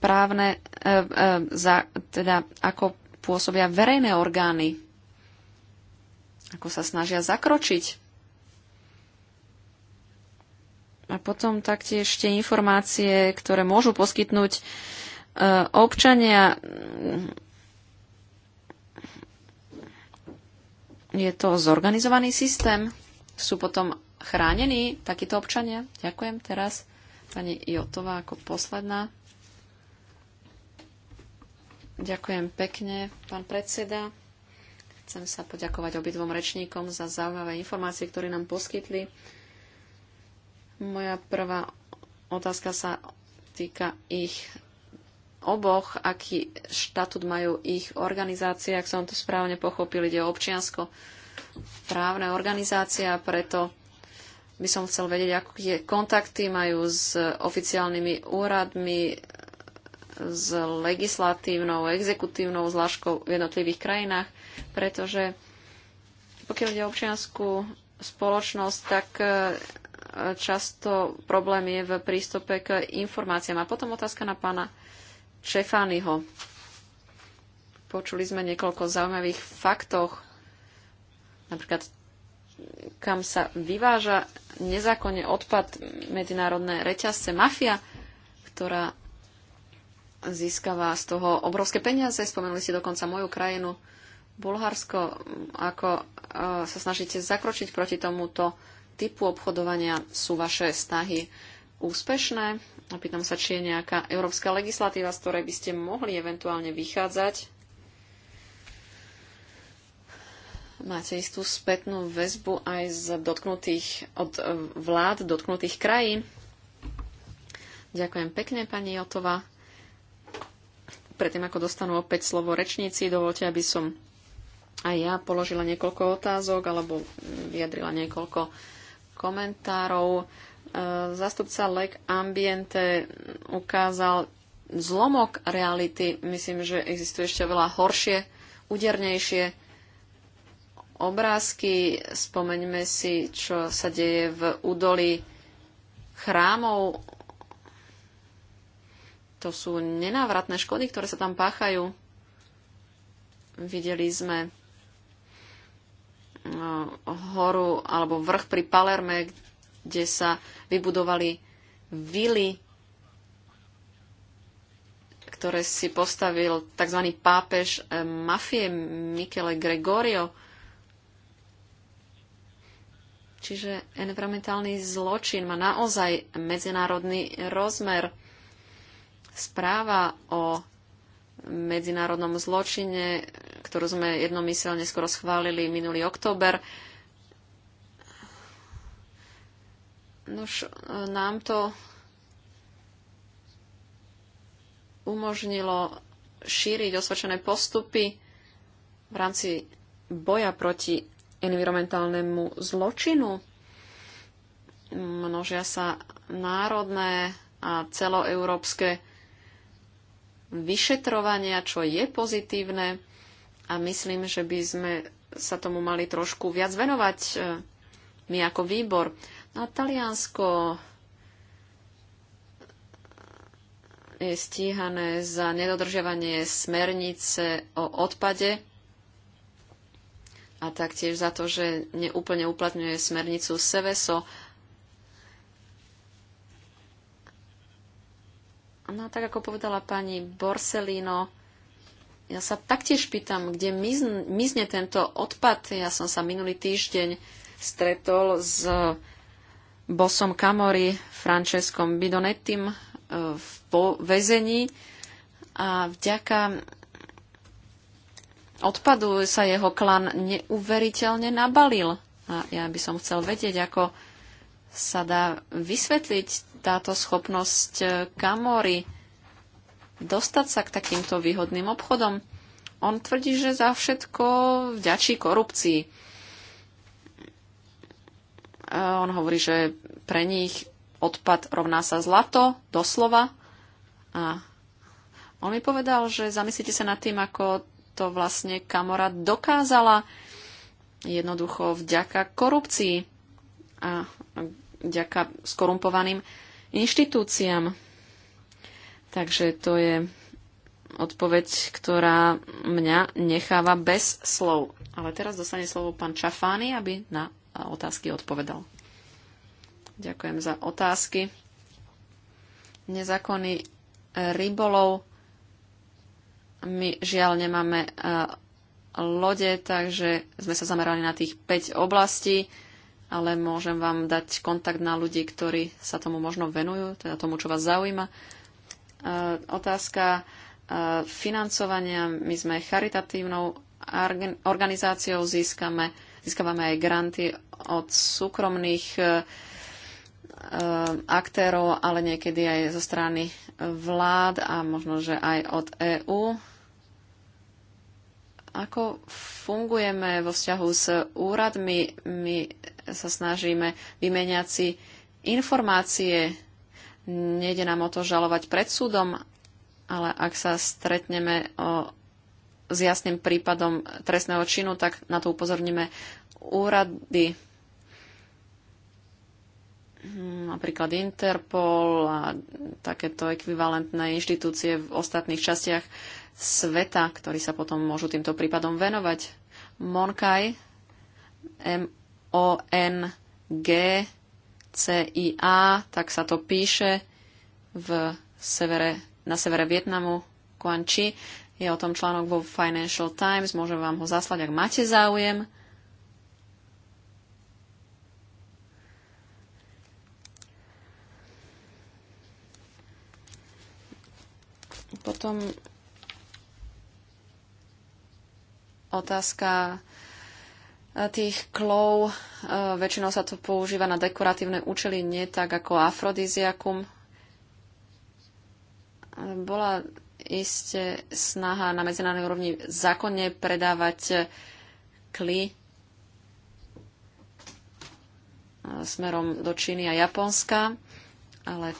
právne, e, e, za, teda ako pôsobia verejné orgány, ako sa snažia zakročiť. A potom taktiež tie informácie, ktoré môžu poskytnúť Eh, občania. Je to zorganizovaný systém? Sú potom chránení takíto občania? Ďakujem teraz. Pani Jotová ako posledná. Ďakujem pekne, pán predseda. Chcem sa poďakovať obidvom rečníkom za zaujímavé informácie, ktoré nám poskytli. Moja prvá otázka sa týka ich oboch, aký štatút majú ich organizácie, ak som to správne pochopil, ide o občiansko právne organizácie a preto by som chcel vedieť, aké kontakty majú s oficiálnymi úradmi, s legislatívnou, exekutívnou zložkou v jednotlivých krajinách, pretože pokiaľ ide o občianskú spoločnosť, tak e, často problém je v prístupe k informáciám. A potom otázka na pána Šefányho. Počuli sme niekoľko zaujímavých faktoch, napríklad kam sa vyváža nezákonne odpad medzinárodné reťazce mafia, ktorá získava z toho obrovské peniaze. Spomenuli ste dokonca moju krajinu, Bulharsko, ako e, sa snažíte zakročiť proti tomuto typu obchodovania. Sú vaše snahy úspešné? Pýtam sa, či je nejaká európska legislatíva, z ktorej by ste mohli eventuálne vychádzať. Máte istú spätnú väzbu aj z dotknutých, od vlád dotknutých krajín. Ďakujem pekne, pani Jotova. Predtým, ako dostanú opäť slovo rečníci, dovolte, aby som aj ja položila niekoľko otázok alebo vyjadrila niekoľko komentárov Eh, zastupca Lek Ambiente ukázal zlomok reality. Myslím, že existuje ešte veľa horšie, údernejšie obrázky. Spomeňme si, čo sa deje v údolí chrámov. To sú nenávratné škody, ktoré sa tam páchajú. Videli sme eh, horu alebo vrch pri Palerme, kde sa vybudovali vily, ktoré si postavil tzv. pápež eh, mafie Michele Gregorio. Čiže environmentálny zločin má naozaj medzinárodný rozmer. Správa o medzinárodnom zločine, ktorú sme jednomyselne skoro schválili minulý október, Nož nám to umožnilo šíriť osvedčené postupy v rámci boja proti environmentálnemu zločinu. Množia sa národné a celoeurópske vyšetrovania, čo je pozitívne a myslím, že by sme sa tomu mali trošku viac venovať e, my ako výbor. A Taliansko je stíhané za nedodržiavanie smernice o odpade a taktiež za to, že neúplne uplatňuje smernicu Seveso. No tak ako povedala pani Borsellino, ja sa taktiež pýtam, kde mizne tento odpad. Ja som sa minulý týždeň stretol s bosom Kamori Franceskom Bidonettim eh, v väzení a vďaka odpadu sa jeho klan neuveriteľne nabalil. A ja by som chcel vedieť, ako sa dá vysvetliť táto schopnosť Kamory eh, dostať sa k takýmto výhodným obchodom. On tvrdí, že za všetko vďačí korupcii. On hovorí, že pre nich odpad rovná sa zlato, doslova. A on mi povedal, že zamyslite sa nad tým, ako to vlastne Kamora dokázala jednoducho vďaka korupcii a vďaka skorumpovaným inštitúciám. Takže to je odpoveď, ktorá mňa necháva bez slov. Ale teraz dostane slovo pán Čafány, aby na a otázky odpovedal. Ďakujem za otázky. Nezákony rybolov. My žiaľ nemáme e, lode, takže sme sa zamerali na tých 5 oblastí, ale môžem vám dať kontakt na ľudí, ktorí sa tomu možno venujú, teda tomu, čo vás zaujíma. E, otázka e, financovania. My sme charitatívnou organizáciou, získame Získavame aj granty od súkromných eh, eh, aktérov, ale niekedy aj zo strany vlád a možno, že aj od EÚ. Ako fungujeme vo vzťahu s úradmi? My sa snažíme vymeniať si informácie. Nejde nám o to žalovať pred súdom, ale ak sa stretneme o s jasným prípadom trestného činu, tak na to upozorníme úrady, hm, napríklad Interpol a takéto ekvivalentné inštitúcie v ostatných častiach sveta, ktorí sa potom môžu týmto prípadom venovať. MONKAI, M-O-N-G-C-I-A, tak sa to píše v severe, na severe Vietnamu, Chi. Je o tom článok vo Financial Times, môžem vám ho zaslať, ak máte záujem. Potom otázka eh, tých klov. Eh, väčšinou sa to používa na dekoratívne účely, nie tak ako afrodiziakum. Bola iste snaha na medzinárodnej úrovni zákonne predávať kli e, smerom do Číny a Japonska, ale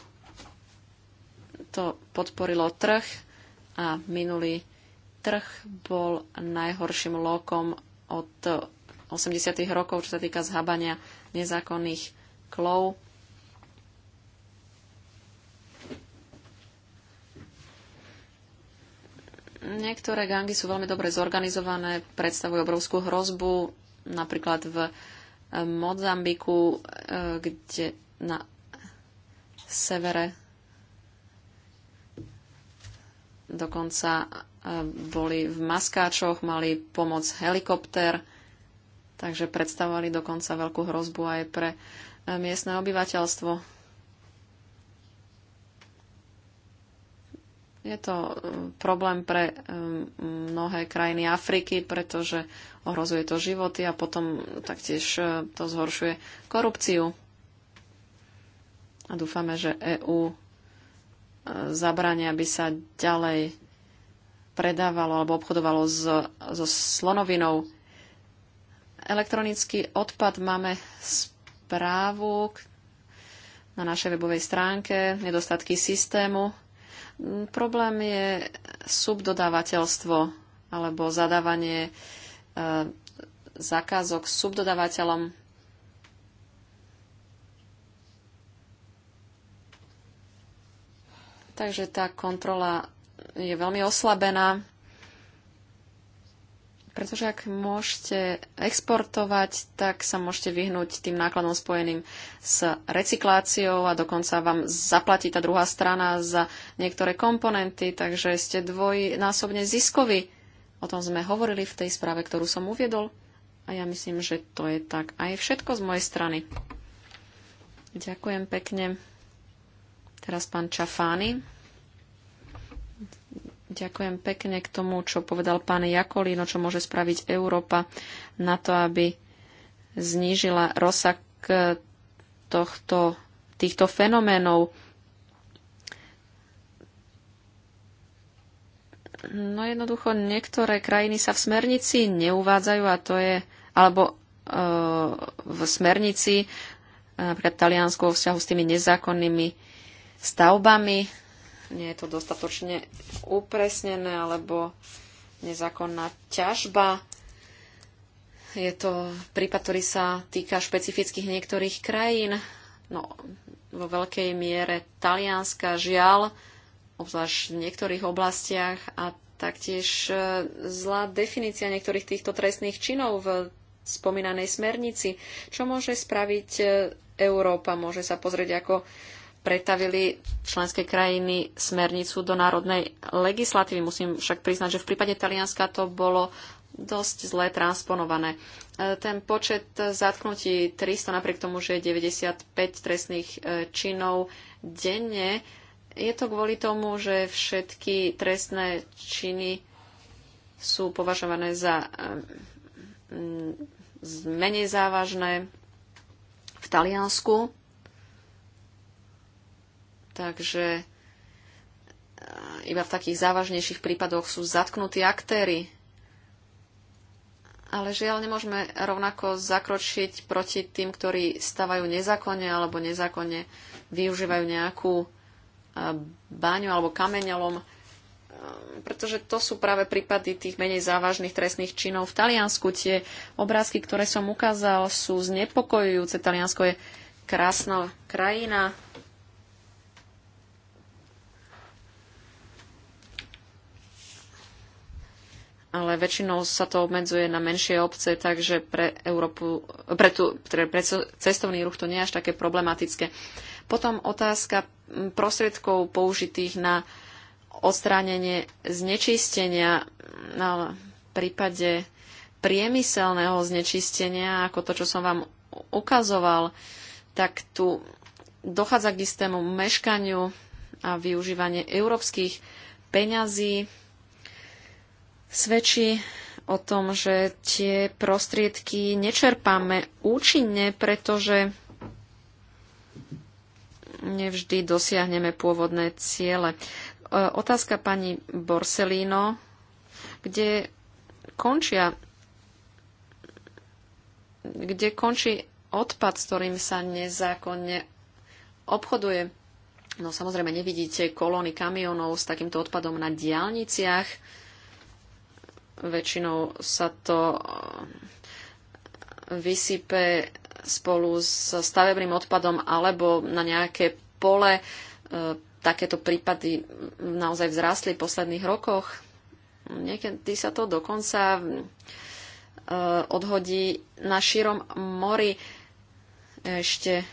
to podporilo trh a minulý trh bol najhorším lokom od 80. rokov, čo sa týka zhabania nezákonných klov. Niektoré gangy sú veľmi dobre zorganizované, predstavujú obrovskú hrozbu, napríklad v eh, Mozambiku, eh, kde na severe dokonca eh, boli v maskáčoch, mali pomoc helikopter, takže predstavovali dokonca veľkú hrozbu aj pre miestne obyvateľstvo. Je to e, problém pre e, mnohé krajiny Afriky, pretože ohrozuje to životy a potom taktiež e, to zhoršuje korupciu. A dúfame, že EÚ zabrania, aby sa ďalej predávalo alebo obchodovalo so, so slonovinou. Elektronický odpad máme správu na našej webovej stránke, nedostatky systému Problém je subdodávateľstvo alebo zadávanie e, zakázok subdodávateľom. Takže tá kontrola je veľmi oslabená. Pretože ak môžete exportovať, tak sa môžete vyhnúť tým nákladom spojeným s recykláciou a dokonca vám zaplatí tá druhá strana za niektoré komponenty, takže ste dvojnásobne ziskoví. O tom sme hovorili v tej správe, ktorú som uviedol a ja myslím, že to je tak aj všetko z mojej strany. Ďakujem pekne. Teraz pán Čafány. Ďakujem pekne k tomu, čo povedal pán Jakolino, čo môže spraviť Európa na to, aby znížila rozsah eh, tohto, týchto fenoménov. No jednoducho niektoré krajiny sa v smernici neuvádzajú a to je, alebo e, v smernici napríklad Taliansko vo vzťahu s tými nezákonnými stavbami nie je to dostatočne upresnené, alebo nezákonná ťažba. Je to prípad, ktorý sa týka špecifických niektorých krajín. No, vo veľkej miere Talianska, žiaľ, obzvlášť v niektorých oblastiach a taktiež e, zlá definícia niektorých týchto trestných činov v spomínanej smernici. Čo môže spraviť e, Európa? Môže sa pozrieť, ako pretavili členské krajiny smernicu do národnej legislatívy. Musím však priznať, že v prípade Talianska to bolo dosť zle transponované. E, ten počet zatknutí 300, napriek tomu, že je 95 trestných e, činov denne, je to kvôli tomu, že všetky trestné činy sú považované za e, menej závažné v Taliansku. Takže e, iba v takých závažnejších prípadoch sú zatknutí aktéry. Ale žiaľ, nemôžeme rovnako zakročiť proti tým, ktorí stavajú nezákonne alebo nezákonne využívajú nejakú e, báňu alebo kameňalom, e, pretože to sú práve prípady tých menej závažných trestných činov. V Taliansku tie obrázky, ktoré som ukázal, sú znepokojujúce. Taliansko je krásna krajina, ale väčšinou sa to obmedzuje na menšie obce, takže pre, Európu, pre, tu, pre, pre cestovný ruch to nie je až také problematické. Potom otázka prostriedkov použitých na odstránenie znečistenia na no, prípade priemyselného znečistenia, ako to, čo som vám ukazoval, tak tu dochádza k istému meškaniu a využívanie európskych peňazí svedčí o tom, že tie prostriedky nečerpáme účinne, pretože nevždy dosiahneme pôvodné ciele. E, otázka pani Borsellino, kde končia kde končí odpad, s ktorým sa nezákonne obchoduje. No samozrejme nevidíte kolóny kamionov s takýmto odpadom na diálniciach Väčšinou sa to eh, vysype spolu s stavebným odpadom alebo na nejaké pole. Eh, takéto prípady naozaj vzrástli v posledných rokoch. Niekedy sa to dokonca eh, odhodí na širom mori. Ešte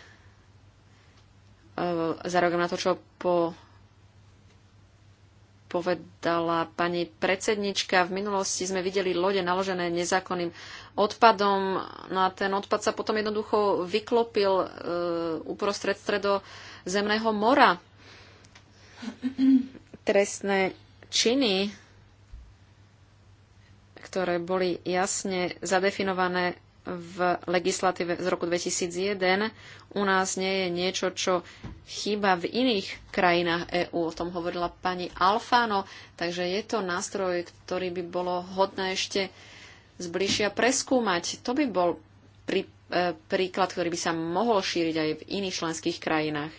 zareagujem na to, čo po povedala pani predsednička, v minulosti sme videli lode naložené nezákonným odpadom. No a ten odpad sa potom jednoducho vyklopil e, uprostred uprostred zemného mora. Trestné činy, ktoré boli jasne zadefinované v legislatíve z roku 2001 u nás nie je niečo, čo chýba v iných krajinách EÚ. O tom hovorila pani Alfano, takže je to nástroj, ktorý by bolo hodné ešte zbližia preskúmať. To by bol prí, e, príklad, ktorý by sa mohol šíriť aj v iných členských krajinách.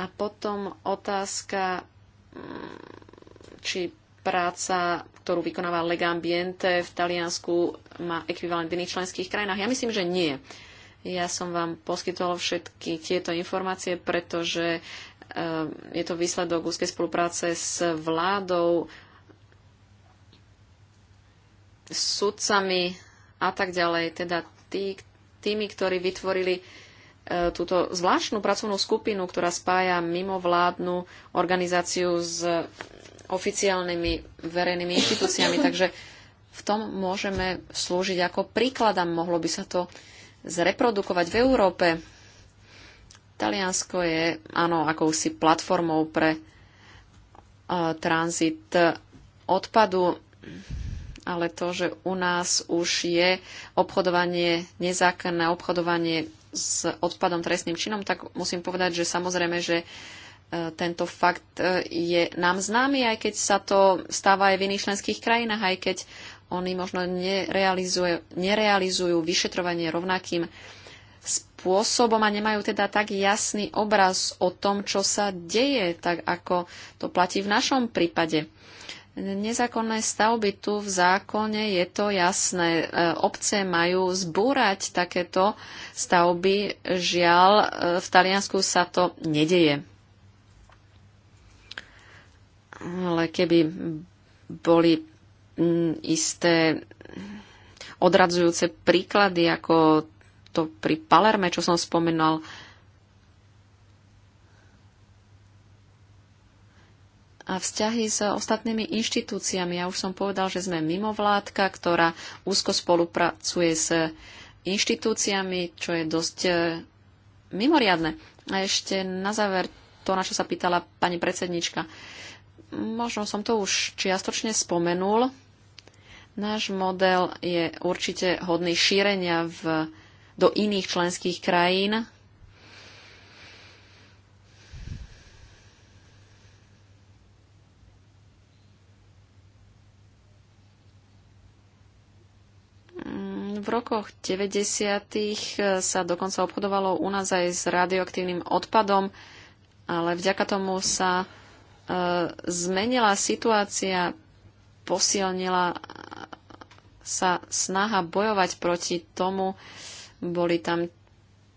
A potom otázka, mm, či práca ktorú vykonáva Legambiente v Taliansku, má ekvivalent v iných členských krajinách? Ja myslím, že nie. Ja som vám poskytol všetky tieto informácie, pretože eh, je to výsledok úzkej spolupráce s vládou, sudcami a tak ďalej, teda tí, tými, ktorí vytvorili eh, túto zvláštnu pracovnú skupinu, ktorá spája mimovládnu organizáciu s oficiálnymi verejnými inštitúciami. Takže v tom môžeme slúžiť ako príklad a mohlo by sa to zreprodukovať v Európe. Taliansko je, áno, akousi platformou pre uh, tranzit odpadu, ale to, že u nás už je obchodovanie, nezákonné obchodovanie s odpadom trestným činom, tak musím povedať, že samozrejme, že E, tento fakt e, je nám známy, aj keď sa to stáva aj v iných členských krajinách, aj keď oni možno nerealizujú vyšetrovanie rovnakým spôsobom a nemajú teda tak jasný obraz o tom, čo sa deje, tak ako to platí v našom prípade. Nezákonné stavby tu v zákone je to jasné. E, obce majú zbúrať takéto stavby. Žiaľ, v Taliansku sa to nedeje. Ale keby boli mm, isté odradzujúce príklady, ako to pri Palerme, čo som spomenal, a vzťahy s ostatnými inštitúciami. Ja už som povedal, že sme mimovládka, ktorá úzko spolupracuje s inštitúciami, čo je dosť e, mimoriadne. A ešte na záver to, na čo sa pýtala pani predsednička. Možno som to už čiastočne spomenul. Náš model je určite hodný šírenia v, do iných členských krajín. V rokoch 90. sa dokonca obchodovalo u nás aj s radioaktívnym odpadom, ale vďaka tomu sa E, zmenila situácia, posilnila sa snaha bojovať proti tomu. Boli tam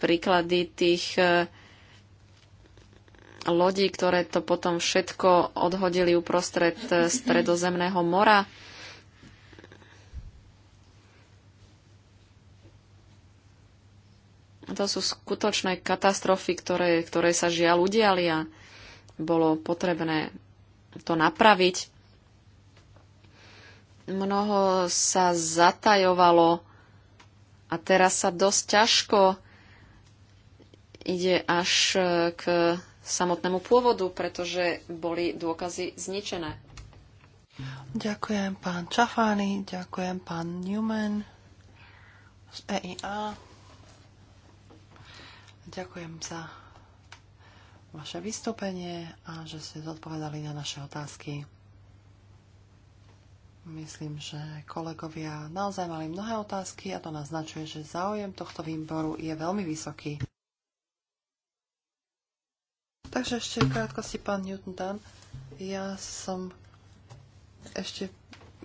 príklady tých e, lodí, ktoré to potom všetko odhodili uprostred e, stredozemného mora. To sú skutočné katastrofy, ktoré, ktoré sa žiaľ udiali a bolo potrebné to napraviť. Mnoho sa zatajovalo a teraz sa dosť ťažko ide až e, k samotnému pôvodu, pretože boli dôkazy zničené. Ďakujem pán Čafány, ďakujem pán Newman z EIA. Ďakujem za vaše vystúpenie a že ste zodpovedali na naše otázky. Myslím, že kolegovia naozaj mali mnohé otázky a to naznačuje, že záujem tohto výboru je veľmi vysoký. Takže ešte v krátkosti, pán Newton Dan, ja som ešte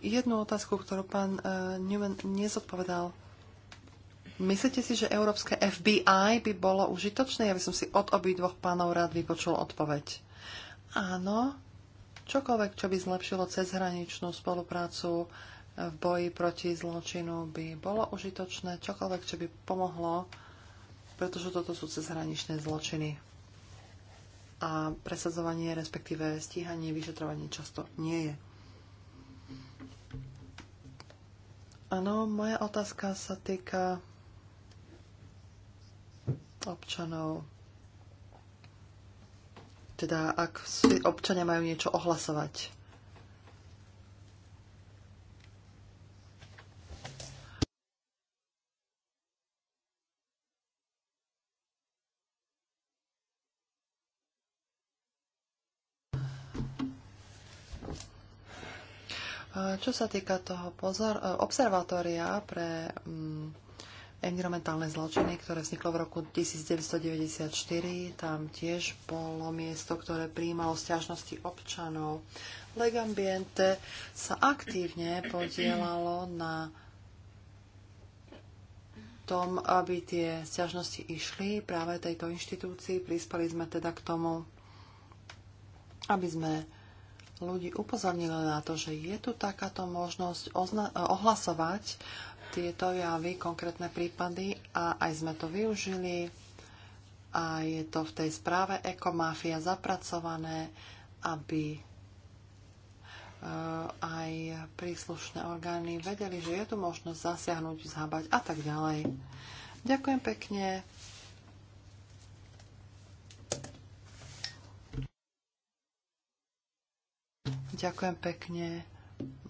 jednu otázku, ktorú pán eh, Newman nezodpovedal. Myslíte si, že európske FBI by bolo užitočné? Ja by som si od dvoch pánov rád vypočul odpoveď. Áno, čokoľvek, čo by zlepšilo cezhraničnú spoluprácu v boji proti zločinu, by bolo užitočné. Čokoľvek, čo by pomohlo, pretože toto sú cezhraničné zločiny. A presadzovanie, respektíve stíhanie, vyšetrovanie často nie je. Áno, moja otázka sa týka občanov. Teda ak si občania majú niečo ohlasovať. Čo sa týka toho pozor, observatória pre mm, environmentálne zločiny, ktoré vzniklo v roku 1994. Tam tiež bolo miesto, ktoré prijímalo stiažnosti občanov. Legambiente sa aktívne podielalo na tom, aby tie stiažnosti išli práve tejto inštitúcii. Prispeli sme teda k tomu, aby sme ľudí upozornili na to, že je tu takáto možnosť ohlasovať tieto javy, konkrétne prípady a aj sme to využili a je to v tej správe Ekomáfia zapracované, aby e, aj príslušné orgány vedeli, že je tu možnosť zasiahnuť, zhábať a tak ďalej. Ďakujem pekne. Ďakujem pekne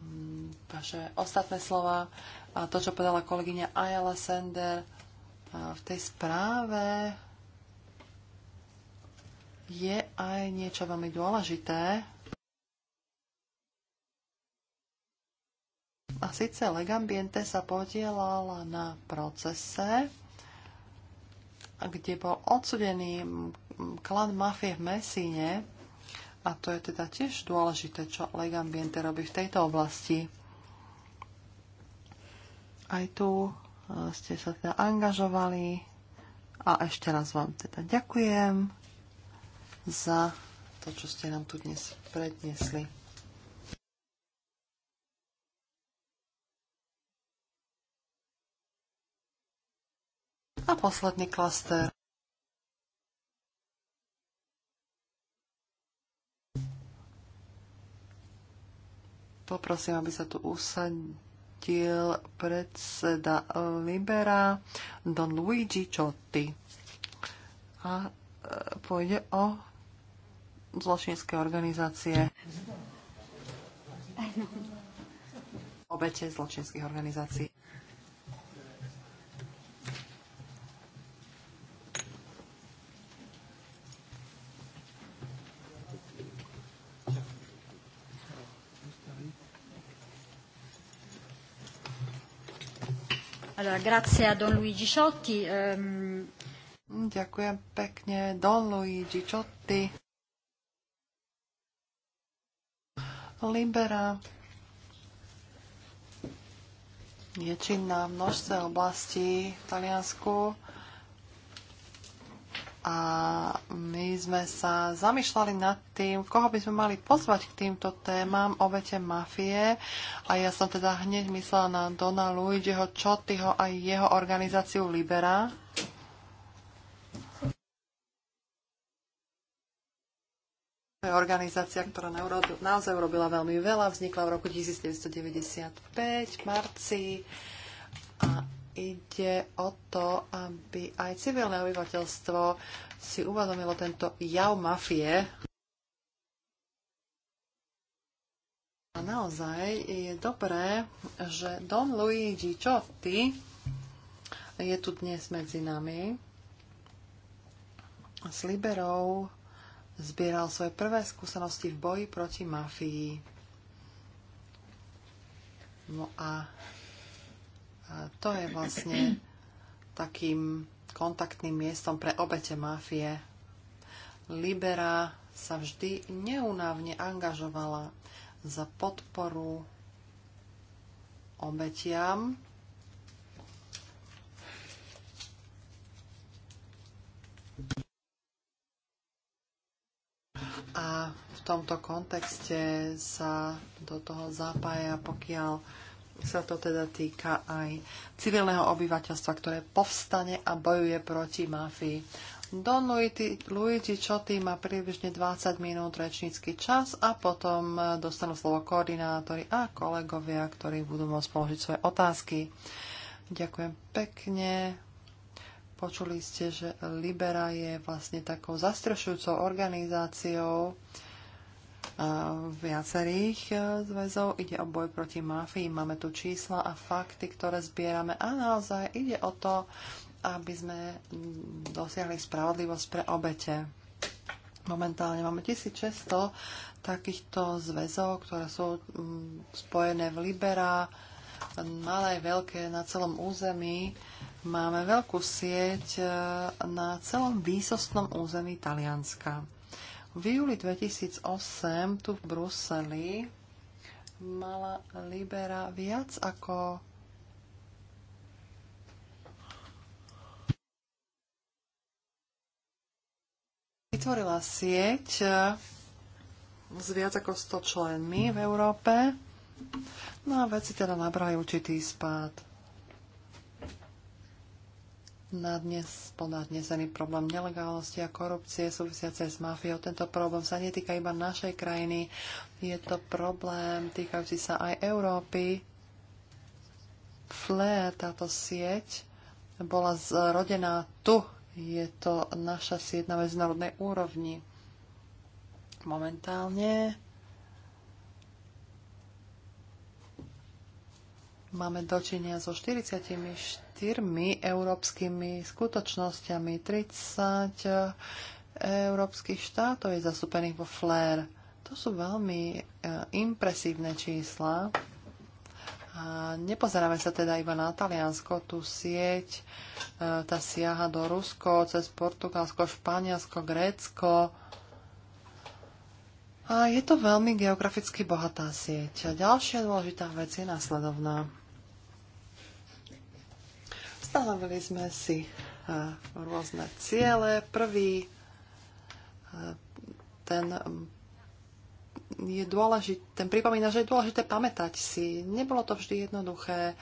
mm, vaše ostatné slova. A to, čo povedala kolegyňa Ayala Sender v tej správe, je aj niečo veľmi dôležité. A síce Legambiente sa podielala na procese, kde bol odsudený klan mafie v Mesíne, a to je teda tiež dôležité, čo Legambiente robí v tejto oblasti aj tu e, ste sa teda angažovali a ešte raz vám teda ďakujem za to, čo ste nám tu dnes predniesli. A posledný klaster. Poprosím, aby sa tu usadili vrátil predseda Libera Don Luigi Ciotti. A e, pôjde o zločinské organizácie. Obete zločinských organizácií. grazie a Don Luigi Ciotti. Um... Ďakujem pekne, Don Luigi Ciotti. Libera je činná v množstve oblasti v Taliansku a my sme sa zamýšľali nad tým, koho by sme mali pozvať k týmto témam obete mafie a ja som teda hneď myslela na Dona Luigiho Čotyho a jeho organizáciu Libera. To je organizácia, ktorá naozaj urobila veľmi veľa. Vznikla v roku 1995 v marci a ide o to, aby aj civilné obyvateľstvo si uvedomilo tento jav mafie. A naozaj je dobré, že Don Luigi Ciotti je tu dnes medzi nami. S Liberou zbieral svoje prvé skúsenosti v boji proti mafii. No a to je vlastne takým kontaktným miestom pre obete máfie. Libera sa vždy neunávne angažovala za podporu obetiam a v tomto kontexte sa do toho zapája, pokiaľ sa to teda týka aj civilného obyvateľstva, ktoré povstane a bojuje proti mafii. Don Luigi, Luigi Čoty má približne 20 minút rečnícky čas a potom eh, dostanú slovo koordinátori a kolegovia, ktorí budú môcť položiť svoje otázky. Ďakujem pekne. Počuli ste, že Libera je vlastne takou zastrešujúcou organizáciou, viacerých e, zväzov. Ide o boj proti mafii. Máme tu čísla a fakty, ktoré zbierame. A naozaj ide o to, aby sme dosiahli spravodlivosť pre obete. Momentálne máme 1600 takýchto zväzov, ktoré sú mm, spojené v Libera, malé, veľké, na celom území. Máme veľkú sieť e, na celom výsostnom území Talianska. V júli 2008 tu v Bruseli mala Libera viac ako vytvorila sieť eh, s viac ako 100 členmi v Európe. No a veci teda nabrali určitý spád na dnes ponadnesený problém nelegálnosti a korupcie súvisiace s mafiou. Tento problém sa netýka iba našej krajiny, je to problém týkajúci sa aj Európy. FLE, táto sieť, bola zrodená tu. Je to naša sieť na medzinárodnej úrovni. Momentálne Máme dočinia so 44 európskymi skutočnosťami. 30 eh, európskych štátov je zastúpených vo FLAIR. To sú veľmi eh, impresívne čísla. A nepozeráme sa teda iba na Taliansko, tú sieť, eh, tá siaha do Rusko, cez Portugalsko, Španielsko, Grécko, a je to veľmi geograficky bohatá sieť. A ďalšia dôležitá vec je následovná. Stanovili sme si e, rôzne ciele. Prvý e, ten je dôležitý ten pripomína, že je dôležité pamätať si. Nebolo to vždy jednoduché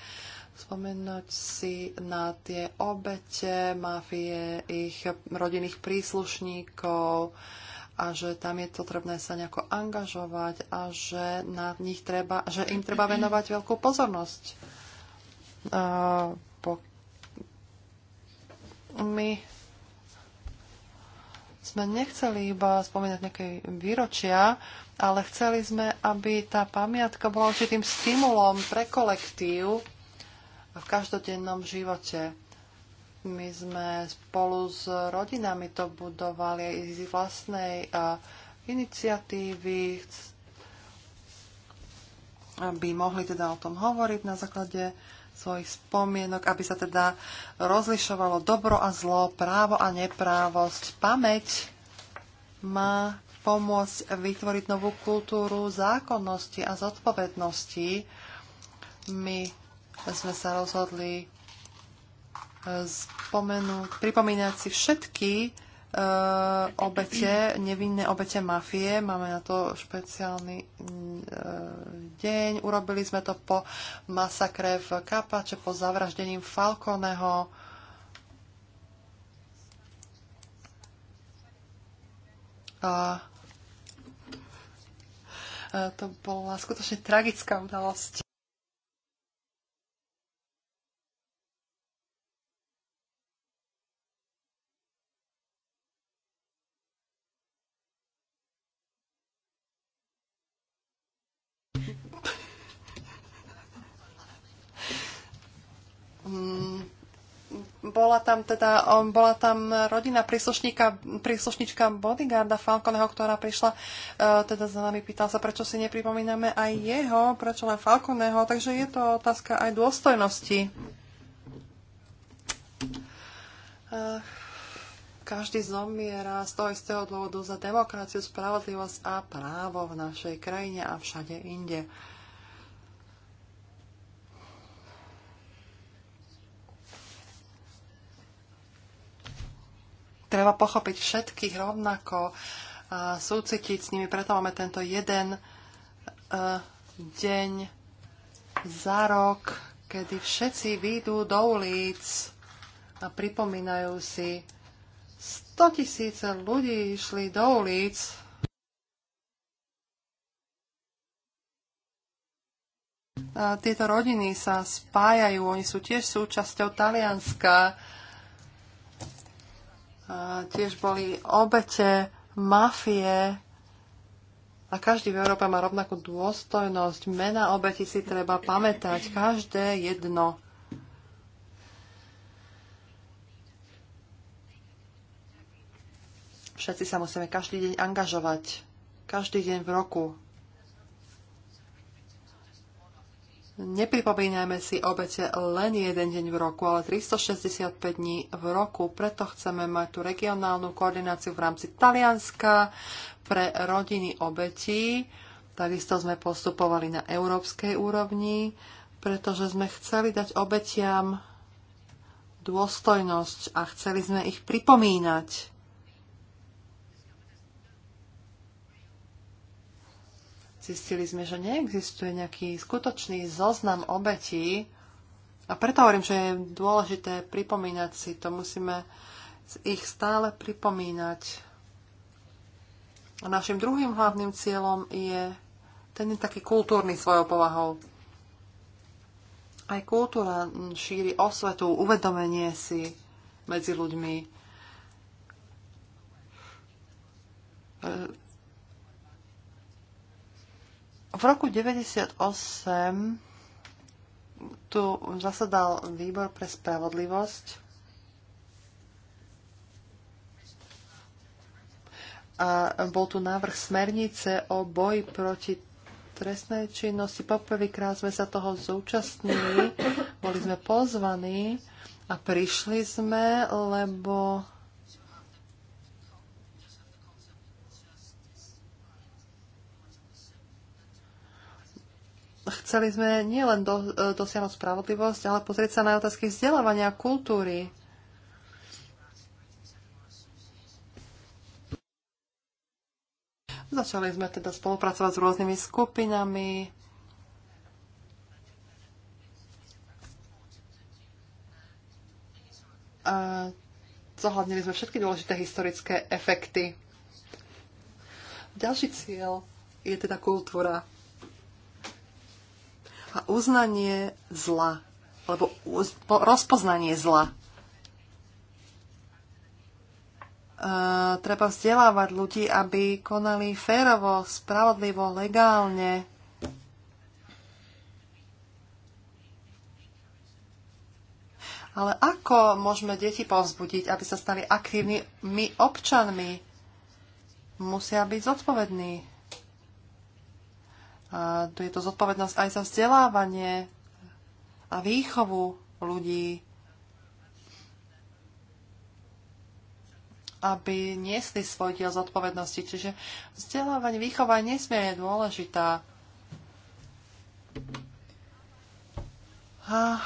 spomenúť si na tie obete, mafie, ich rodinných príslušníkov, a že tam je potrebné sa nejako angažovať a že, na nich treba, že im treba venovať veľkú pozornosť. Uh, po... My sme nechceli iba spomínať nejaké výročia, ale chceli sme, aby tá pamiatka bola určitým stimulom pre kolektív v každodennom živote my sme spolu s rodinami to budovali aj z vlastnej iniciatívy, aby mohli teda o tom hovoriť na základe svojich spomienok, aby sa teda rozlišovalo dobro a zlo, právo a neprávosť. Pamäť má pomôcť vytvoriť novú kultúru zákonnosti a zodpovednosti. My sme sa rozhodli spomenúť, pripomínať si všetky e, obete, nevinné obete mafie. Máme na to špeciálny mm, e, deň. Urobili sme to po masakre v Kapače, po zavraždením Falconeho. A e, to bola skutočne tragická udalosť. Mm, bola tam teda, bola tam rodina príslušníka, príslušníčka bodyguarda Falconeho, ktorá prišla e, teda za nami, pýtal sa, prečo si nepripomíname aj jeho, prečo len Falconeho, takže je to otázka aj dôstojnosti. E, každý zomiera z toho istého dôvodu za demokraciu, spravodlivosť a právo v našej krajine a všade inde. Uh, treba pochopiť všetkých rovnako a súcitiť s nimi. Preto máme tento jeden uh, deň za rok, kedy všetci výjdú do ulic a pripomínajú si 100 tisíce ľudí išli do ulic tieto rodiny sa spájajú, oni sú tiež súčasťou Talianska tiež boli obete mafie a každý v Európe má rovnakú dôstojnosť. Mena obeti si treba pamätať, každé jedno. Všetci sa musíme každý deň angažovať. Každý deň v roku. Nepripomíname si obete len jeden deň v roku, ale 365 dní v roku. Preto chceme mať tú regionálnu koordináciu v rámci Talianska pre rodiny obetí. Takisto sme postupovali na európskej úrovni, pretože sme chceli dať obetiam dôstojnosť a chceli sme ich pripomínať. Zistili sme, že neexistuje nejaký skutočný zoznam obetí a preto hovorím, že je dôležité pripomínať si to. Musíme ich stále pripomínať. A našim druhým hlavným cieľom je ten je taký kultúrny svojou povahou. Aj kultúra šíri osvetu, uvedomenie si medzi ľuďmi v roku 1998 tu zasadal výbor pre spravodlivosť a bol tu návrh smernice o boji proti trestnej činnosti. Poprvýkrát sme sa toho zúčastnili, boli sme pozvaní a prišli sme, lebo chceli sme nielen do, e, dosiahnuť spravodlivosť, ale pozrieť sa na otázky vzdelávania kultúry. Začali sme teda spolupracovať s rôznymi skupinami. A zohľadnili sme všetky dôležité historické efekty. Ďalší cieľ je teda kultúra a uznanie zla, alebo rozpoznanie zla. E, treba vzdelávať ľudí, aby konali férovo, spravodlivo, legálne. Ale ako môžeme deti povzbudiť, aby sa stali aktívnymi občanmi? Musia byť zodpovední. A tu je to zodpovednosť aj za vzdelávanie a výchovu ľudí, aby niesli svoj diel zodpovednosti. Čiže vzdelávanie, výchova je nesmierne dôležitá. A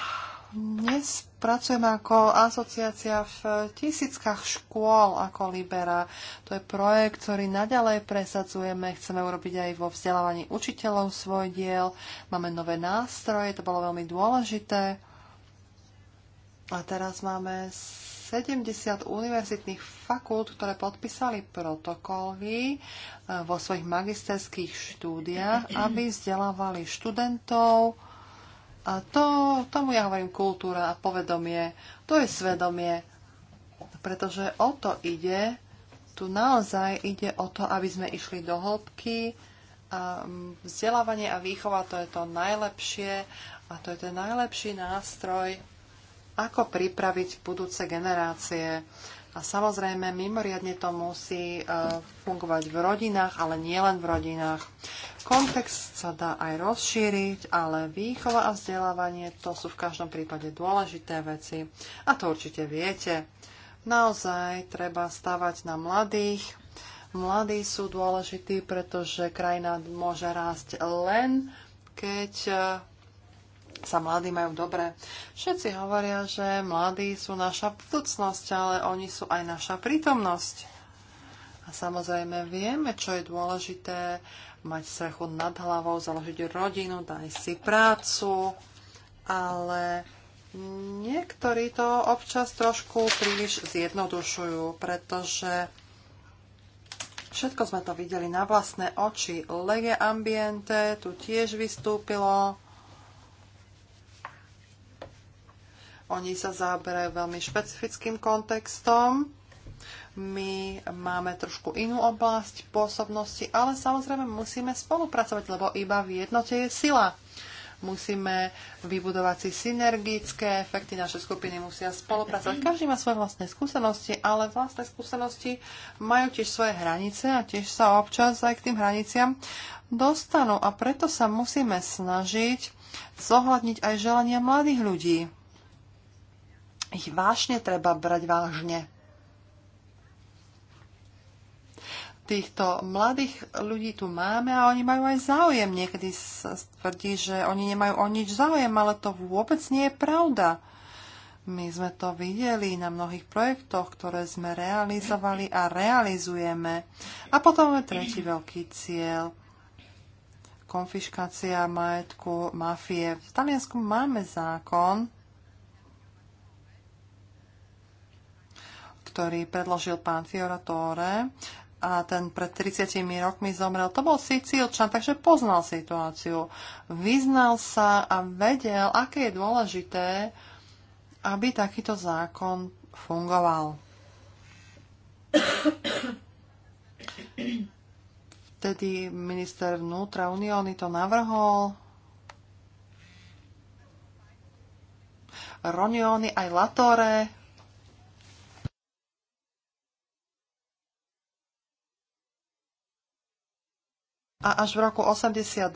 dnes Pracujem ako asociácia v tisíckach škôl ako Libera. To je projekt, ktorý naďalej presadzujeme. Chceme urobiť aj vo vzdelávaní učiteľov svoj diel. Máme nové nástroje, to bolo veľmi dôležité. A teraz máme 70 univerzitných fakult, ktoré podpísali protokoly eh, vo svojich magisterských štúdiách, aby vzdelávali študentov, a to, tomu ja hovorím kultúra a povedomie. To je svedomie. Pretože o to ide, tu naozaj ide o to, aby sme išli do hĺbky. A mm, vzdelávanie a výchova to je to najlepšie a to je ten najlepší nástroj, ako pripraviť budúce generácie a samozrejme, mimoriadne to musí e, fungovať v rodinách, ale nielen v rodinách. Kontext sa dá aj rozšíriť, ale výchova a vzdelávanie to sú v každom prípade dôležité veci. A to určite viete. Naozaj treba stavať na mladých. Mladí sú dôležití, pretože krajina môže rásť len, keď e, sa mladí majú dobre. Všetci hovoria, že mladí sú naša budúcnosť, ale oni sú aj naša prítomnosť. A samozrejme vieme, čo je dôležité, mať strechu nad hlavou, založiť rodinu, dať si prácu, ale niektorí to občas trošku príliš zjednodušujú, pretože všetko sme to videli na vlastné oči. Lege Ambiente tu tiež vystúpilo, Oni sa zaoberajú veľmi špecifickým kontextom. My máme trošku inú oblasť pôsobnosti, ale samozrejme musíme spolupracovať, lebo iba v jednote je sila. Musíme vybudovať si synergické efekty, naše skupiny musia spolupracovať. Každý má svoje vlastné skúsenosti, ale vlastné skúsenosti majú tiež svoje hranice a tiež sa občas aj k tým hraniciam dostanú. A preto sa musíme snažiť zohľadniť aj želania mladých ľudí ich vášne treba brať vážne. Týchto mladých ľudí tu máme a oni majú aj záujem. Niekedy sa tvrdí, že oni nemajú o nič záujem, ale to vôbec nie je pravda. My sme to videli na mnohých projektoch, ktoré sme realizovali a realizujeme. A potom je tretí veľký cieľ. Konfiškácia majetku mafie. V Taliansku máme zákon, ktorý predložil pán Fioratore a ten pred 30 rokmi zomrel. To bol Sicílčan, takže poznal situáciu. Vyznal sa a vedel, aké je dôležité, aby takýto zákon fungoval. Vtedy minister vnútra Unióny to navrhol. Roniony aj Latore a až v roku 82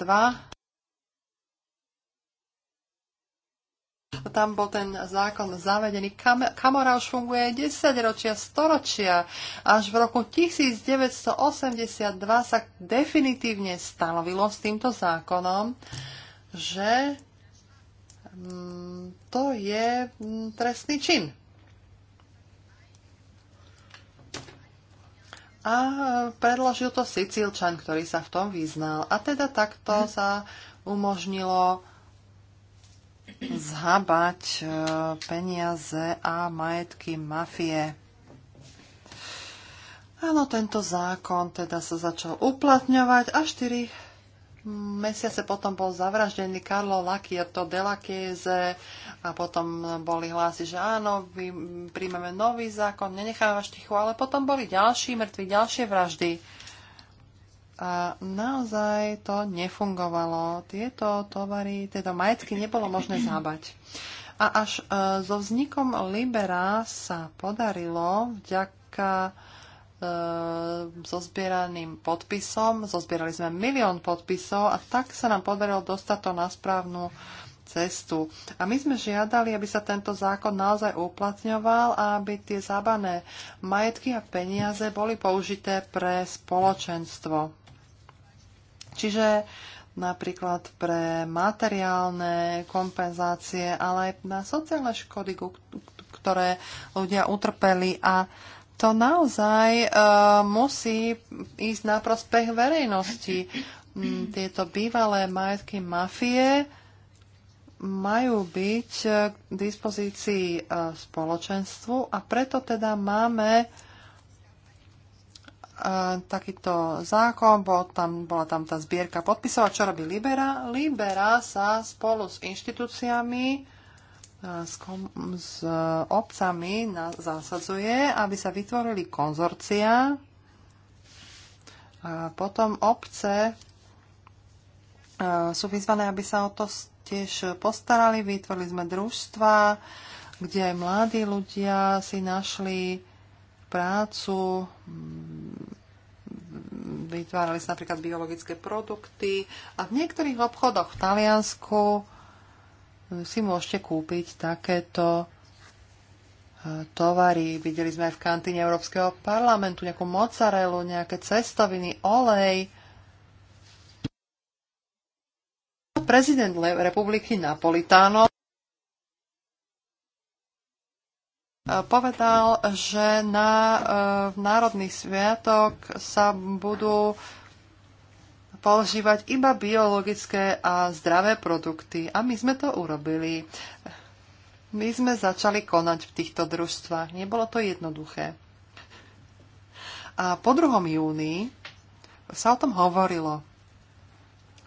tam bol ten zákon zavedený. Kam, kamora už funguje 10 ročia, 100 ročia. Až v roku 1982 sa definitívne stanovilo s týmto zákonom, že mm, to je mm, trestný čin. a predložil to Sicílčan, ktorý sa v tom vyznal. A teda takto sa umožnilo zhabať e, peniaze a majetky mafie. Áno, tento zákon teda sa začal uplatňovať a štyri Mesiace potom bol zavraždený Karlo Lakierto de Chiese a potom boli hlasy, že áno, my príjmeme nový zákon, nenecháme vás tichu, ale potom boli ďalší mŕtvi, ďalšie vraždy. A naozaj to nefungovalo. Tieto tovary, tieto majetky nebolo možné zábať. A až e, so vznikom Libera sa podarilo vďaka so eh, zbieraným podpisom. Zozbierali sme milión podpisov a tak sa nám podarilo dostať to na správnu cestu. A my sme žiadali, aby sa tento zákon naozaj uplatňoval a aby tie zábané majetky a peniaze boli použité pre spoločenstvo. Čiže napríklad pre materiálne kompenzácie, ale aj na sociálne škody, ktoré ľudia utrpeli a to naozaj e, musí ísť na prospech verejnosti. Mm, tieto bývalé majetky mafie majú byť k dispozícii e, spoločenstvu a preto teda máme e, takýto zákon, bol tam, bola tam tá zbierka podpisov a čo robí Libera? Libera sa spolu s inštitúciami E, s, kom, s obcami na, zasadzuje, aby sa vytvorili konzorcia a e, potom obce e, sú vyzvané, aby sa o to tiež postarali. Vytvorili sme družstva, kde aj mladí ľudia si našli prácu, vytvárali sa napríklad biologické produkty a v niektorých obchodoch v Taliansku si môžete kúpiť takéto e, tovary. Videli sme aj v kantíne Európskeho parlamentu nejakú mozzarellu, nejaké cestoviny, olej. Prezident republiky Napolitano povedal, že na e, národný sviatok sa budú používať iba biologické a zdravé produkty. A my sme to urobili. My sme začali konať v týchto družstvách. Nebolo to jednoduché. A po 2. júni sa o tom hovorilo.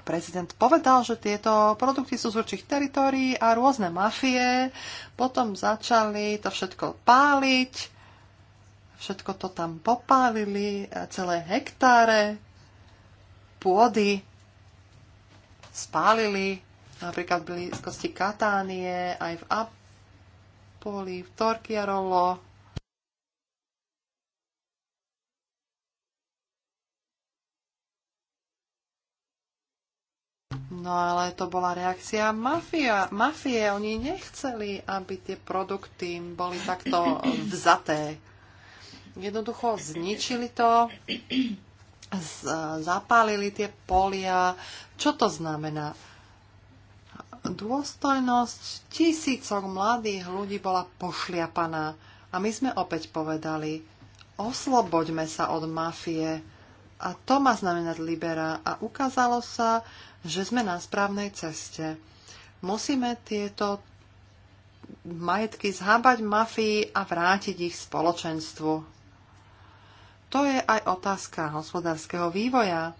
Prezident povedal, že tieto produkty sú z určitých teritórií a rôzne mafie. Potom začali to všetko páliť. Všetko to tam popálili, celé hektáre pôdy spálili, napríklad v blízkosti Katánie, aj v Apoli, v Torquiarolo. No ale to bola reakcia mafia. mafie. Oni nechceli, aby tie produkty boli takto vzaté. Jednoducho zničili to zapálili tie polia. Čo to znamená? Dôstojnosť tisícok mladých ľudí bola pošliapaná a my sme opäť povedali, osloboďme sa od mafie a to má znamenať libera a ukázalo sa, že sme na správnej ceste. Musíme tieto majetky zhábať mafii a vrátiť ich spoločenstvu. To je aj otázka hospodárskeho vývoja.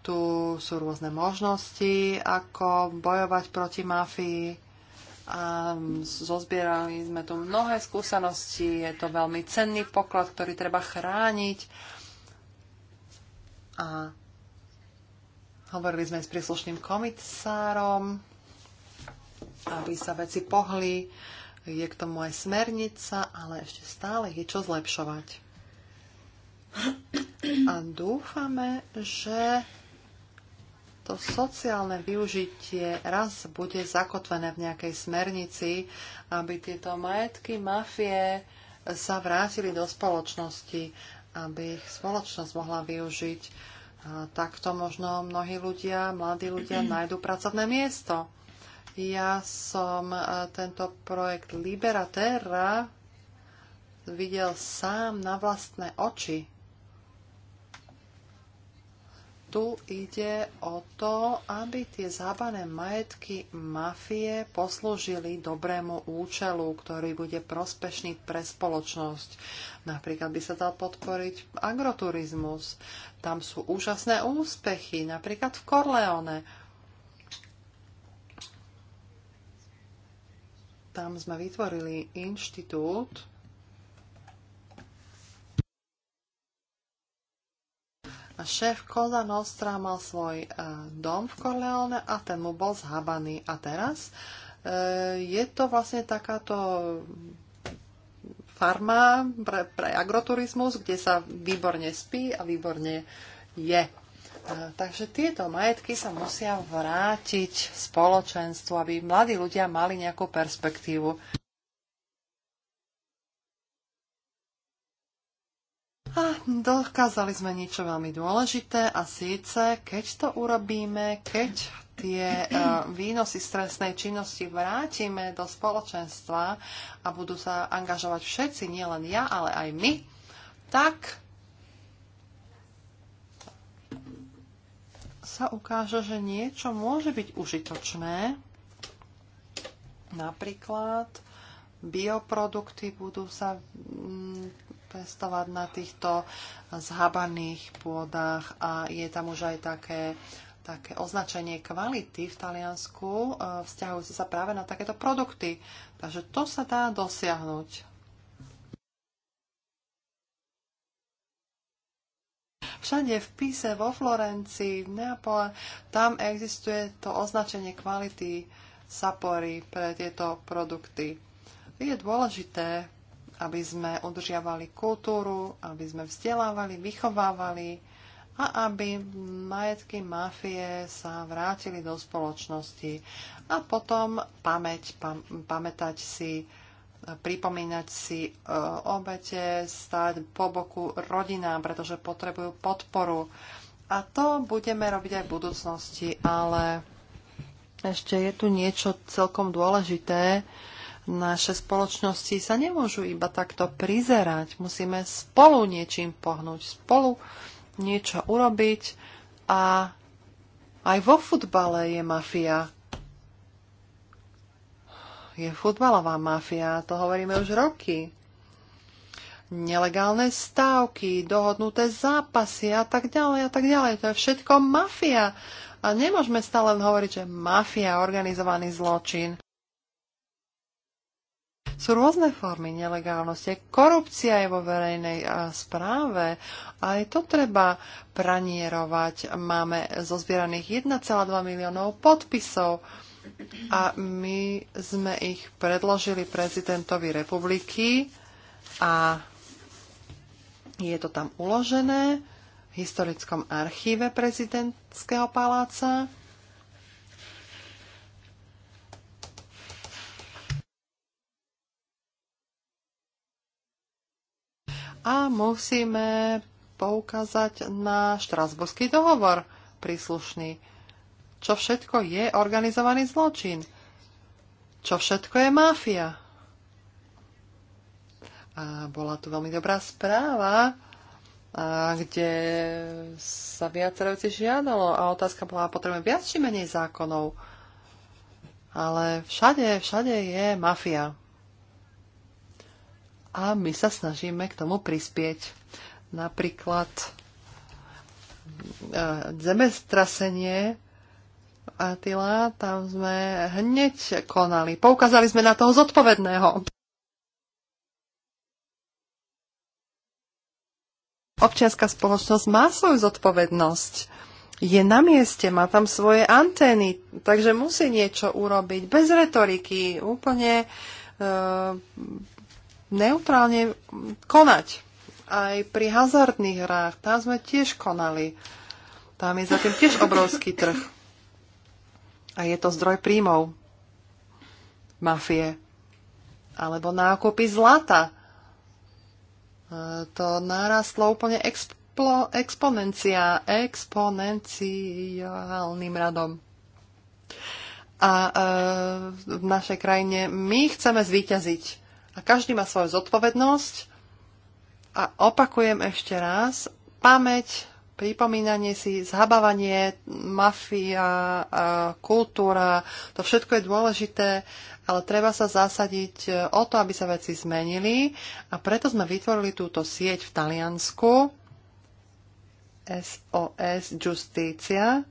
Tu sú rôzne možnosti, ako bojovať proti mafii. A zozbierali sme tu mnohé skúsenosti, je to veľmi cenný poklad, ktorý treba chrániť. A hovorili sme s príslušným komisárom, aby sa veci pohli. Je k tomu aj smernica, ale ešte stále je čo zlepšovať. A dúfame, že to sociálne využitie raz bude zakotvené v nejakej smernici, aby tieto majetky mafie sa vrátili do spoločnosti, aby ich spoločnosť mohla využiť. A takto možno mnohí ľudia, mladí ľudia nájdu pracovné miesto. Ja som e, tento projekt Libera Terra videl sám na vlastné oči tu ide o to, aby tie zábané majetky mafie poslúžili dobrému účelu, ktorý bude prospešný pre spoločnosť. Napríklad by sa dal podporiť agroturizmus. Tam sú úžasné úspechy, napríklad v Corleone. Tam sme vytvorili inštitút, šéf Kolda Nostra mal svoj e, dom v Corleone a ten mu bol zhabaný. A teraz e, je to vlastne takáto farma pre, pre agroturizmus, kde sa výborne spí a výborne je. E, takže tieto majetky sa musia vrátiť spoločenstvu, aby mladí ľudia mali nejakú perspektívu. A dokázali sme niečo veľmi dôležité a síce, keď to urobíme, keď tie e, výnosy stresnej činnosti vrátime do spoločenstva a budú sa angažovať všetci, nielen ja, ale aj my, tak sa ukáže, že niečo môže byť užitočné. Napríklad bioprodukty budú sa pestovať na týchto zhabaných pôdach a je tam už aj také, také označenie kvality v Taliansku, e, vzťahujúce sa práve na takéto produkty. Takže to sa dá dosiahnuť. Všade v Pise, vo Florencii, v Neapole, tam existuje to označenie kvality sapory pre tieto produkty. Je dôležité aby sme udržiavali kultúru, aby sme vzdelávali, vychovávali a aby majetky mafie sa vrátili do spoločnosti. A potom pamäť, pam, pamätať si, pripomínať si e, obete, stať po boku rodinám, pretože potrebujú podporu. A to budeme robiť aj v budúcnosti, ale ešte je tu niečo celkom dôležité, naše spoločnosti sa nemôžu iba takto prizerať. Musíme spolu niečím pohnúť, spolu niečo urobiť a aj vo futbale je mafia. Je futbalová mafia, to hovoríme už roky. Nelegálne stávky, dohodnuté zápasy a tak ďalej a tak ďalej. To je všetko mafia. A nemôžeme stále hovoriť, že mafia, organizovaný zločin. Sú rôzne formy nelegálnosti. Korupcia je vo verejnej správe. Aj to treba pranierovať. Máme zozbieraných 1,2 miliónov podpisov a my sme ich predložili prezidentovi republiky a je to tam uložené v historickom archíve prezidentského paláca a musíme poukázať na štrasburský dohovor príslušný. Čo všetko je organizovaný zločin? Čo všetko je máfia? A bola tu veľmi dobrá správa, kde sa viacero žiadalo a otázka bola, potrebujeme viac či menej zákonov. Ale všade, všade je mafia a my sa snažíme k tomu prispieť. Napríklad e, zemestrasenie Atila, tam sme hneď konali. Poukázali sme na toho zodpovedného. Občianská spoločnosť má svoju zodpovednosť. Je na mieste, má tam svoje antény, takže musí niečo urobiť. Bez retoriky, úplne e, neutrálne konať. Aj pri hazardných hrách, tam sme tiež konali. Tam je zatím tiež obrovský trh. A je to zdroj príjmov. Mafie. Alebo nákupy zlata. E, to narastlo úplne explo, exponencia, exponenciálnym radom. A e, v našej krajine my chceme zvíťaziť a každý má svoju zodpovednosť. A opakujem ešte raz, pamäť, pripomínanie si, zhabávanie, mafia, kultúra, to všetko je dôležité, ale treba sa zasadiť e, o to, aby sa veci zmenili. A preto sme vytvorili túto sieť v Taliansku, SOS Justícia,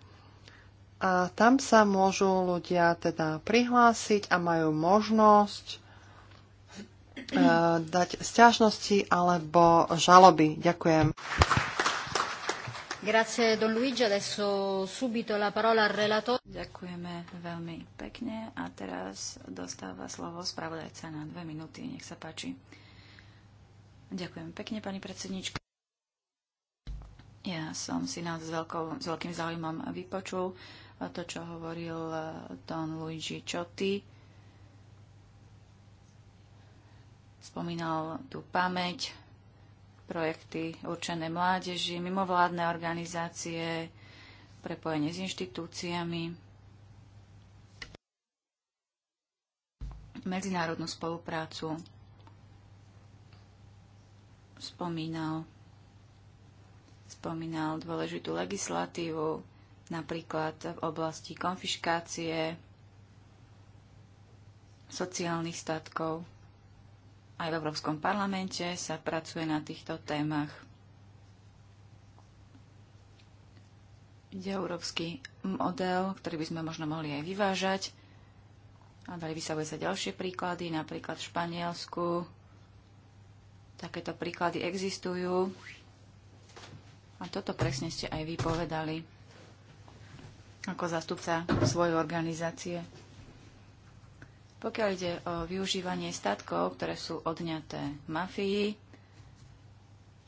a tam sa môžu ľudia teda prihlásiť a majú možnosť Eh, dať sťažnosti alebo žaloby. Ďakujem. Grazie, Don Luigi. Adesso subito la parola al relatore. Ďakujeme veľmi pekne a teraz dostáva slovo spravodajca na dve minúty. Nech sa páči. Ďakujem pekne, pani predsednička. Ja som si nás s, veľkou, s veľkým záujmom vypočul to, čo hovoril eh, Don Luigi Ciotti Spomínal tú pamäť, projekty určené mládeži, mimovládne organizácie, prepojenie s inštitúciami, medzinárodnú spoluprácu. Spomínal, spomínal dôležitú legislatívu, napríklad v oblasti konfiškácie sociálnych statkov. Aj v Európskom parlamente sa pracuje na týchto témach. Ide európsky model, ktorý by sme možno mohli aj vyvážať. A dali by sa ďalšie príklady, napríklad v Španielsku. Takéto príklady existujú. A toto presne ste aj vy povedali ako zástupca svojej organizácie. Pokiaľ ide o využívanie statkov, ktoré sú odňaté mafii,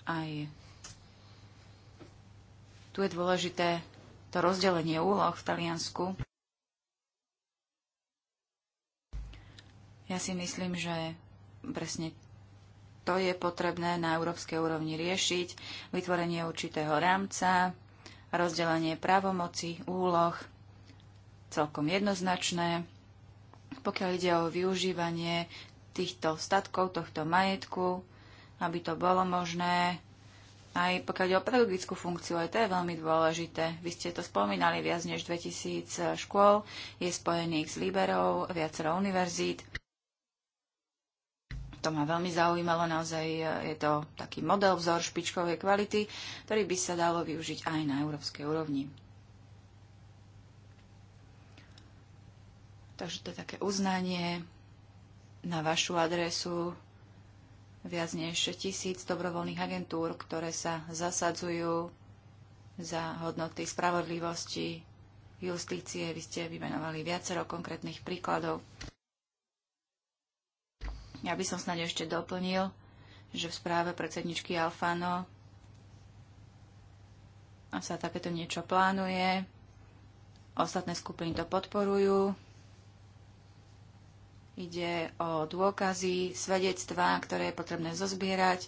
aj tu je dôležité to rozdelenie úloh v Taliansku. Ja si myslím, že presne to je potrebné na európskej úrovni riešiť, vytvorenie určitého rámca, rozdelenie právomoci, úloh, celkom jednoznačné pokiaľ ide o využívanie týchto statkov, tohto majetku, aby to bolo možné. Aj pokiaľ ide o pedagogickú funkciu, aj to je veľmi dôležité. Vy ste to spomínali, viac než 2000 škôl je spojených s Liberou, viacero univerzít. To ma veľmi zaujímalo, naozaj je to taký model, vzor špičkovej kvality, ktorý by sa dalo využiť aj na európskej úrovni. Takže to je také uznanie na vašu adresu viac než tisíc dobrovoľných agentúr, ktoré sa zasadzujú za hodnoty spravodlivosti, justície. Vy ste vymenovali viacero konkrétnych príkladov. Ja by som snad ešte doplnil, že v správe predsedničky Alfano sa takéto niečo plánuje. Ostatné skupiny to podporujú. Ide o dôkazy, svedectvá, ktoré je potrebné zozbierať,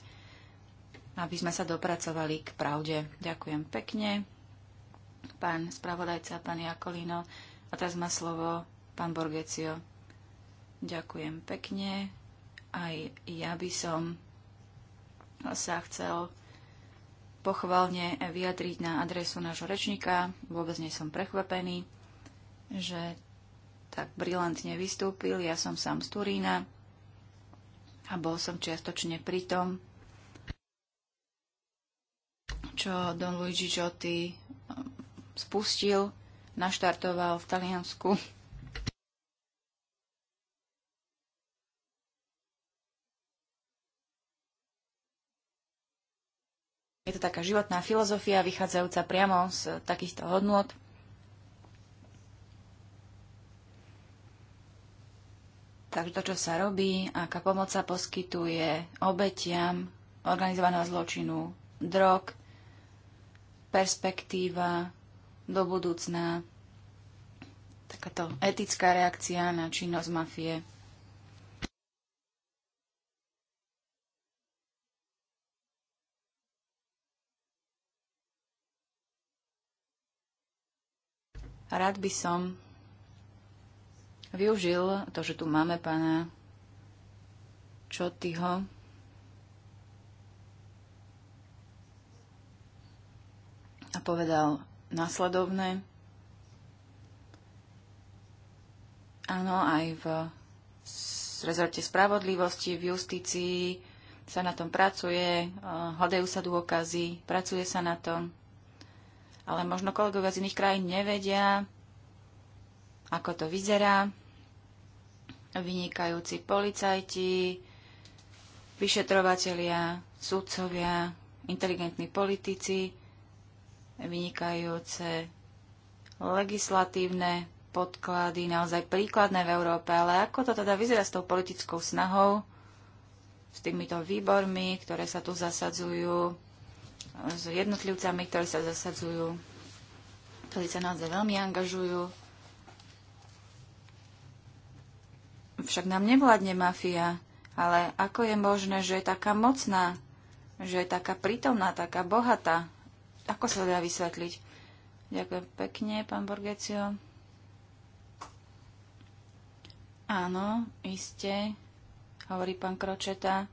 aby sme sa dopracovali k pravde. Ďakujem pekne. Pán spravodajca, pán Jakolino. A teraz má slovo pán Borgecio. Ďakujem pekne. Aj ja by som sa chcel pochválne vyjadriť na adresu nášho rečníka. Vôbec nie som prekvapený, že tak brilantne vystúpil. Ja som sám z Turína a bol som čiastočne pri tom, čo Don Luigi Giotti um, spustil, naštartoval v Taliansku. Je to taká životná filozofia, vychádzajúca priamo z takýchto hodnôt. Takže to, čo sa robí, aká pomoc sa poskytuje obetiam organizovaného zločinu, drog, perspektíva do budúcna, takáto etická reakcia na činnosť mafie. Rád by som využil to, že tu máme pána Čotyho, a povedal následovné. Áno, aj v rezorte spravodlivosti, v justícii sa na tom pracuje, eh, hľadajú sa dôkazy, pracuje sa na tom. Ale možno kolegovia z iných krajín nevedia, ako to vyzerá. Vynikajúci policajti, vyšetrovatelia, sudcovia, inteligentní politici, vynikajúce legislatívne podklady, naozaj príkladné v Európe. Ale ako to teda vyzerá s tou politickou snahou, s týmito výbormi, ktoré sa tu zasadzujú, s jednotlivcami, ktorí sa zasadzujú, ktorí sa naozaj veľmi angažujú však nám nevládne mafia, ale ako je možné, že je taká mocná, že je taká prítomná, taká bohatá? Ako sa dá vysvetliť? Ďakujem pekne, pán Borgecio. Áno, iste, hovorí pán Kročeta.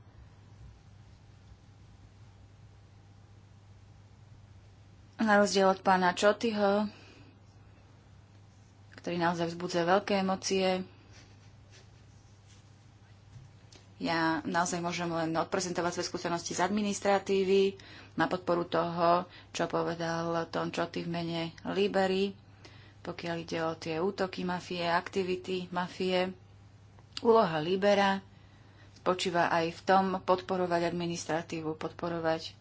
Na rozdiel od pána Čotyho, ktorý naozaj vzbudzuje veľké emócie, ja naozaj môžem len odprezentovať svoje skúsenosti z administratívy na podporu toho, čo povedal Tom Čoty v mene Libery, pokiaľ ide o tie útoky mafie, aktivity mafie. Úloha Libera spočíva aj v tom podporovať administratívu, podporovať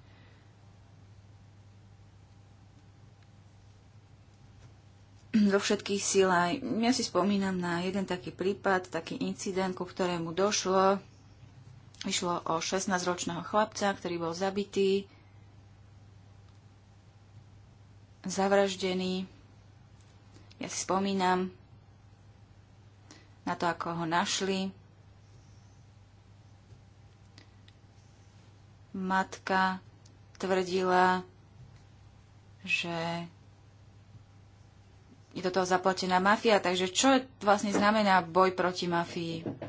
vo všetkých silách. Ja si spomínam na jeden taký prípad, taký incident, ku ktorému došlo Išlo o 16-ročného chlapca, ktorý bol zabitý, zavraždený. Ja si spomínam na to, ako ho našli. Matka tvrdila, že je do toho zaplatená mafia, takže čo vlastne znamená boj proti mafii?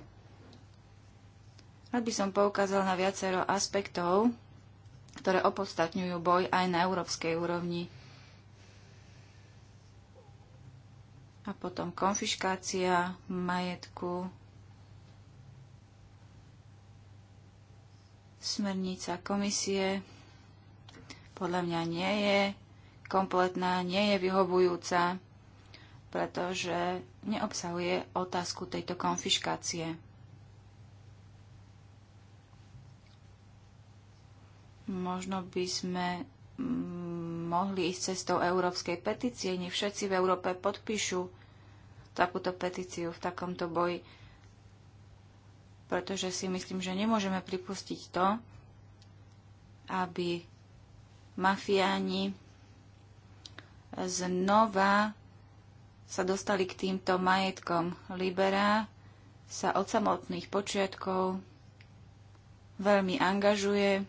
Rád by som poukázal na viacero aspektov, ktoré opodstatňujú boj aj na európskej úrovni. A potom konfiškácia majetku, smernica komisie podľa mňa nie je kompletná, nie je vyhovujúca, pretože neobsahuje otázku tejto konfiškácie. Možno by sme mm, mohli ísť cestou európskej petície. Nie všetci v Európe podpíšu takúto petíciu v takomto boji, pretože si myslím, že nemôžeme pripustiť to, aby mafiáni znova sa dostali k týmto majetkom. Libera sa od samotných počiatkov veľmi angažuje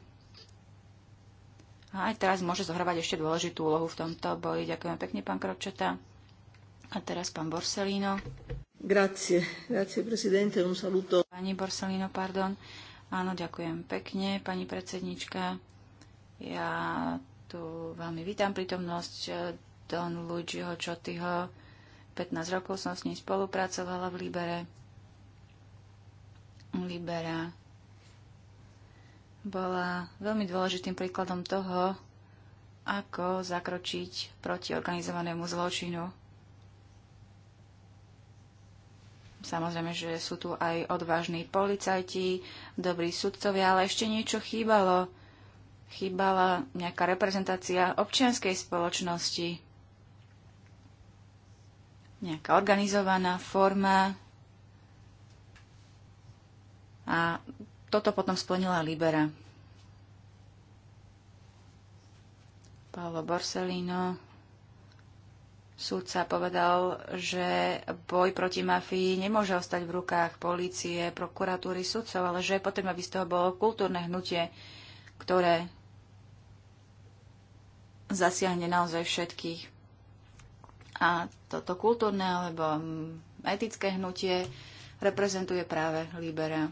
a aj teraz môže zohrávať ešte dôležitú úlohu v tomto boji. Ďakujem pekne, pán Kročeta. A teraz pán Borsellino. Grazie, grazie presidente, un saluto. Pani Borsellino, pardon. Áno, ďakujem pekne, pani predsednička. Ja tu veľmi vítam prítomnosť Don Luigiho Čotyho. 15 rokov som s ním spolupracovala v Libere. Libera bola veľmi dôležitým príkladom toho, ako zakročiť proti organizovanému zločinu. Samozrejme, že sú tu aj odvážni policajti, dobrí sudcovia, ale ešte niečo chýbalo. Chýbala nejaká reprezentácia občianskej spoločnosti, nejaká organizovaná forma a toto potom splnila Libera. Paolo Borsellino, súdca, povedal, že boj proti mafii nemôže ostať v rukách polície, prokuratúry, sudcov, ale že je potrebné, aby z toho bolo kultúrne hnutie, ktoré zasiahne naozaj všetkých. A toto kultúrne alebo etické hnutie reprezentuje práve Libera.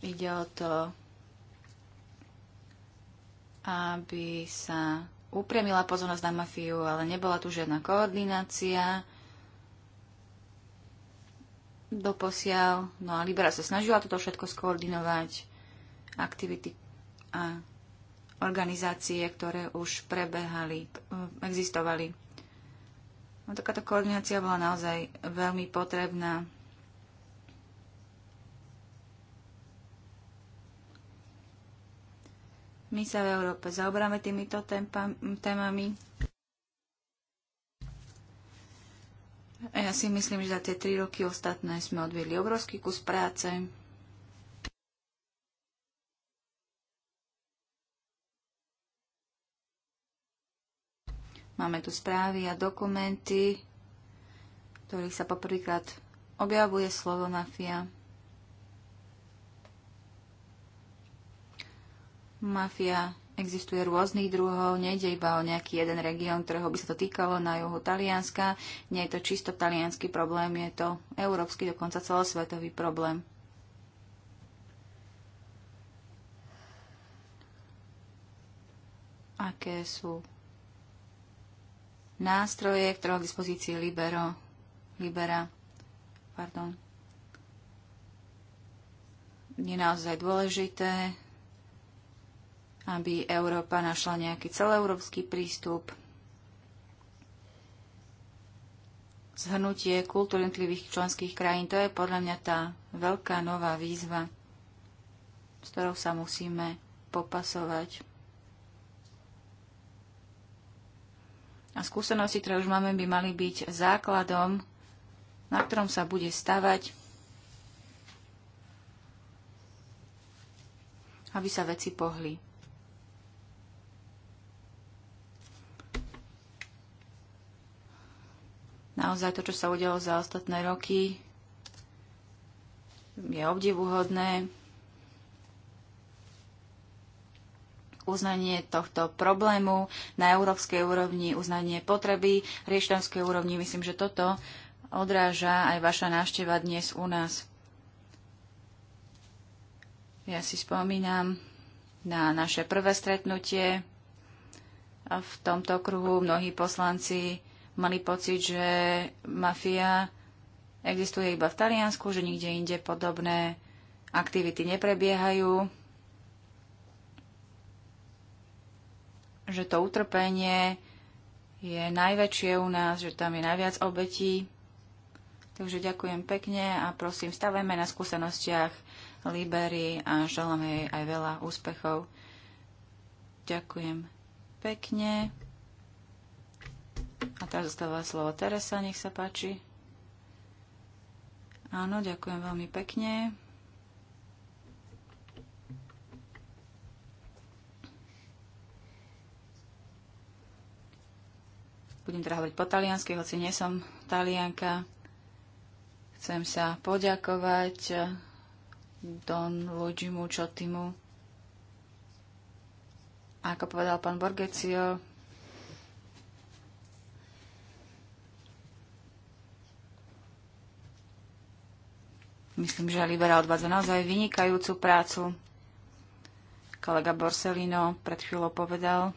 Ide o to, aby sa upriamila pozornosť na mafiu, ale nebola tu žiadna koordinácia doposiaľ. No a Libera sa snažila toto všetko skoordinovať, aktivity a organizácie, ktoré už prebehali, existovali. No, takáto koordinácia bola naozaj veľmi potrebná. My sa v Európe zaoberáme týmito témami. Ja si myslím, že za tie tri roky ostatné sme odvedli obrovský kus práce. Máme tu správy a dokumenty, ktorých sa poprvýkrát objavuje slovo mafia. Mafia existuje rôznych druhov, nejde iba o nejaký jeden región, ktorého by sa to týkalo na juhu Talianska. Nie je to čisto talianský problém, je to európsky, dokonca celosvetový problém. Aké sú nástroje, ktoré k dispozícii libero, libera, pardon, je naozaj dôležité aby Európa našla nejaký celoeurópsky prístup, zhrnutie kultúr jednotlivých členských krajín, to je podľa mňa tá veľká nová výzva, s ktorou sa musíme popasovať. A skúsenosti, ktoré už máme, by mali byť základom, na ktorom sa bude stavať, aby sa veci pohli. Naozaj to, čo sa udialo za ostatné roky, je obdivuhodné. uznanie tohto problému na európskej úrovni, uznanie potreby riešťanskej úrovni. Myslím, že toto odráža aj vaša návšteva dnes u nás. Ja si spomínam na naše prvé stretnutie v tomto kruhu. Mnohí poslanci mali pocit, že mafia existuje iba v Taliansku, že nikde inde podobné aktivity neprebiehajú, že to utrpenie je najväčšie u nás, že tam je najviac obetí. Takže ďakujem pekne a prosím, stavajme na skúsenostiach Libery a želáme jej aj veľa úspechov. Ďakujem pekne. A teraz zostáva slovo Teresa, nech sa páči. Áno, ďakujem veľmi pekne. Budem teda hovoriť po taliansky, hoci nie som talianka. Chcem sa poďakovať Don Luigi Čotimu. Ako povedal pán Borgecio, Myslím, že Libera odvádza naozaj vynikajúcu prácu. Kolega Borsellino pred chvíľou povedal,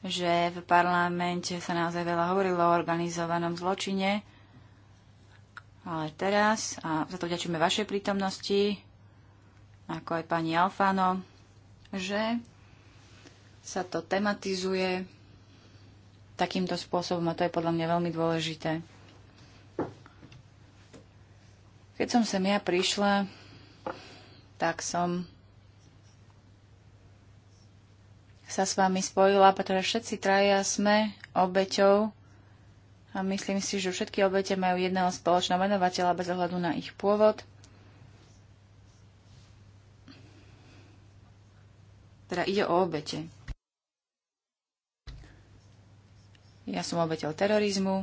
že v parlamente sa naozaj veľa hovorilo o organizovanom zločine, ale teraz, a za to vďačíme vašej prítomnosti, ako aj pani Alfano, že sa to tematizuje takýmto spôsobom a to je podľa mňa veľmi dôležité. Keď som sem ja prišla, tak som sa s vami spojila, pretože všetci traja sme obeťou a myslím si, že všetky obete majú jedného spoločného menovateľa bez ohľadu na ich pôvod. Teda ide o obete. Ja som obeteľ terorizmu,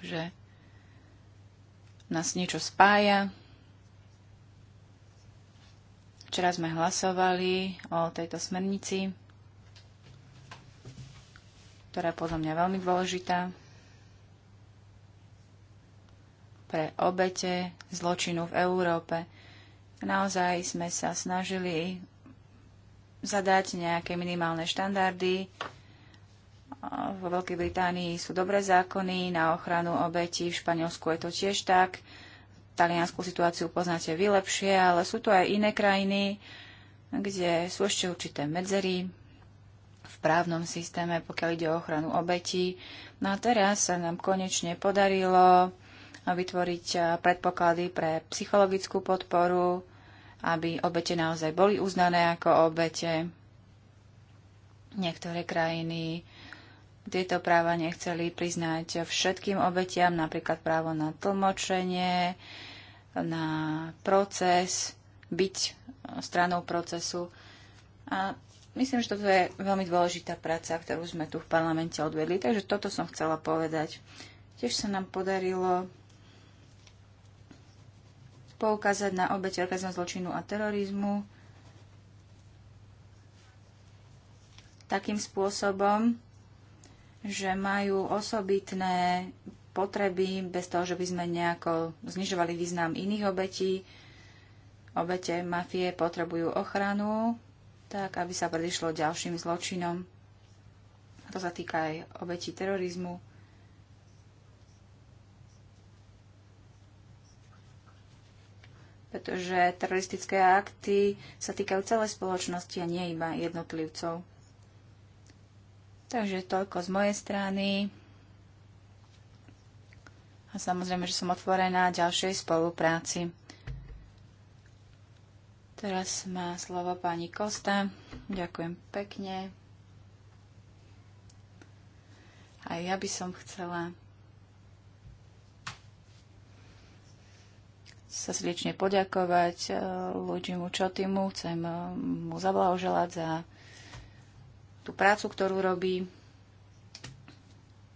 že nás niečo spája. Včera sme hlasovali o tejto smernici, ktorá je podľa mňa veľmi dôležitá pre obete zločinu v Európe. Naozaj sme sa snažili zadať nejaké minimálne štandardy, vo Veľkej Británii sú dobré zákony na ochranu obetí, v Španielsku je to tiež tak. Taliansku situáciu poznáte vy lepšie, ale sú tu aj iné krajiny, kde sú ešte určité medzery v právnom systéme, pokiaľ ide o ochranu obetí. No a teraz sa nám konečne podarilo vytvoriť predpoklady pre psychologickú podporu, aby obete naozaj boli uznané ako obete. Niektoré krajiny tieto práva nechceli priznať všetkým obetiam, napríklad právo na tlmočenie, na proces, byť stranou procesu. A myslím, že toto je veľmi dôležitá práca, ktorú sme tu v parlamente odvedli, takže toto som chcela povedať. Tiež sa nám podarilo poukázať na obete organizmu zločinu a terorizmu takým spôsobom, že majú osobitné potreby, bez toho, že by sme nejako znižovali význam iných obetí. Obete mafie potrebujú ochranu, tak aby sa predišlo ďalším zločinom. A to sa týka aj obetí terorizmu. pretože teroristické akty sa týkajú celej spoločnosti a nie iba jednotlivcov. Takže toľko z mojej strany. A samozrejme, že som otvorená ďalšej spolupráci. Teraz má slovo pani Kosta. Ďakujem pekne. A ja by som chcela sa srdečne poďakovať eh, Luigimu Čotimu. Chcem eh, mu zablahoželať za tú prácu, ktorú robí.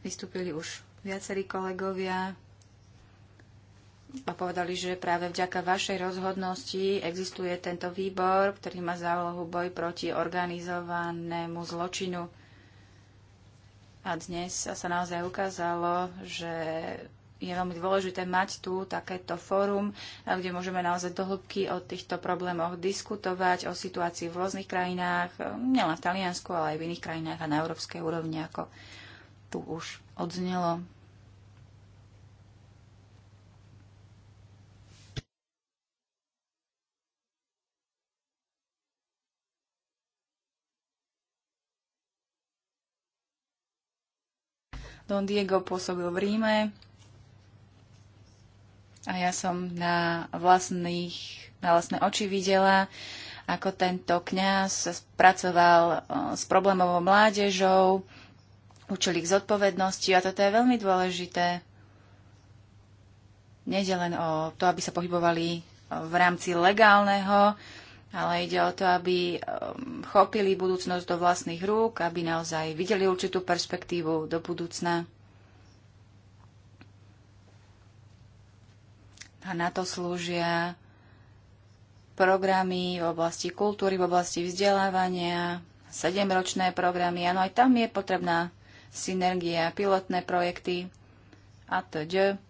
Vystúpili už viacerí kolegovia a povedali, že práve vďaka vašej rozhodnosti existuje tento výbor, ktorý má za úlohu boj proti organizovanému zločinu. A dnes sa naozaj ukázalo, že je veľmi dôležité mať tu takéto fórum, eh, kde môžeme naozaj dohlbky o týchto problémoch diskutovať, o situácii v rôznych krajinách, eh, nielen v Taliansku, ale aj v iných krajinách a na európskej úrovni, ako tu už odznelo. Don Diego pôsobil v Ríme, a ja som na, vlastných, na vlastné oči videla, ako tento kňaz pracoval eh, s problémovou mládežou, učil ich zodpovednosti a toto je veľmi dôležité. Nede len o to, aby sa pohybovali eh, v rámci legálneho, ale ide o to, aby eh, chopili budúcnosť do vlastných rúk, aby naozaj videli určitú perspektívu do budúcna. a na to slúžia programy v oblasti kultúry, v oblasti vzdelávania, sedemročné programy. Áno, aj tam je potrebná synergia, pilotné projekty a td.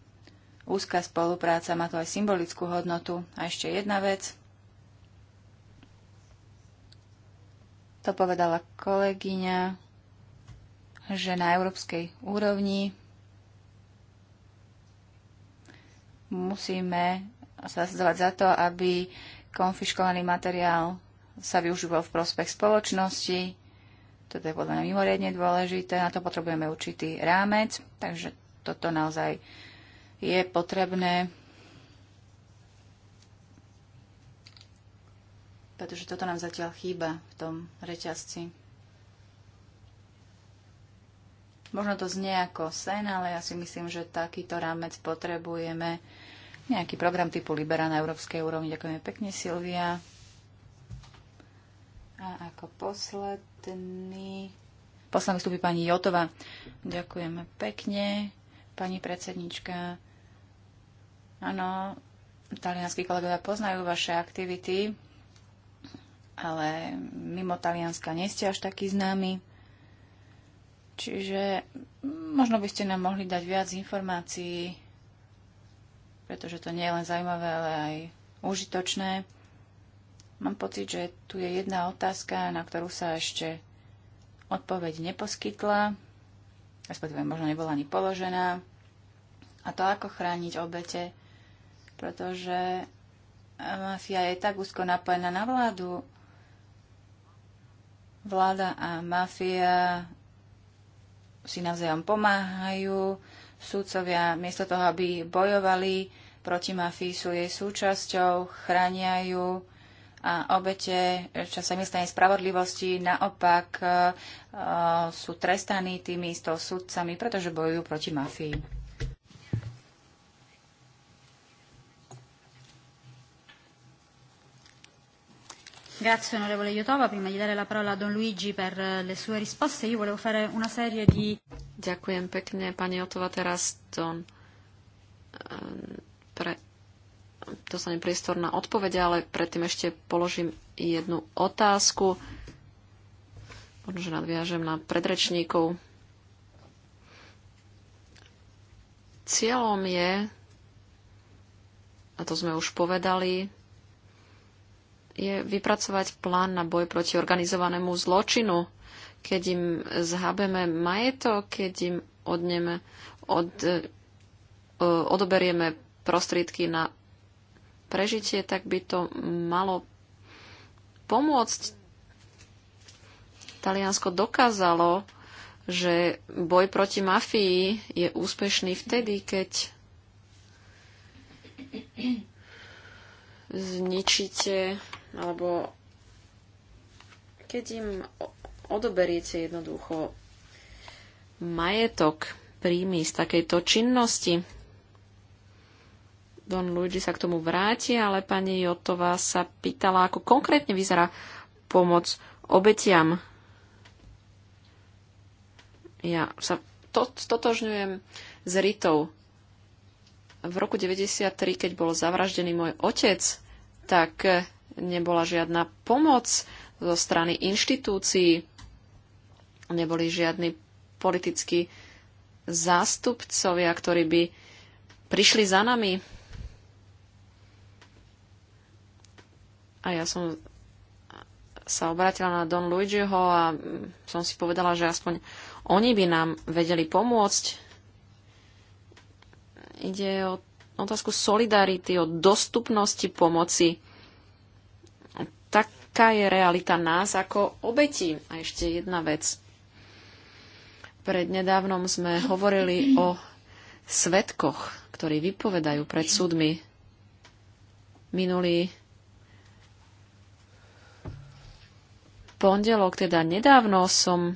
Úzka spolupráca má to aj symbolickú hodnotu. A ešte jedna vec. To povedala kolegyňa, že na európskej úrovni Musíme sa zdať za to, aby konfiškovaný materiál sa využíval v prospech spoločnosti. Toto je podľa mňa mimoriadne dôležité. Na to potrebujeme určitý rámec, takže toto naozaj je potrebné. pretože toto nám zatiaľ chýba v tom reťazci. Možno to znie ako sen, ale ja si myslím, že takýto rámec potrebujeme nejaký program typu Libera na európskej úrovni. Ďakujeme pekne, Silvia. A ako posledný... Posledný vstupí pani Jotova. Ďakujeme pekne, pani predsednička. Áno, talianskí kolegovia poznajú vaše aktivity, ale mimo Talianska nie ste až taký známy. Čiže možno by ste nám mohli dať viac informácií pretože to nie je len zaujímavé, ale aj užitočné. Mám pocit, že tu je jedna otázka, na ktorú sa ešte odpoveď neposkytla, respektíve možno nebola ani položená. A to, ako chrániť obete, pretože mafia je tak úzko napojená na vládu. Vláda a mafia si navzájom pomáhajú, Súdcovia, miesto toho, aby bojovali proti mafii, sú jej súčasťou, chránia ju a obete, čo sa mi stane spravodlivosti, naopak eh, sú trestaní tými istou súdcami, pretože bojujú proti mafii. Grazie onorevole Iotova. Prima di dare la parola a Don Luigi per eh, le sue risposte, io volevo fare una serie di... Ďakujem pekne, pani Jotova, teraz Don. Ehm, pre... Dostanem priestor na odpovede, ale predtým ešte položím jednu otázku. Možno, že nadviažem na predrečníkov. Cieľom je, a to sme už povedali, je vypracovať plán na boj proti organizovanému zločinu, keď im zhabeme majetok, keď im odneme, od, e, e, odoberieme prostriedky na prežitie, tak by to malo pomôcť. Taliansko dokázalo, že boj proti mafii je úspešný vtedy, keď zničíte alebo keď im odoberiete jednoducho majetok, príjmy z takejto činnosti. Don Luigi sa k tomu vráti, ale pani Jotová sa pýtala, ako konkrétne vyzerá pomoc obetiam. Ja sa to, totožňujem s Ritou. V roku 1993, keď bol zavraždený môj otec, tak nebola žiadna pomoc zo strany inštitúcií, neboli žiadni politickí zástupcovia, ktorí by prišli za nami. A ja som sa obratila na Don Luigiho a som si povedala, že aspoň oni by nám vedeli pomôcť. Ide o otázku solidarity, o dostupnosti pomoci aká je realita nás ako obetí. A ešte jedna vec. Prednedávnom sme hovorili o svetkoch, ktorí vypovedajú pred súdmi. Minulý pondelok, teda nedávno som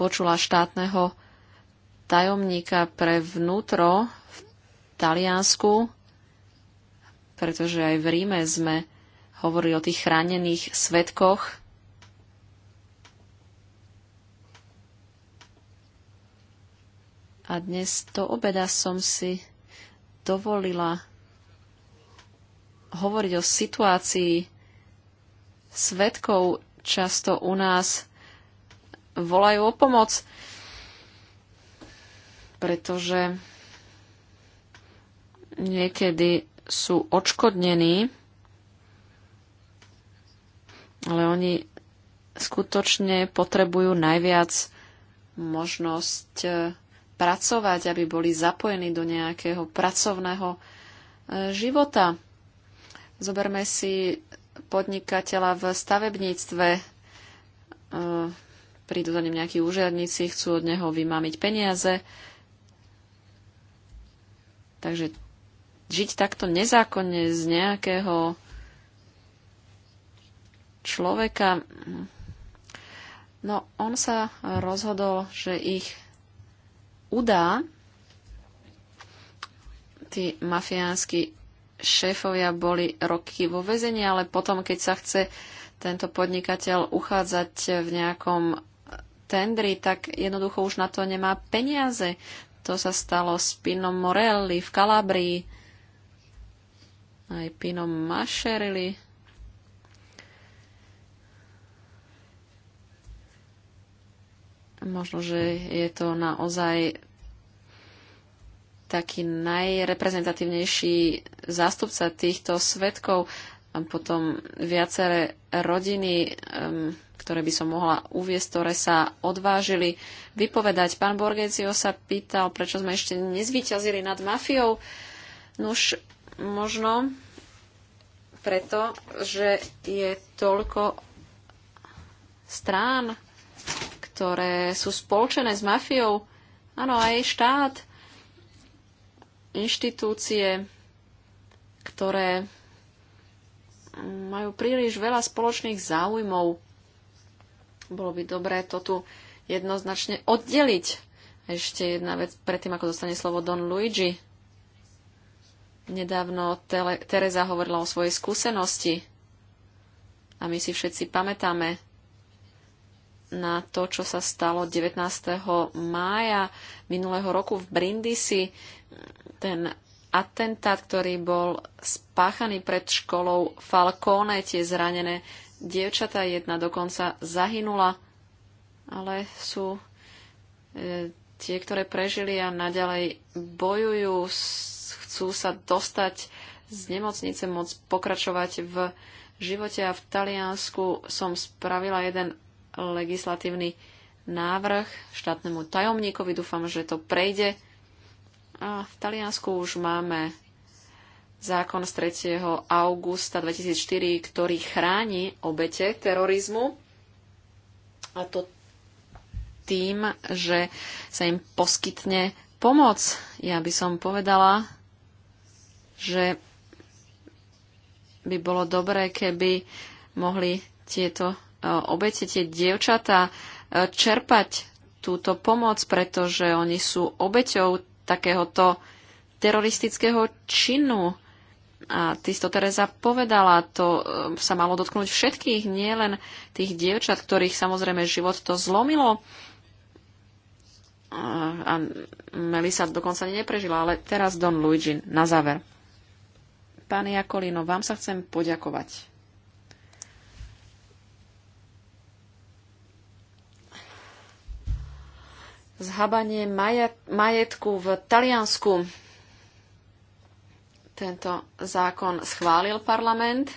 počula štátneho tajomníka pre vnútro v Taliansku, pretože aj v Ríme sme hovorí o tých chránených svetkoch. A dnes do obeda som si dovolila hovoriť o situácii svetkov. Často u nás volajú o pomoc, pretože niekedy sú odškodnení ale oni skutočne potrebujú najviac možnosť e, pracovať, aby boli zapojení do nejakého pracovného e, života. Zoberme si podnikateľa v stavebníctve. E, prídu za ním nejakí úžiadníci, chcú od neho vymámiť peniaze. Takže žiť takto nezákonne z nejakého človeka. No on sa rozhodol, že ich udá. Tí mafiánsky šéfovia boli roky vo vezení, ale potom, keď sa chce tento podnikateľ uchádzať v nejakom tendri, tak jednoducho už na to nemá peniaze. To sa stalo s Pinom Morelli v Kalabrii, aj Pinom Mašerili. Možno, že je to naozaj taký najreprezentatívnejší zástupca týchto svetkov a potom viaceré rodiny, ktoré by som mohla uviesť, ktoré sa odvážili vypovedať. Pán Borgecio sa pýtal, prečo sme ešte nezvíťazili nad mafiou. Nuž, možno preto, že je toľko strán ktoré sú spoločené s mafiou. Áno, aj štát, inštitúcie, ktoré mm, majú príliš veľa spoločných záujmov. Bolo by dobré to tu jednoznačne oddeliť. Ešte jedna vec, predtým ako dostane slovo Don Luigi. Nedávno Teresa hovorila o svojej skúsenosti a my si všetci pamätáme na to, čo sa stalo 19. mája minulého roku v Brindisi. Ten atentát, ktorý bol spáchaný pred školou Falcone, tie zranené dievčatá, jedna dokonca zahynula, ale sú e, tie, ktoré prežili a naďalej bojujú, chcú sa dostať z nemocnice, môcť pokračovať v živote a v Taliansku som spravila jeden legislatívny návrh štátnemu tajomníkovi. Dúfam, že to prejde. A v Taliansku už máme zákon z 3. augusta 2004, ktorý chráni obete terorizmu. A to tým, že sa im poskytne pomoc. Ja by som povedala, že by bolo dobré, keby mohli tieto obete, tie dievčatá, e, čerpať túto pomoc, pretože oni sú obeťou takéhoto teroristického činu. A Tisto Teresa povedala, to e, sa malo dotknúť všetkých, nielen tých dievčat, ktorých samozrejme život to zlomilo. E, a Melisa dokonca neprežila, ale teraz Don Luigi na záver. Pán Jakolino, vám sa chcem poďakovať. zhabanie majetku v Taliansku. Tento zákon schválil parlament.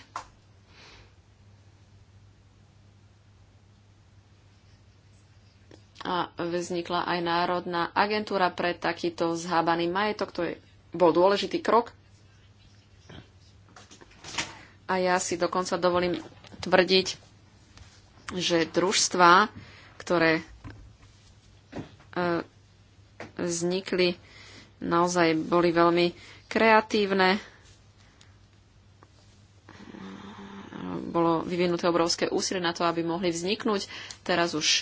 A vznikla aj Národná agentúra pre takýto zhábaný majetok. To je, bol dôležitý krok. A ja si dokonca dovolím tvrdiť, že družstva, ktoré E, vznikli, naozaj boli veľmi kreatívne. Bolo vyvinuté obrovské úsilie na to, aby mohli vzniknúť. Teraz už e,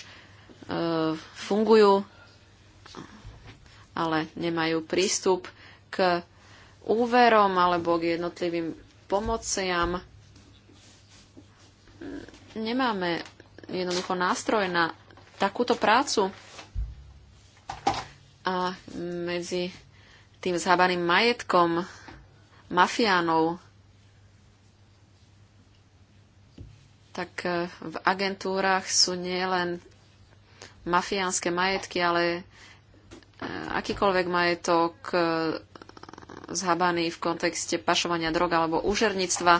fungujú, ale nemajú prístup k úverom alebo k jednotlivým pomociam. Nemáme jednoducho nástroj na takúto prácu a medzi tým zhabaným majetkom mafiánov, tak e, v agentúrach sú nielen mafiánske majetky, ale e, akýkoľvek majetok e, zhabaný v kontexte pašovania drog alebo úžerníctva,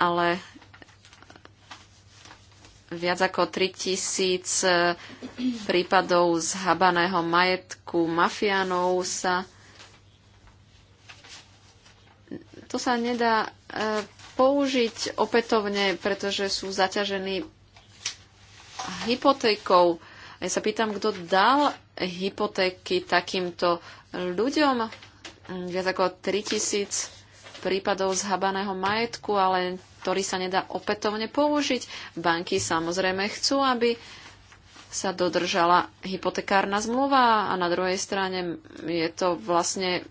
ale viac ako 3000 e, prípadov zhabaného majetku mafiánov sa to sa nedá e, použiť opätovne, pretože sú zaťažení hypotékou. A ja sa pýtam, kto dal hypotéky takýmto ľuďom. Viac ako 3000 prípadov zhabaného majetku, ale ktorý sa nedá opätovne použiť. Banky samozrejme chcú, aby sa dodržala hypotekárna zmluva a na druhej strane je to vlastne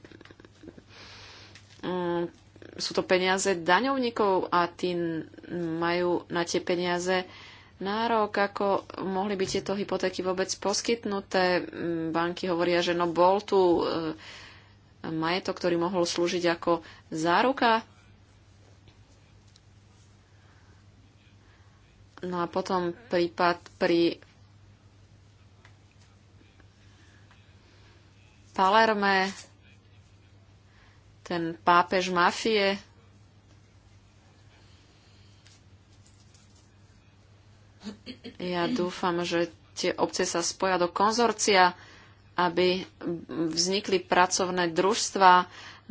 mm, sú to peniaze daňovníkov a tí majú na tie peniaze nárok, ako mohli by tieto hypotéky vôbec poskytnuté. Banky hovoria, že no bol tu e, majetok, ktorý mohol slúžiť ako záruka No a potom prípad pri Palerme, ten pápež mafie. Ja dúfam, že tie obce sa spoja do konzorcia, aby vznikli pracovné družstva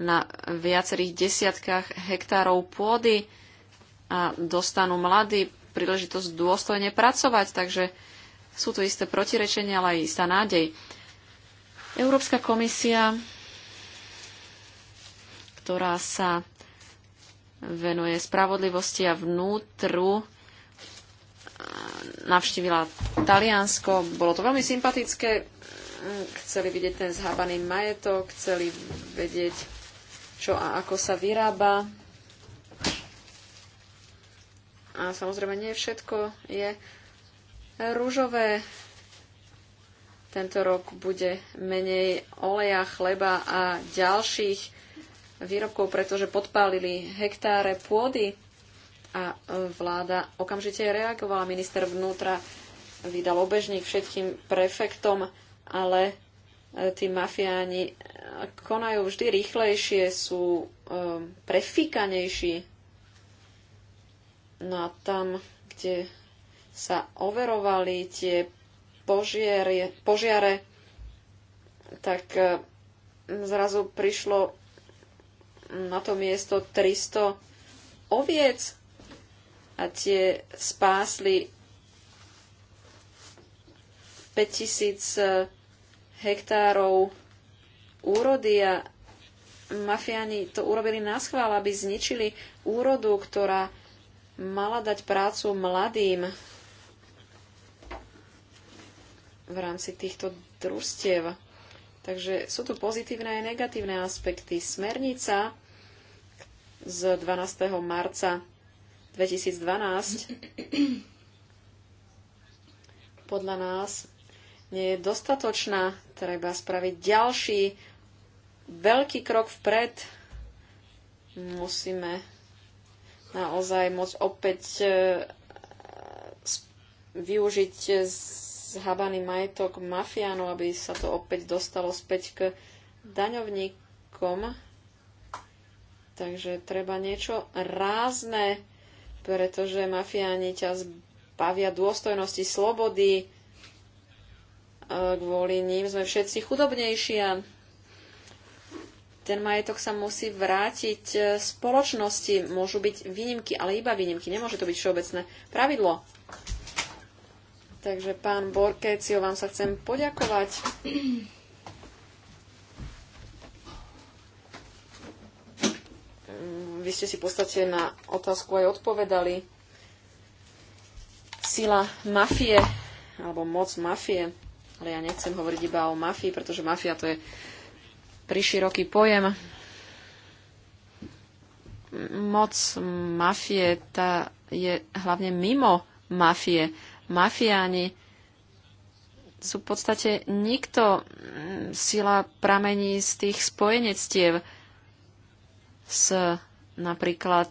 na viacerých desiatkách hektárov pôdy a dostanú mladí príležitosť dôstojne pracovať, takže sú to isté protirečenia, ale aj istá nádej. Európska komisia, ktorá sa venuje spravodlivosti a vnútru, eh, navštívila Taliansko. Bolo to veľmi sympatické. Mm, chceli vidieť ten zhábaný majetok, chceli vedieť, čo a ako sa vyrába a samozrejme, nie všetko je rúžové. Tento rok bude menej oleja, chleba a ďalších výrobkov, pretože podpálili hektáre pôdy a vláda okamžite reagovala. Minister vnútra vydal obežník všetkým prefektom, ale e, tí mafiáni e, konajú vždy rýchlejšie, sú e, prefíkanejší No a tam, kde sa overovali tie požiare, požiare tak e, zrazu prišlo na to miesto 300 oviec a tie spásli 5000 e, hektárov úrody a mafiáni to urobili na schvál, aby zničili úrodu, ktorá mala dať prácu mladým v rámci týchto družstiev. Takže sú tu pozitívne aj negatívne aspekty. Smernica z 12. marca 2012 podľa nás nie je dostatočná. Treba spraviť ďalší veľký krok vpred. Musíme naozaj môcť opäť e, využiť zhabaný majetok mafiánov, aby sa to opäť dostalo späť k daňovníkom. Takže treba niečo rázne, pretože mafiáni ťa zbavia dôstojnosti, slobody. E, kvôli ním sme všetci chudobnejší a ten majetok sa musí vrátiť e, spoločnosti. Môžu byť výnimky, ale iba výnimky. Nemôže to byť všeobecné pravidlo. Takže pán Borkecio, vám sa chcem poďakovať. Vy ste si v podstate na otázku aj odpovedali. Sila mafie, alebo moc mafie, ale ja nechcem hovoriť iba o mafii, pretože mafia to je priširoký pojem. Moc mafie tá je hlavne mimo mafie. Mafiáni sú v podstate nikto. Sila pramení z tých spojenectiev s napríklad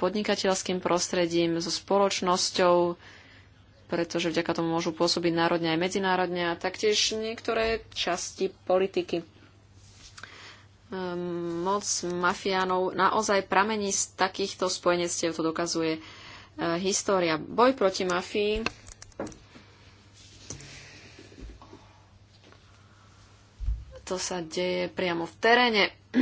podnikateľským prostredím, so spoločnosťou, pretože vďaka tomu môžu pôsobiť národne aj medzinárodne a taktiež niektoré časti politiky. Ehm, moc mafiánov naozaj pramení z takýchto spojenectiev, to dokazuje eh, história. Boj proti mafii to sa deje priamo v teréne,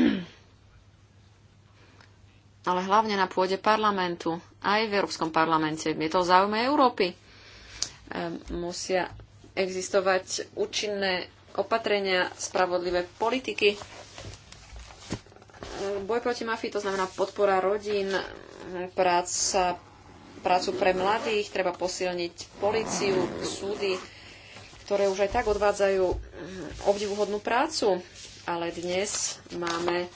ale hlavne na pôde parlamentu, aj v Európskom parlamente. Je to záujme Európy. Ehm, musia existovať účinné opatrenia, spravodlivé politiky, boj proti mafii, to znamená podpora rodín, práca, prácu pre mladých, treba posilniť policiu, súdy, ktoré už aj tak odvádzajú hm, obdivuhodnú prácu. Ale dnes máme e,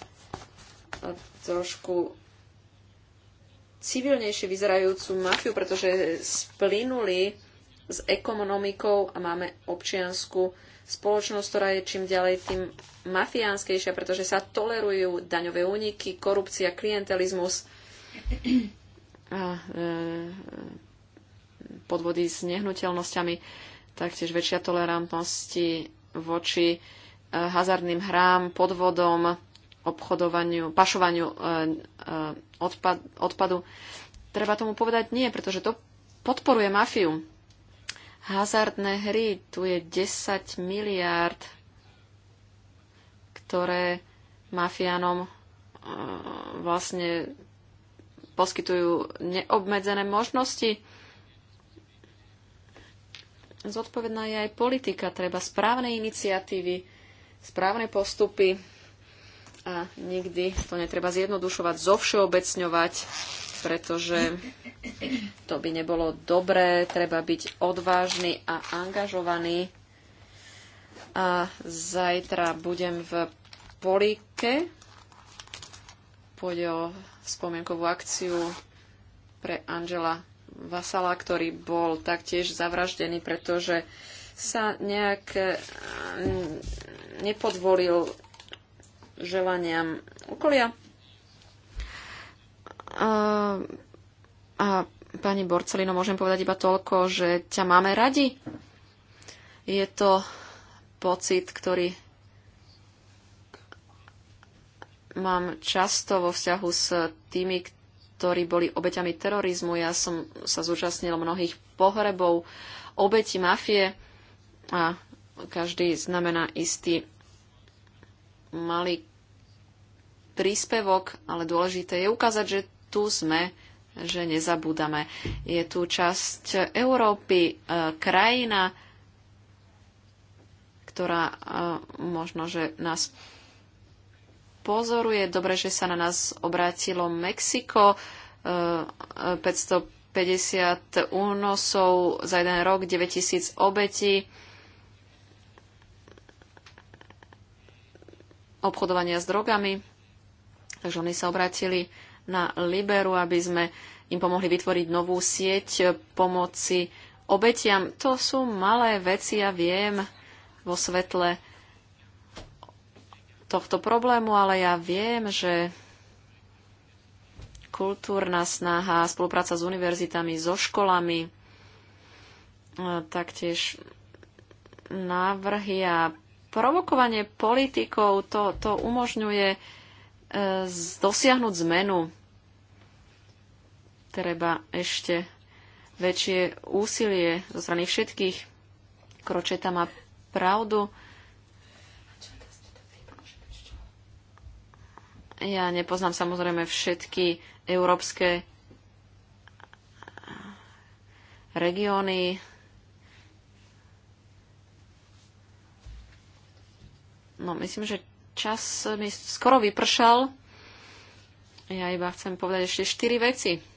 trošku civilnejšie vyzerajúcu mafiu, pretože splinuli s ekonomikou a máme občiansku spoločnosť, ktorá je čím ďalej tým mafiánskejšia, pretože sa tolerujú daňové úniky, korupcia, klientelizmus a e, podvody s nehnuteľnosťami, taktiež väčšia tolerantnosti voči e, hazardným hrám, podvodom, obchodovaniu, pašovaniu e, odpad, odpadu. Treba tomu povedať nie, pretože to podporuje mafiu hazardné hry. Tu je 10 miliárd, ktoré mafiánom e, vlastne poskytujú neobmedzené možnosti. Zodpovedná je aj politika. Treba správne iniciatívy, správne postupy a nikdy to netreba zjednodušovať, zovšeobecňovať pretože to by nebolo dobré. Treba byť odvážny a angažovaný. A zajtra budem v Políke. Pôjde o spomienkovú akciu pre Angela Vasala, ktorý bol taktiež zavraždený, pretože sa nejak eh, nepodvolil želaniam okolia a pani Borcelino, môžem povedať iba toľko, že ťa máme radi. Je to pocit, ktorý mám často vo vzťahu s tými, ktorí boli obeťami terorizmu. Ja som sa zúčastnil mnohých pohrebov obeti mafie a každý znamená istý malý príspevok, ale dôležité je ukázať, že tu sme, že nezabúdame. Je tu časť Európy, e, krajina, ktorá e, možno, že nás pozoruje. Dobre, že sa na nás obrátilo Mexiko. 550 e, únosov za jeden rok, 9000 obetí. obchodovania s drogami. Takže oni sa obrátili na Liberu, aby sme im pomohli vytvoriť novú sieť pomoci obetiam. To sú malé veci, ja viem, vo svetle tohto problému, ale ja viem, že kultúrna snaha, spolupráca s univerzitami, so školami, e, taktiež návrhy a provokovanie politikov, to, to umožňuje e, dosiahnuť zmenu treba ešte väčšie úsilie zo strany všetkých. Kročeta má pravdu. Ja nepoznám samozrejme všetky európske regióny. No, myslím, že čas mi skoro vypršal. Ja iba chcem povedať ešte štyri veci.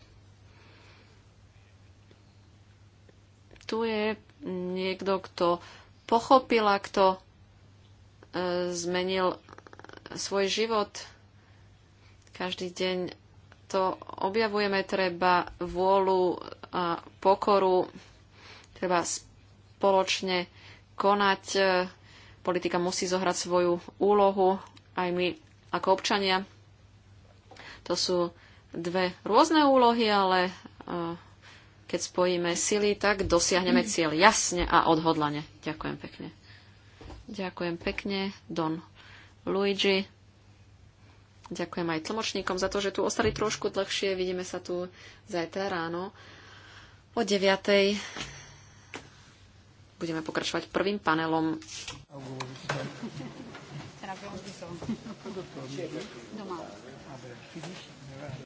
tu je niekto, kto pochopil a kto e, zmenil svoj život. Každý deň to objavujeme, treba vôľu a pokoru, treba spoločne konať. E, politika musí zohrať svoju úlohu, aj my ako občania. To sú dve rôzne úlohy, ale e, keď spojíme sily, tak dosiahneme cieľ jasne a odhodlane. Ďakujem pekne. Ďakujem pekne, Don Luigi. Ďakujem aj tlmočníkom za to, že tu ostali trošku dlhšie. Vidíme sa tu zajtra ráno o 9. Budeme pokračovať prvým panelom.